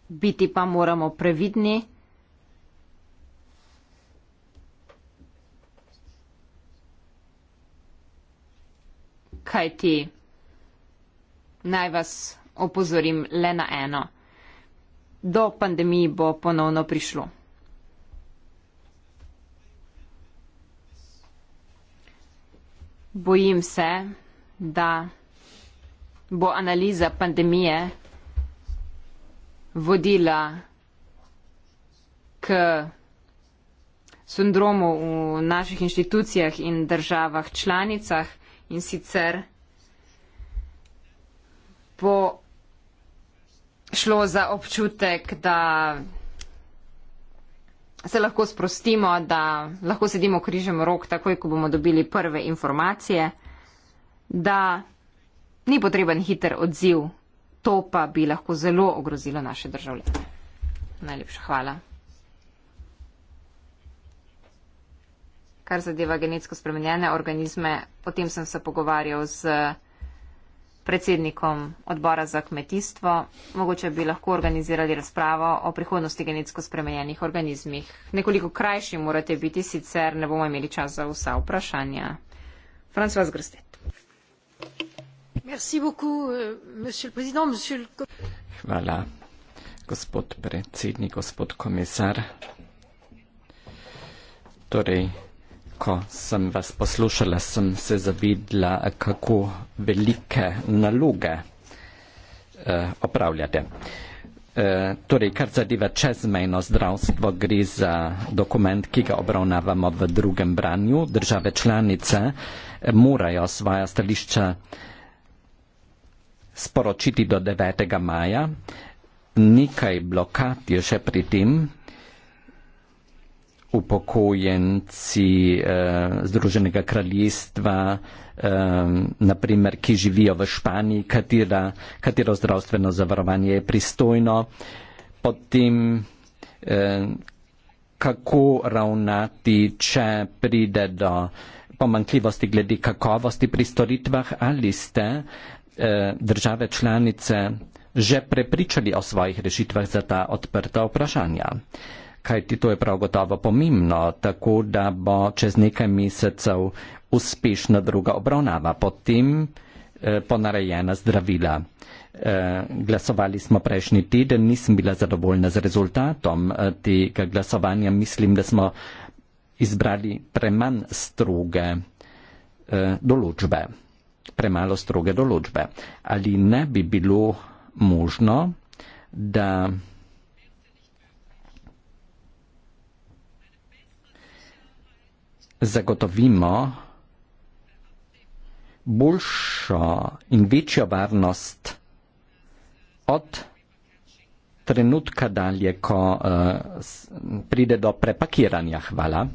Biti pa moramo previdni. kajti naj vas opozorim le na eno. Do pandemiji bo ponovno prišlo. Bojim se, da bo analiza pandemije vodila k sindromu v naših inštitucijah in državah članicah, in sicer bo šlo za občutek, da se lahko sprostimo, da lahko sedimo križem rok, takoj ko bomo dobili prve informacije, da ni potreben hiter odziv, to pa bi lahko zelo ogrozilo naše državljane. Najlepša hvala. kar zadeva genetsko spremenjene organizme. Potem sem se pogovarjal z predsednikom odbora za kmetijstvo. Mogoče bi lahko organizirali razpravo o prihodnosti genetsko spremenjenih organizmih. Nekoliko krajši morate biti, sicer ne bomo imeli čas za vsa vprašanja. François Grstet. Merci beaucoup, euh, monsieur le président, monsieur le... Hvala, gospod predsednik, gospod komisar. Torej, ko sem vas poslušala, sem se zavidla, kako velike naloge eh, opravljate. Eh, torej, kar zadeva čezmejno zdravstvo, gre za dokument, ki ga obravnavamo v drugem branju. Države članice eh, morajo svoja stališča sporočiti do 9. maja. Nekaj blokad je še pri tem, upokojenci eh, Združenega kraljestva, eh, naprimer, ki živijo v Španiji, katera, katero zdravstveno zavarovanje je pristojno, potem eh, kako ravnati, če pride do pomankljivosti glede kakovosti pri storitvah ali ste eh, države članice že prepričali o svojih rešitvah za ta odprta vprašanja. Eh, kajti to je prav gotovo pomembno, tako da bo čez nekaj mesecev uspešna druga obravnava, potem eh, ponarejena zdravila. Eh, glasovali smo prejšnji teden, nisem bila zadovoljna z rezultatom eh, tega glasovanja, mislim, da smo izbrali premanj stroge eh, določbe, premalo stroge določbe. Ali ne bi bilo možno, da zagotovimo boljšo in večjo varnost od trenutka dalje, ko uh, pride do prepakiranja. Hvala.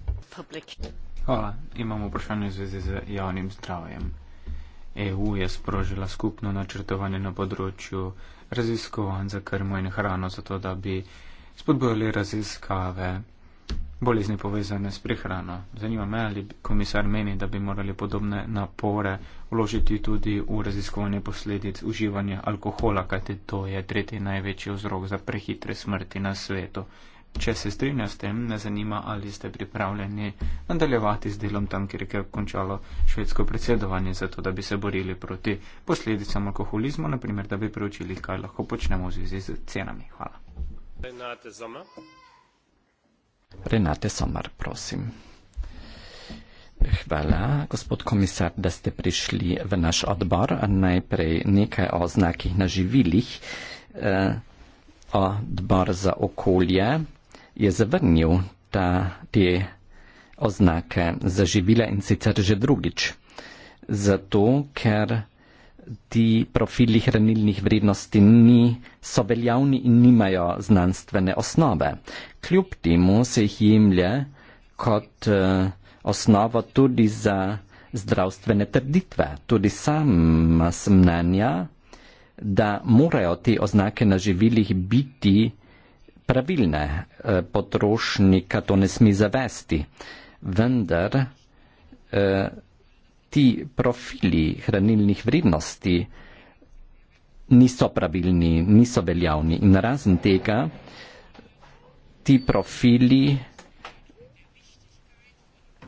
Hvala. Imamo vprašanje v zvezi z javnim zdravjem. EU je sprožila skupno načrtovanje na področju raziskovanj za krmo in hrano, zato da bi spodbojali raziskave bolezni povezane s prehrano. Zanima me, ali komisar meni, da bi morali podobne napore vložiti tudi v raziskovanje posledic uživanja alkohola, kajte to je tretji največji vzrok za prehitre smrti na svetu. Če se strinja s tem, me zanima, ali ste pripravljeni nadaljevati z delom tam, kjer je končalo švedsko predsedovanje, zato da bi se borili proti posledicam alkoholizma, naprimer, da bi preučili, kaj lahko počnemo v zvezi z cenami. Hvala. Renate Somar, prosim. Hvala, gospod komisar, da ste prišli v naš odbor. Najprej nekaj o znakih na živilih. Eh, odbor za okolje je zavrnil ta, te oznake za živila in sicer že drugič. Zato, ker ti profili hranilnih vrednosti ni, so veljavni in nimajo znanstvene osnove. Kljub temu se jih jemlje kot uh, osnovo tudi za zdravstvene trditve. Tudi sam sem mnenja, da morajo te oznake na živilih biti pravilne. E, potrošnika to ne sme zavesti. Vendar e, ti profili hranilnih vrednosti niso pravilni, niso veljavni. In razen tega, ti profili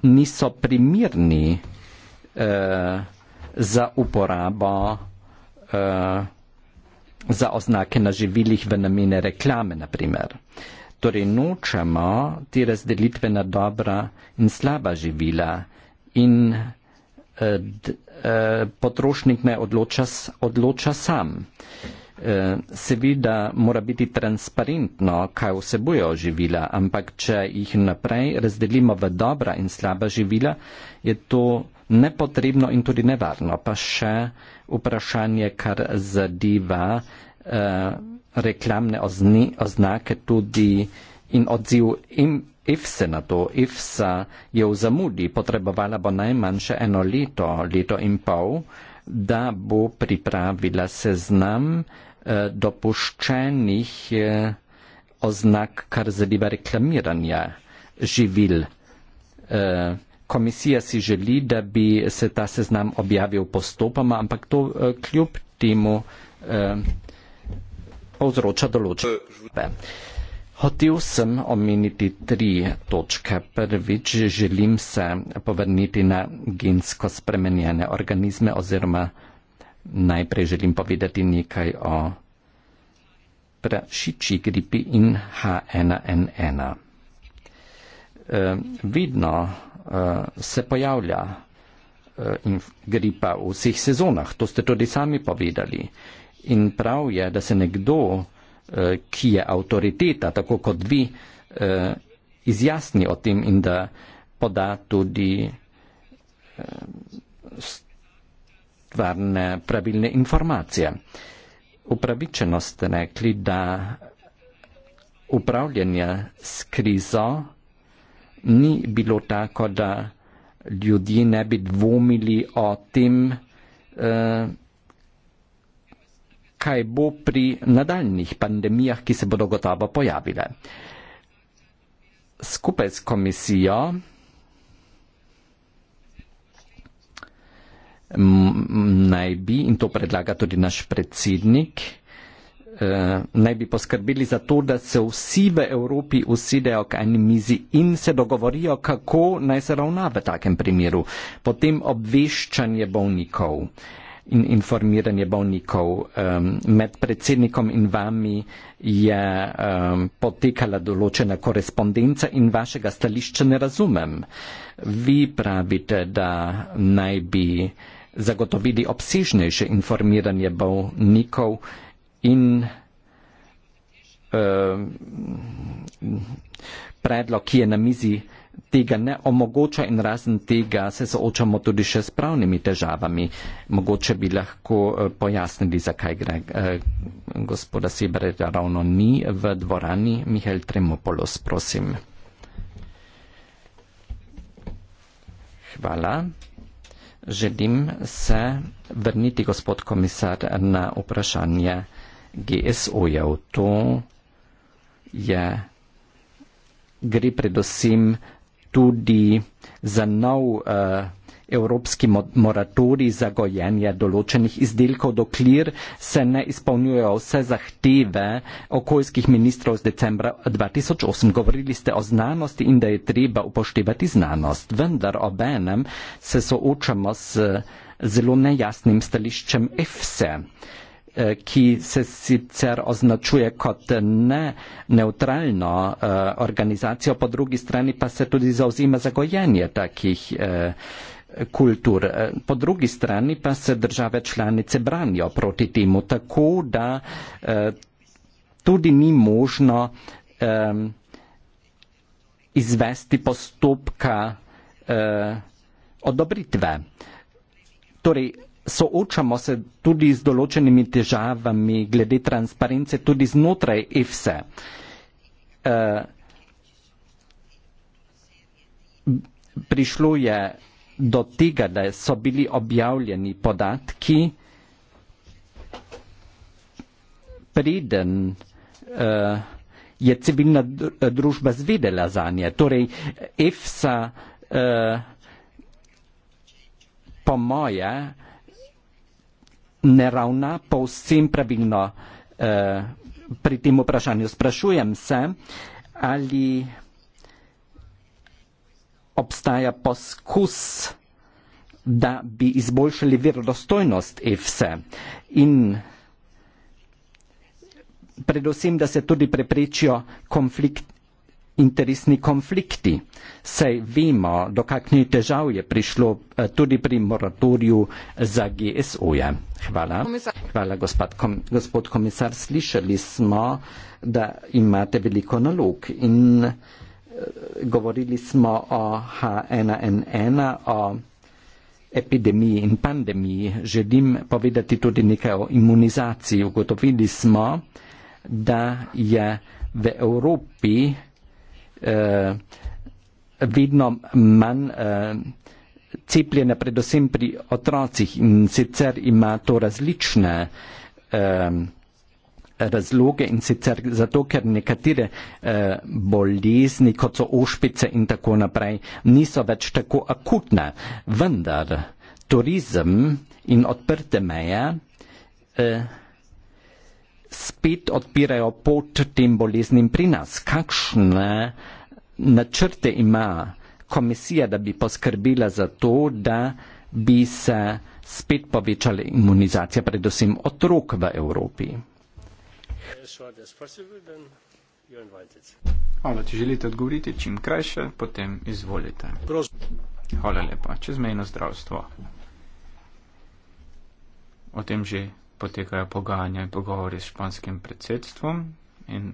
niso primirni eh, za uporabo eh, za oznake na živilih v namene reklame, naprimer. Torej, nočemo te razdelitve na dobra in slaba živila in Eh, eh, potrošnik ne odloča, odloča sam. Eh, seveda mora biti transparentno, kaj vsebujejo živila, ampak če jih naprej razdelimo v dobra in slaba živila, je to nepotrebno in tudi nevarno. Pa še vprašanje, kar zadeva eh, reklamne ozni, oznake tudi in odziv IFSE na to. IFSA je v zamudi, potrebovala bo najmanjše eno leto, leto in pol, da bo pripravila seznam eh, dopuščenih eh, oznak karzeliva reklamiranja živil. Eh, komisija si želi, da bi se ta seznam objavil postopoma, ampak to eh, kljub temu eh, povzroča določene. Hotel sem omeniti tri točke. Prvič, želim se povrniti na gensko spremenjene organizme oziroma najprej želim povedati nekaj o prašiči gripi in H1N1. E, eh, vidno e, se pojavlja e, gripa v vseh sezonah, to ste tudi sami povedali. In prav je, da se nekdo Eh, ki je avtoriteta, tako kot vi, eh, izjasni o tem in da poda tudi eh, stvarne pravilne informacije. Upravičeno ste rekli, da upravljanje s krizo ni bilo tako, da ljudje ne bi dvomili o tem, eh, kaj bo pri nadaljnih pandemijah, ki se bodo gotovo pojavile. Skupaj s komisijo naj bi, in to predlaga tudi naš predsednik, eh, naj bi poskrbeli za to, da se vsi v Evropi usidejo k eni mizi in se dogovorijo, kako naj se ravna v takem primeru. Potem obveščanje bolnikov in informiranje bolnikov. Um, med predsednikom in vami je um, potekala določena korespondenca in vašega stališča ne razumem. Vi pravite, da naj bi zagotovili obsežnejše informiranje bolnikov in um, predlog, ki je na mizi, tega ne omogoča in razen tega se soočamo tudi še s pravnimi težavami. Mogoče bi lahko eh, pojasnili, zakaj gre eh, gospoda Sibereta ravno ni v dvorani. Mihajl Tremopolos, prosim. Hvala. Želim se vrniti, gospod komisar, na vprašanje GSO-jev. To je, gre predvsem tudi za nov uh, evropski moratorij za gojenje določenih izdelkov, dokler se ne izpolnjujejo vse zahteve okoljskih ministrov z decembra 2008. Govorili ste o znanosti in da je treba upoštevati znanost, vendar obenem se soočamo s zelo nejasnim stališčem EFSE. Uh, Eh, ki se sicer označuje kot ne, neutralno eh, organizacijo, po drugi strani pa se tudi zauzima za gojenje takih eh, kultur. Eh, po drugi strani pa se države članice branijo proti temu, tako da eh, tudi ni možno eh, izvesti postopka eh, odobritve. Torej, soočamo se tudi z določenimi težavami glede transparence tudi znotraj EFSE. Eh, prišlo je do tega, da so bili objavljeni podatki, preden uh, je civilna družba zvedela za nje. Torej, EFSA uh, eh, po moje uh, ne ravna povsem pravilno eh, pri tem vprašanju. Sprašujem se, ali obstaja poskus, da bi izboljšali verodostojnost EFSE in predvsem, da se tudi preprečijo konflikti interesni konflikti. Sej vemo, do kakšnih težav je prišlo eh, tudi pri moratoriju za GSO-je. Hvala. Hvala, gospod, kom, gospod komisar. Slišali smo, da imate veliko nalog in eh, govorili smo o H1N1, o epidemiji in pandemiji. Želim povedati tudi nekaj o imunizaciji. Ugotovili smo, da je v Evropi eh, vedno manj eh, cepljene, predvsem pri otrocih in sicer ima to različne eh, razloge in sicer zato, ker nekatere eh, bolezni, kot so ošpice in tako naprej, niso več tako akutne. Vendar turizem in odprte meje eh, spet odpirajo pot tem boleznim pri nas. Kakšne načrte ima komisija, da bi poskrbila za to, da bi se spet povečala imunizacija, predvsem otrok v Evropi? Hvala, če želite odgovoriti čim krajše, potem izvolite. Hvala lepa, čezmejno zdravstvo. O tem že potekajo pogajanja in pogovori s španskim predsedstvom in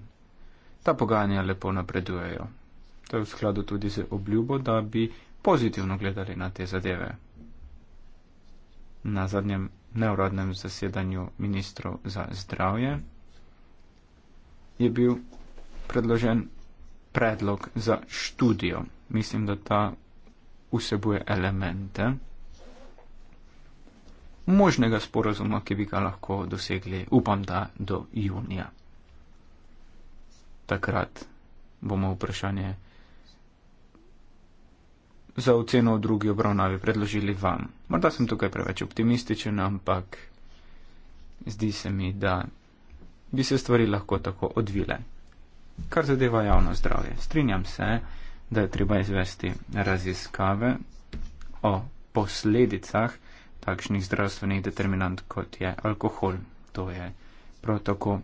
ta pogajanja lepo napredujejo. To je v skladu tudi z obljubo, da bi pozitivno gledali na te zadeve. Na zadnjem neuradnem zasedanju ministrov za zdravje je bil predložen predlog za študijo. Mislim, da ta vsebuje elemente možnega sporazuma, ki bi ga lahko dosegli, upam, da do junija. Takrat bomo vprašanje za oceno v drugi obravnavi predložili vam. Morda sem tukaj preveč optimističen, ampak zdi se mi, da bi se stvari lahko tako odvile. Kar zadeva javno zdravje. Strinjam se, da je treba izvesti raziskave o posledicah, takšnih zdravstvenih determinant, kot je alkohol. To je prav tako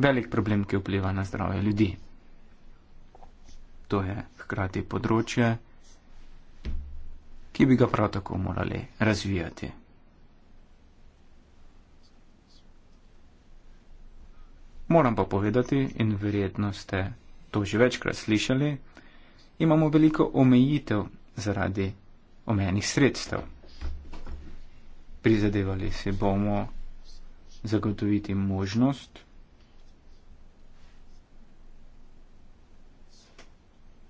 velik problem, ki vpliva na zdravje ljudi. To je hkrati področje, ki bi ga prav tako morali razvijati. Moram pa povedati, in verjetno ste to že večkrat slišali, imamo veliko omejitev zaradi omenjenih sredstev prizadevali se bomo zagotoviti možnost,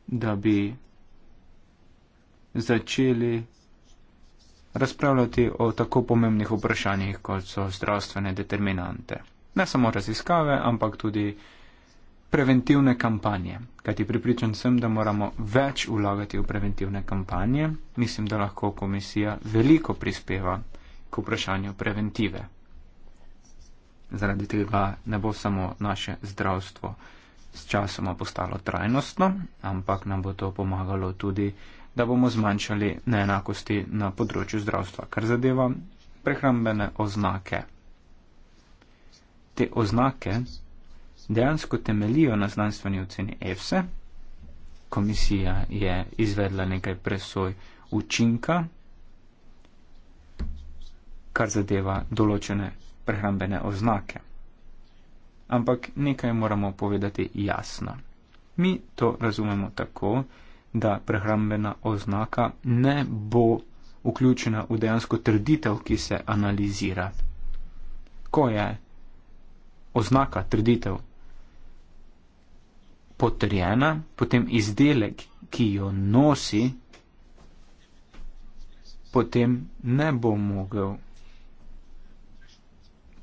da bi začeli razpravljati o tako pomembnih vprašanjih, kot so zdravstvene determinante. Ne samo raziskave, ampak tudi preventivne kampanje. Kajti pripričan sem, da moramo več ulagati v preventivne kampanje. Mislim, da lahko komisija veliko prispeva k vprašanju preventive. Zaradi tega ne bo samo naše zdravstvo s časoma postalo trajnostno, ampak nam bo to pomagalo tudi, da bomo zmanjšali neenakosti na področju zdravstva, kar zadeva prehrambene oznake. Te oznake dejansko temelijo na znanstveni oceni EFSE. Komisija je izvedla nekaj presoj učinka kar zadeva določene prehrambene oznake. Ampak nekaj moramo povedati jasno. Mi to razumemo tako, da prehrambena oznaka ne bo vključena v dejansko trditev, ki se analizira. Ko je oznaka trditev potrjena, potem izdelek, ki jo nosi, potem ne bo mogel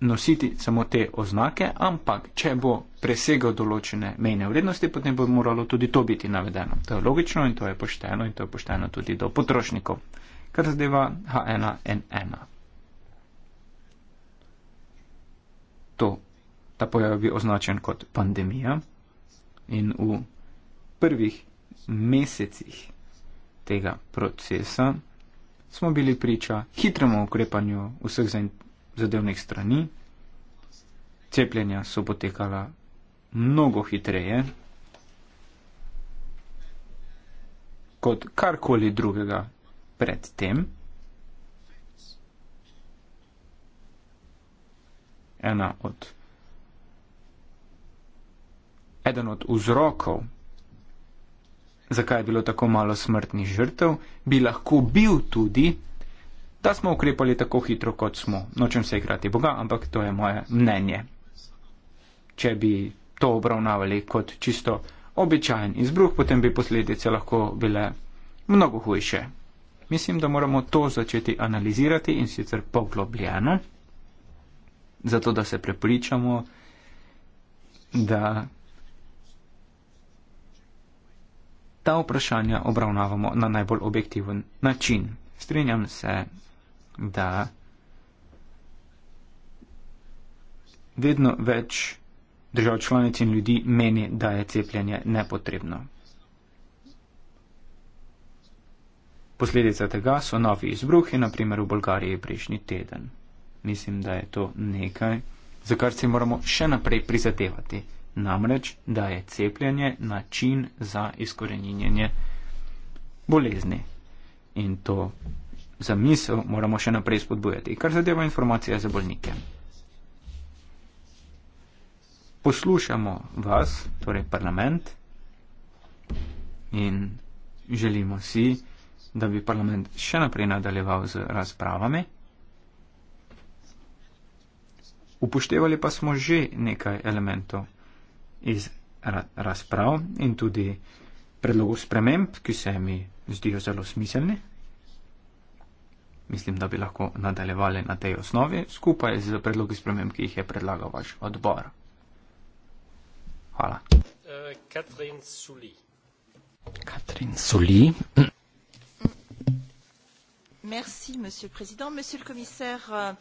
nositi samo te oznake, ampak če bo presegel določene mejne vrednosti, potem bo moralo tudi to biti navedeno. To je logično in to je pošteno in to je pošteno tudi do potrošnikov, kar zadeva H1N1. To, ta pojav je bil označen kot pandemija in v prvih mesecih tega procesa smo bili priča hitremu ukrepanju vseh zainteresiranih zadevnih strani. Cepljenja so potekala mnogo hitreje kot karkoli drugega predtem. Ena od, eden od vzrokov, zakaj je bilo tako malo smrtnih žrtev, bi lahko bil tudi da smo ukrepali tako hitro, kot smo. Nočem se igrati Boga, ampak to je moje mnenje. Če bi to obravnavali kot čisto običajen izbruh, potem bi posledice lahko bile mnogo hujše. Mislim, da moramo to začeti analizirati in sicer poglobljeno, zato da se prepričamo, da ta vprašanja obravnavamo na najbolj objektiven način. Strinjam se da vedno več držav članic in ljudi meni, da je cepljenje nepotrebno. Posledica tega so novi izbruhi, naprimer v Bolgariji prejšnji teden. Mislim, da je to nekaj, za kar se moramo še naprej prizadevati. Namreč, da je cepljenje način za izkoreninjenje bolezni. In to za misel moramo še naprej spodbujati, kar zadeva informacije za bolnike. Poslušamo vas, torej parlament, in želimo si, da bi parlament še naprej nadaljeval z razpravami. Upoštevali pa smo že nekaj elementov iz razprav in tudi predlogov sprememb, ki se mi zdijo zelo smiselni mislim, da bi lahko nadaljevali na tej osnovi skupaj z predlogi sprememb, ki jih je predlagal vaš odbor. Hvala. Katrin Suli. Katrin Suli. Merci, monsieur le président, monsieur le commissaire. Euh,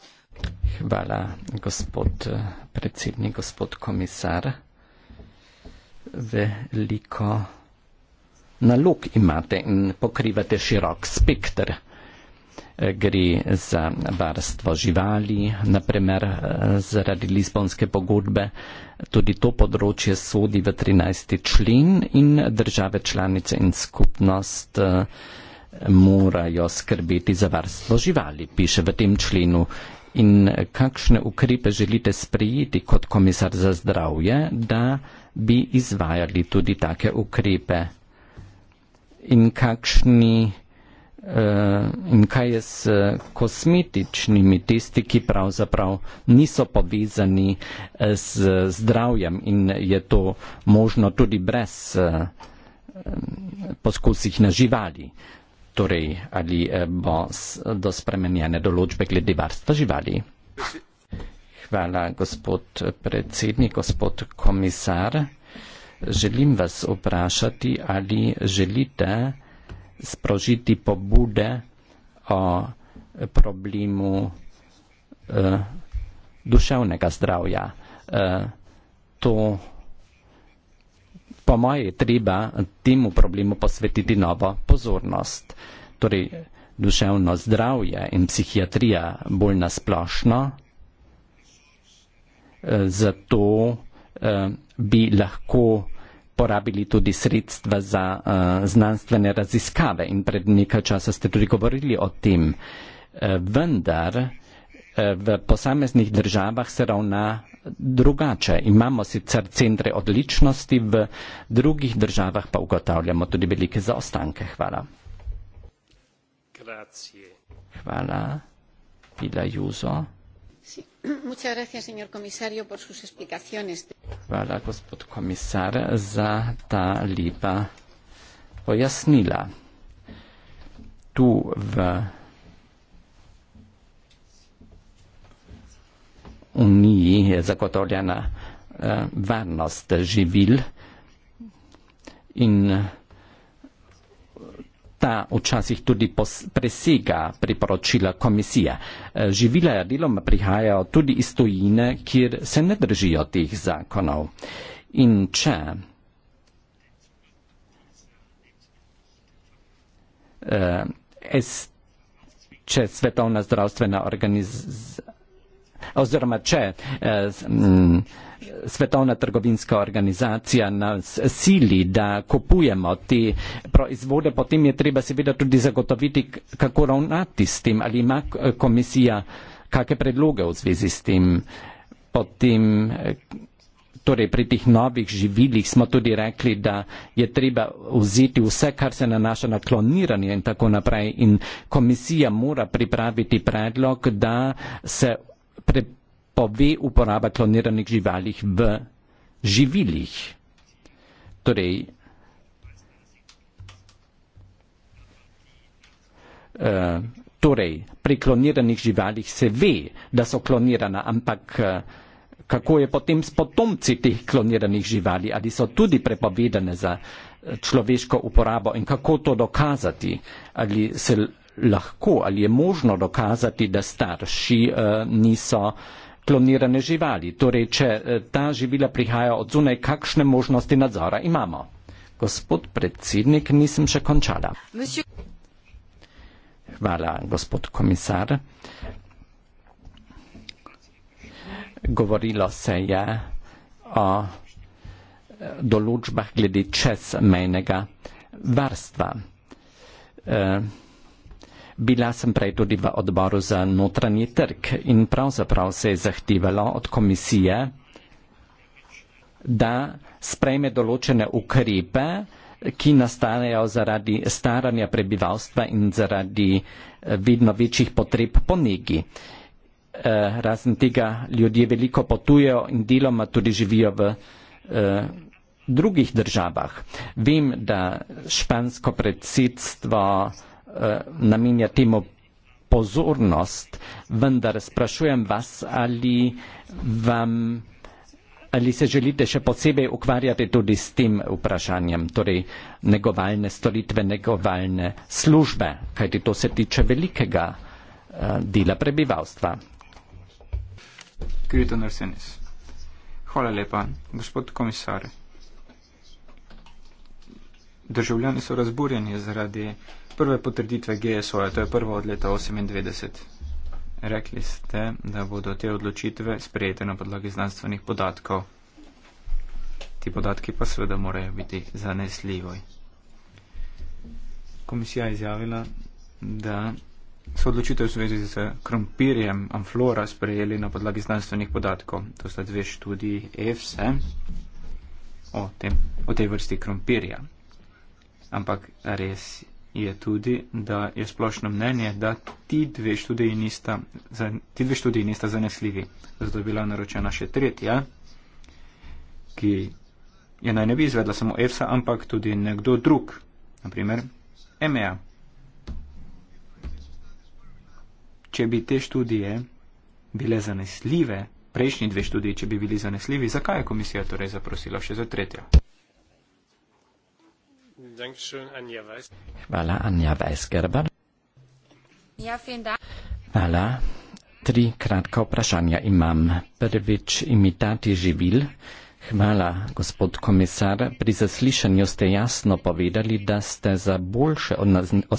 Hvala, gospod eh, predsednik, gospod komisar. Veliko nalog imate in pokrivate širok spektr. Eh, gre za varstvo živali, naprimer eh, zaradi Lizbonske pogodbe. Tudi to področje sodi v 13. člen in države članice in skupnost eh, morajo skrbeti za varstvo živali, piše v tem členu. In kakšne ukrepe želite sprejeti kot komisar za zdravje, da bi izvajali tudi take ukrepe? In kakšni Eh, in kaj je s eh, kosmetičnimi tisti, ki pravzaprav niso povezani eh, z zdravjem in je to možno tudi brez poskusih na živali, torej ali bo do spremenjene določbe glede varstva živali. Hvala, gospod predsednik, gospod komisar. Želim vas vprašati, ali želite sprožiti pobude o problemu uh, duševnega zdravja. Uh, to po moje treba temu problemu posvetiti novo pozornost. Torej, duševno zdravje in psihiatrija bolj nasplošno, uh, eh, zato uh, bi lahko porabili tudi sredstva za uh, znanstvene raziskave in pred nekaj časa ste tudi govorili o tem. Uh, vendar uh, v posameznih državah se ravna drugače. Imamo sicer centre odličnosti, v drugih državah pa ugotavljamo tudi velike zaostanke. Hvala. Grazie. Hvala. Pila Juso. Hvala, gospod komisar, za ta lepa pojasnila. Tu v Uniji je zagotovljena eh, varnost živil in ta včasih tudi presega priporočila komisije. Eh, živila deloma prihajajo tudi iz tujine, kjer se ne držijo teh zakonov. In če eh, če Svetovna zdravstvena organizacija oziroma če eh, svetovna trgovinska organizacija nas sili, da kupujemo te proizvode, potem je treba seveda tudi zagotoviti, kako ravnati s tem, ali ima komisija kakšne predloge v zvezi s tem. Potem, torej pri teh novih živilih smo tudi rekli, da je treba vzeti vse, kar se nanaša na kloniranje in tako naprej. In komisija mora pripraviti predlog, da se pripravi pove uporaba kloniranih živali v živilih. Torej, Uh, torej, pri kloniranih živalih se ve, da so klonirana, ampak uh, kako je potem s potomci teh kloniranih živali, ali so tudi prepovedane za eh, človeško uporabo in kako to dokazati, ali se lahko, ali je možno dokazati, da starši uh, niso uh, klonirane živali. Torej, če eh, ta živila prihaja od zunaj, kakšne možnosti nadzora imamo? Gospod predsednik, nisem še končala. Hvala, gospod komisar. Govorilo se je o eh, določbah glede čezmejnega varstva. Uh, Bila sem prej tudi v odboru za notranji trg in pravzaprav se je zahtevalo od komisije, da sprejme določene ukrepe, ki nastanejo zaradi staranja prebivalstva in zaradi eh, vedno večjih potreb po negi. Eh, razen tega ljudje veliko potujejo in deloma tudi živijo v eh, drugih državah. Vem, da špansko predsedstvo Eh, namenja temu pozornost, vendar sprašujem vas, ali vam ali se želite še posebej ukvarjati tudi s tem vprašanjem, torej negovalne storitve, negovalne službe, kajti to se tiče velikega uh, dela prebivalstva. Hvala lepa, gospod komisar. Državljani so razburjeni zaradi prve potrditve GSO-ja, to je prvo od leta 1998. Rekli ste, da bodo te odločitve sprejete na podlagi znanstvenih podatkov. Ti podatki pa seveda morajo biti zanesljivi. Komisija je izjavila, da so odločitev v zvezi z krompirjem Amflora sprejeli na podlagi znanstvenih podatkov. To sta dve študiji EFSE o, tem, o tej vrsti krompirja. Ampak res je je tudi, da je splošno mnenje, da ti dve študiji nista, za, ti dve študiji nista zanesljivi. Zato je bila naročena še tretja, ki je naj ne bi izvedla samo EFSA, ampak tudi nekdo drug, naprimer EMEA. Če bi te študije bile zanesljive, prejšnji dve študiji, če bi bili zanesljivi, zakaj je komisija torej zaprosila še za tretjo? Hvala, Anja Weisgerber. Ja, Hvala. Tri kratka vprašanja imam. Prvič, imitati živil. Hvala, gospod komisar. Pri zaslišanju ste jasno povedali, da ste za boljše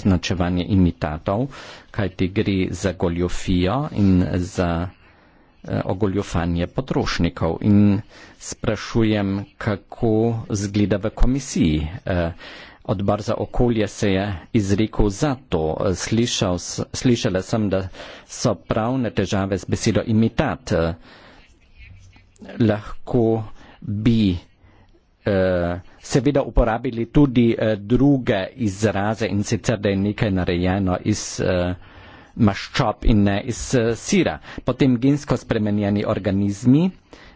označevanje imitatov, kajti gre za goljofijo in za Eh, ogoljufanje potrošnikov in sprašujem, kako zgleda v komisiji. Eh, odbor za okolje se je izrekel za to. Eh, slišal, slišala sem, da so pravne težave z besedo imitat. Lahko bi seveda uporabili tudi druge izraze in sicer, da je nekaj narejeno iz maščob in ne iz eh, sira. Potem gensko spremenjeni organizmi,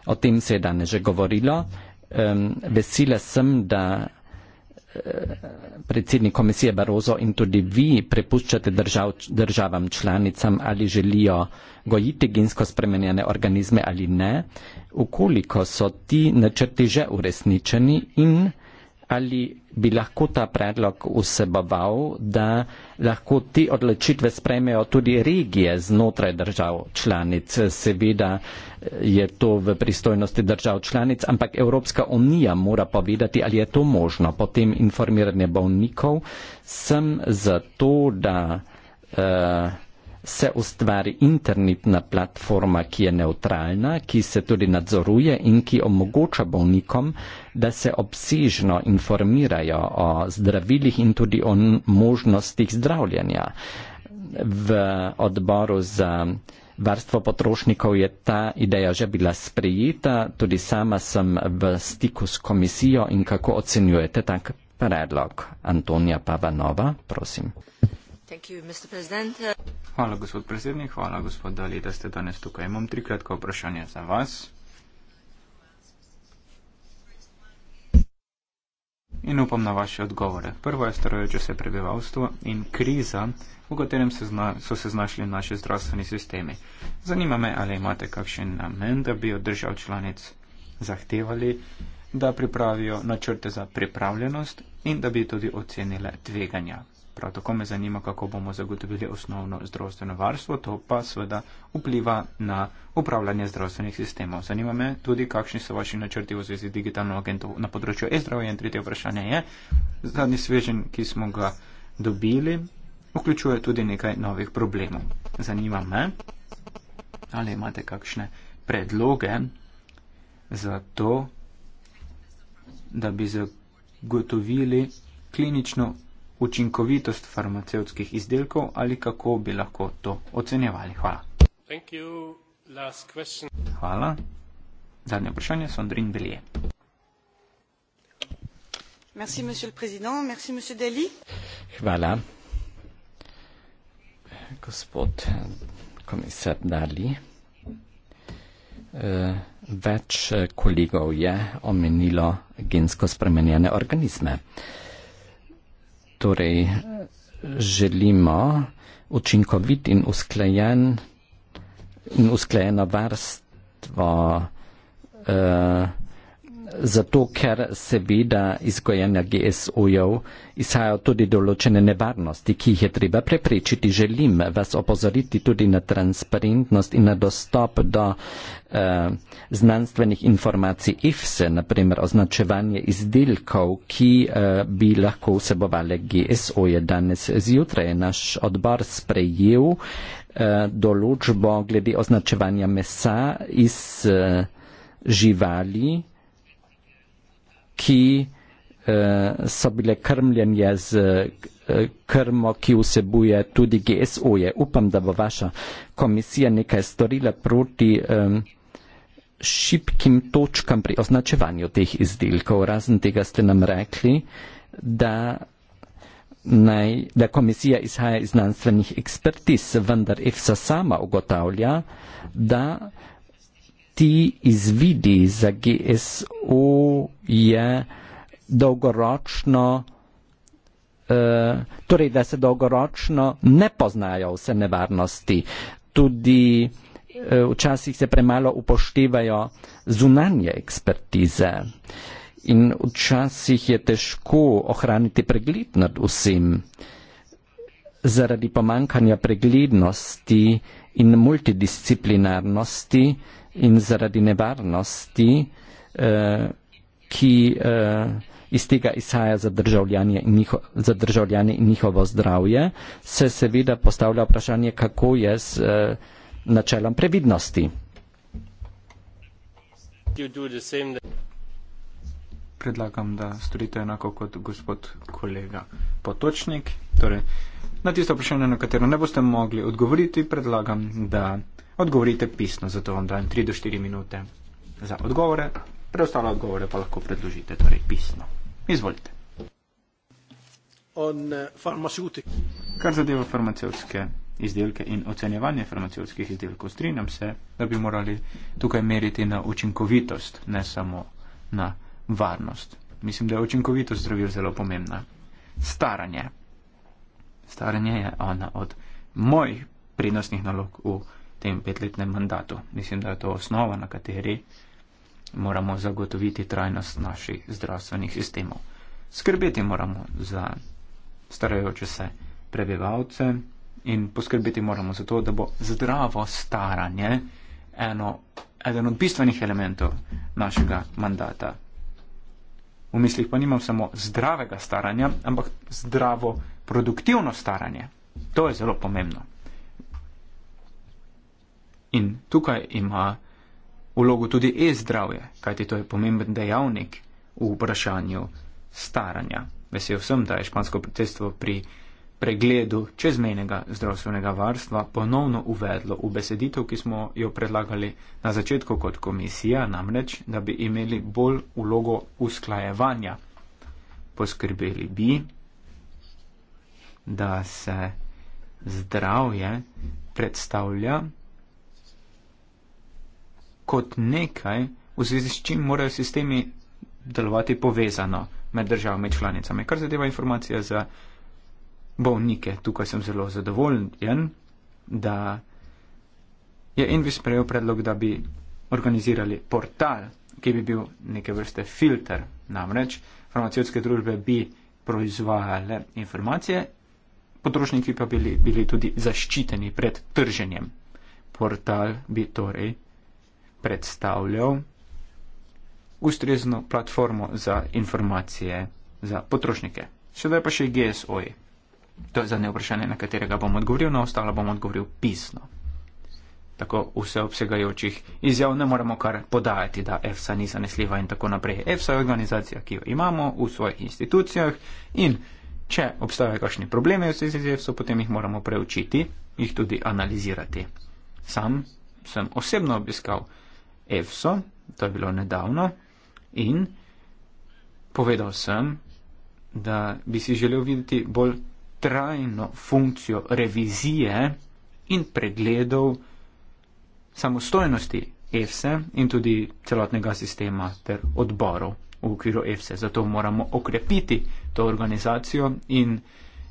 o tem se je danes že govorilo. Vesela sem, da eh, predsednik komisije Barozo in tudi vi prepuščate držav, državam članicam, ali želijo gojiti gensko spremenjene organizme ali ne, ukoliko so ti načrti že uresničeni in ali bi lahko ta predlog vseboval, da lahko te odločitve spremejo tudi regije znotraj držav članic. Seveda je to v pristojnosti držav članic, ampak Evropska unija mora povedati, ali je to možno. Potem informiranje bolnikov sem zato, da. Uh, se ustvari internetna platforma, ki je neutralna, ki se tudi nadzoruje in ki omogoča bolnikom, da se obsežno informirajo o zdravilih in tudi o možnostih zdravljanja. V odboru za varstvo potrošnikov je ta ideja že bila sprejeta, tudi sama sem v stiku s komisijo in kako ocenjujete tak predlog Antonija Pavanova, prosim. Hvala, gospod predsednik. Hvala, gospod Dali, da ste danes tukaj. Imam tri kratka vprašanja za vas. In upam na vaše odgovore. Prvo je starajoče se prebivalstvo in kriza, v katerem se zna, so se znašli naši zdravstveni sistemi. Zanima me, ali imate kakšen namen, da bi od držav članic zahtevali da pripravijo načrte za pripravljenost in da bi tudi ocenile tveganja. Prav tako me zanima, kako bomo zagotovili osnovno zdravstveno varstvo, to pa seveda vpliva na upravljanje zdravstvenih sistemov. Zanima me tudi, kakšni so vaši načrti v zvezi z digitalno agento na področju e-zdravja. In tretje vprašanje je, zadnji svežen, ki smo ga dobili, vključuje tudi nekaj novih problemov. Zanima me, ali imate kakšne predloge za to, da bi zagotovili klinično učinkovitost farmacevskih izdelkov ali kako bi lahko to ocenjevali. Hvala. Hvala. Zadnje vprašanje, Sondrin Belije. Merci, monsieur le président. Merci, monsieur Deli. Hvala. Gospod eh, komisar Dali. Uh, Več eh, kolegov je omenilo gensko spremenjene organizme. Torej, želimo učinkovit in usklajen in usklajeno varstvo uh, zato ker seveda iz gojenja GSO-jev izhajajo tudi določene nevarnosti, ki jih je treba preprečiti. Želim vas opozoriti tudi na transparentnost in na dostop do eh, znanstvenih informacij IFSE, naprimer označevanje izdelkov, ki eh, bi lahko vsebovali GSO-je. Danes zjutraj je naš odbor sprejel eh, določbo glede označevanja mesa iz eh, živali, ki uh, so bile krmljene z uh, krmo, ki vsebuje tudi GSO. -je. Upam, da bo vaša komisija nekaj storila proti um, šipkim točkam pri označevanju teh izdelkov. Razen tega ste nam rekli, da, naj, da komisija izhaja iz znanstvenih ekspertiz, vendar EFSA sama ugotavlja, da ti izvidi za GSU je dolgoročno, eh, torej da se dolgoročno ne poznajo vse nevarnosti, tudi eh, včasih se premalo upoštevajo zunanje ekspertize in včasih je težko ohraniti pregled nad vsem zaradi pomankanja preglednosti in multidisciplinarnosti in zaradi nevarnosti, eh, ki eh, iz tega izhaja za državljanje, in njiho, za državljanje in njihovo zdravje, se seveda postavlja vprašanje, kako je z eh, načelom previdnosti. Predlagam, da storite enako kot gospod kolega Potočnik. Torej, na tisto vprašanje, na katero ne boste mogli odgovoriti, predlagam, da odgovorite pisno, zato vam dajem 3 do 4 minute za odgovore, preostale odgovore pa lahko predložite torej pisno. Izvolite. Eh, Kar zadeva farmacevtske izdelke in ocenjevanje farmacevtskih izdelkov, strinjam se, da bi morali tukaj meriti na učinkovitost, ne samo na varnost. Mislim, da je učinkovitost zdravil zelo pomembna. Staranje. Staranje je ena od mojih prednostnih nalog v tem petletnem mandatu. Mislim, da je to osnova, na kateri moramo zagotoviti trajnost naših zdravstvenih sistemov. Skrbeti moramo za starajoče se prebivalce in poskrbeti moramo za to, da bo zdravo staranje eno, eden od bistvenih elementov našega mandata. V mislih pa nimam samo zdravega staranja, ampak zdravo produktivno staranje. To je zelo pomembno. In tukaj ima vlogo tudi e-zdravje, kajti to je pomemben dejavnik v vprašanju staranja. Vesel sem, da je špansko predsedstvo pri pregledu čezmejnega zdravstvenega varstva ponovno uvedlo v beseditev, ki smo jo predlagali na začetku kot komisija, namreč, da bi imeli bolj vlogo usklajevanja. Poskrbeli bi, da se zdravje predstavlja kot nekaj, v zvezi s čim morajo sistemi delovati povezano med državami članicami. Kar zadeva informacije za bolnike, tukaj sem zelo zadovoljen, da je Envis prejel predlog, da bi organizirali portal, ki bi bil neke vrste filter. Namreč farmacijske družbe bi proizvajale informacije, potrošniki pa bili, bili tudi zaščiteni pred trženjem. Portal bi torej predstavljal ustrezno platformo za informacije za potrošnike. Sedaj pa še GSOI. E. To je zadnje vprašanje, na katerega bom odgovoril, na ostalo bom odgovoril pisno. Tako vseobsegajočih izjav ne moremo kar podajati, da EFSA ni zanesljiva in tako naprej. EFSA je organizacija, ki jo imamo v svojih institucijah in če obstajajo kakšni problemi v zvezi z EFSO, potem jih moramo preučiti, jih tudi analizirati. Sam sem osebno obiskal EFSO, to je bilo nedavno, in povedal sem, da bi si želel videti bolj trajno funkcijo revizije in pregledov samostojnosti EFSE in tudi celotnega sistema ter odborov v okviru EFSE. Zato moramo okrepiti to organizacijo in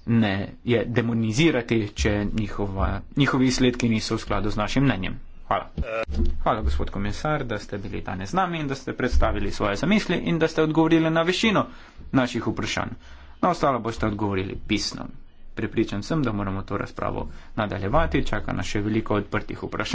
ne je demonizirati, če njihova, njihovi izsledki niso v skladu z našim mnenjem. Hvala. Hvala, gospod komisar, da ste bili danes z nami in da ste predstavili svoje zamisli in da ste odgovorili na višino naših vprašanj. Na ostalo boste odgovorili pisno. Pripričan sem, da moramo to razpravo nadaljevati, čaka nas še veliko odprtih vprašanj.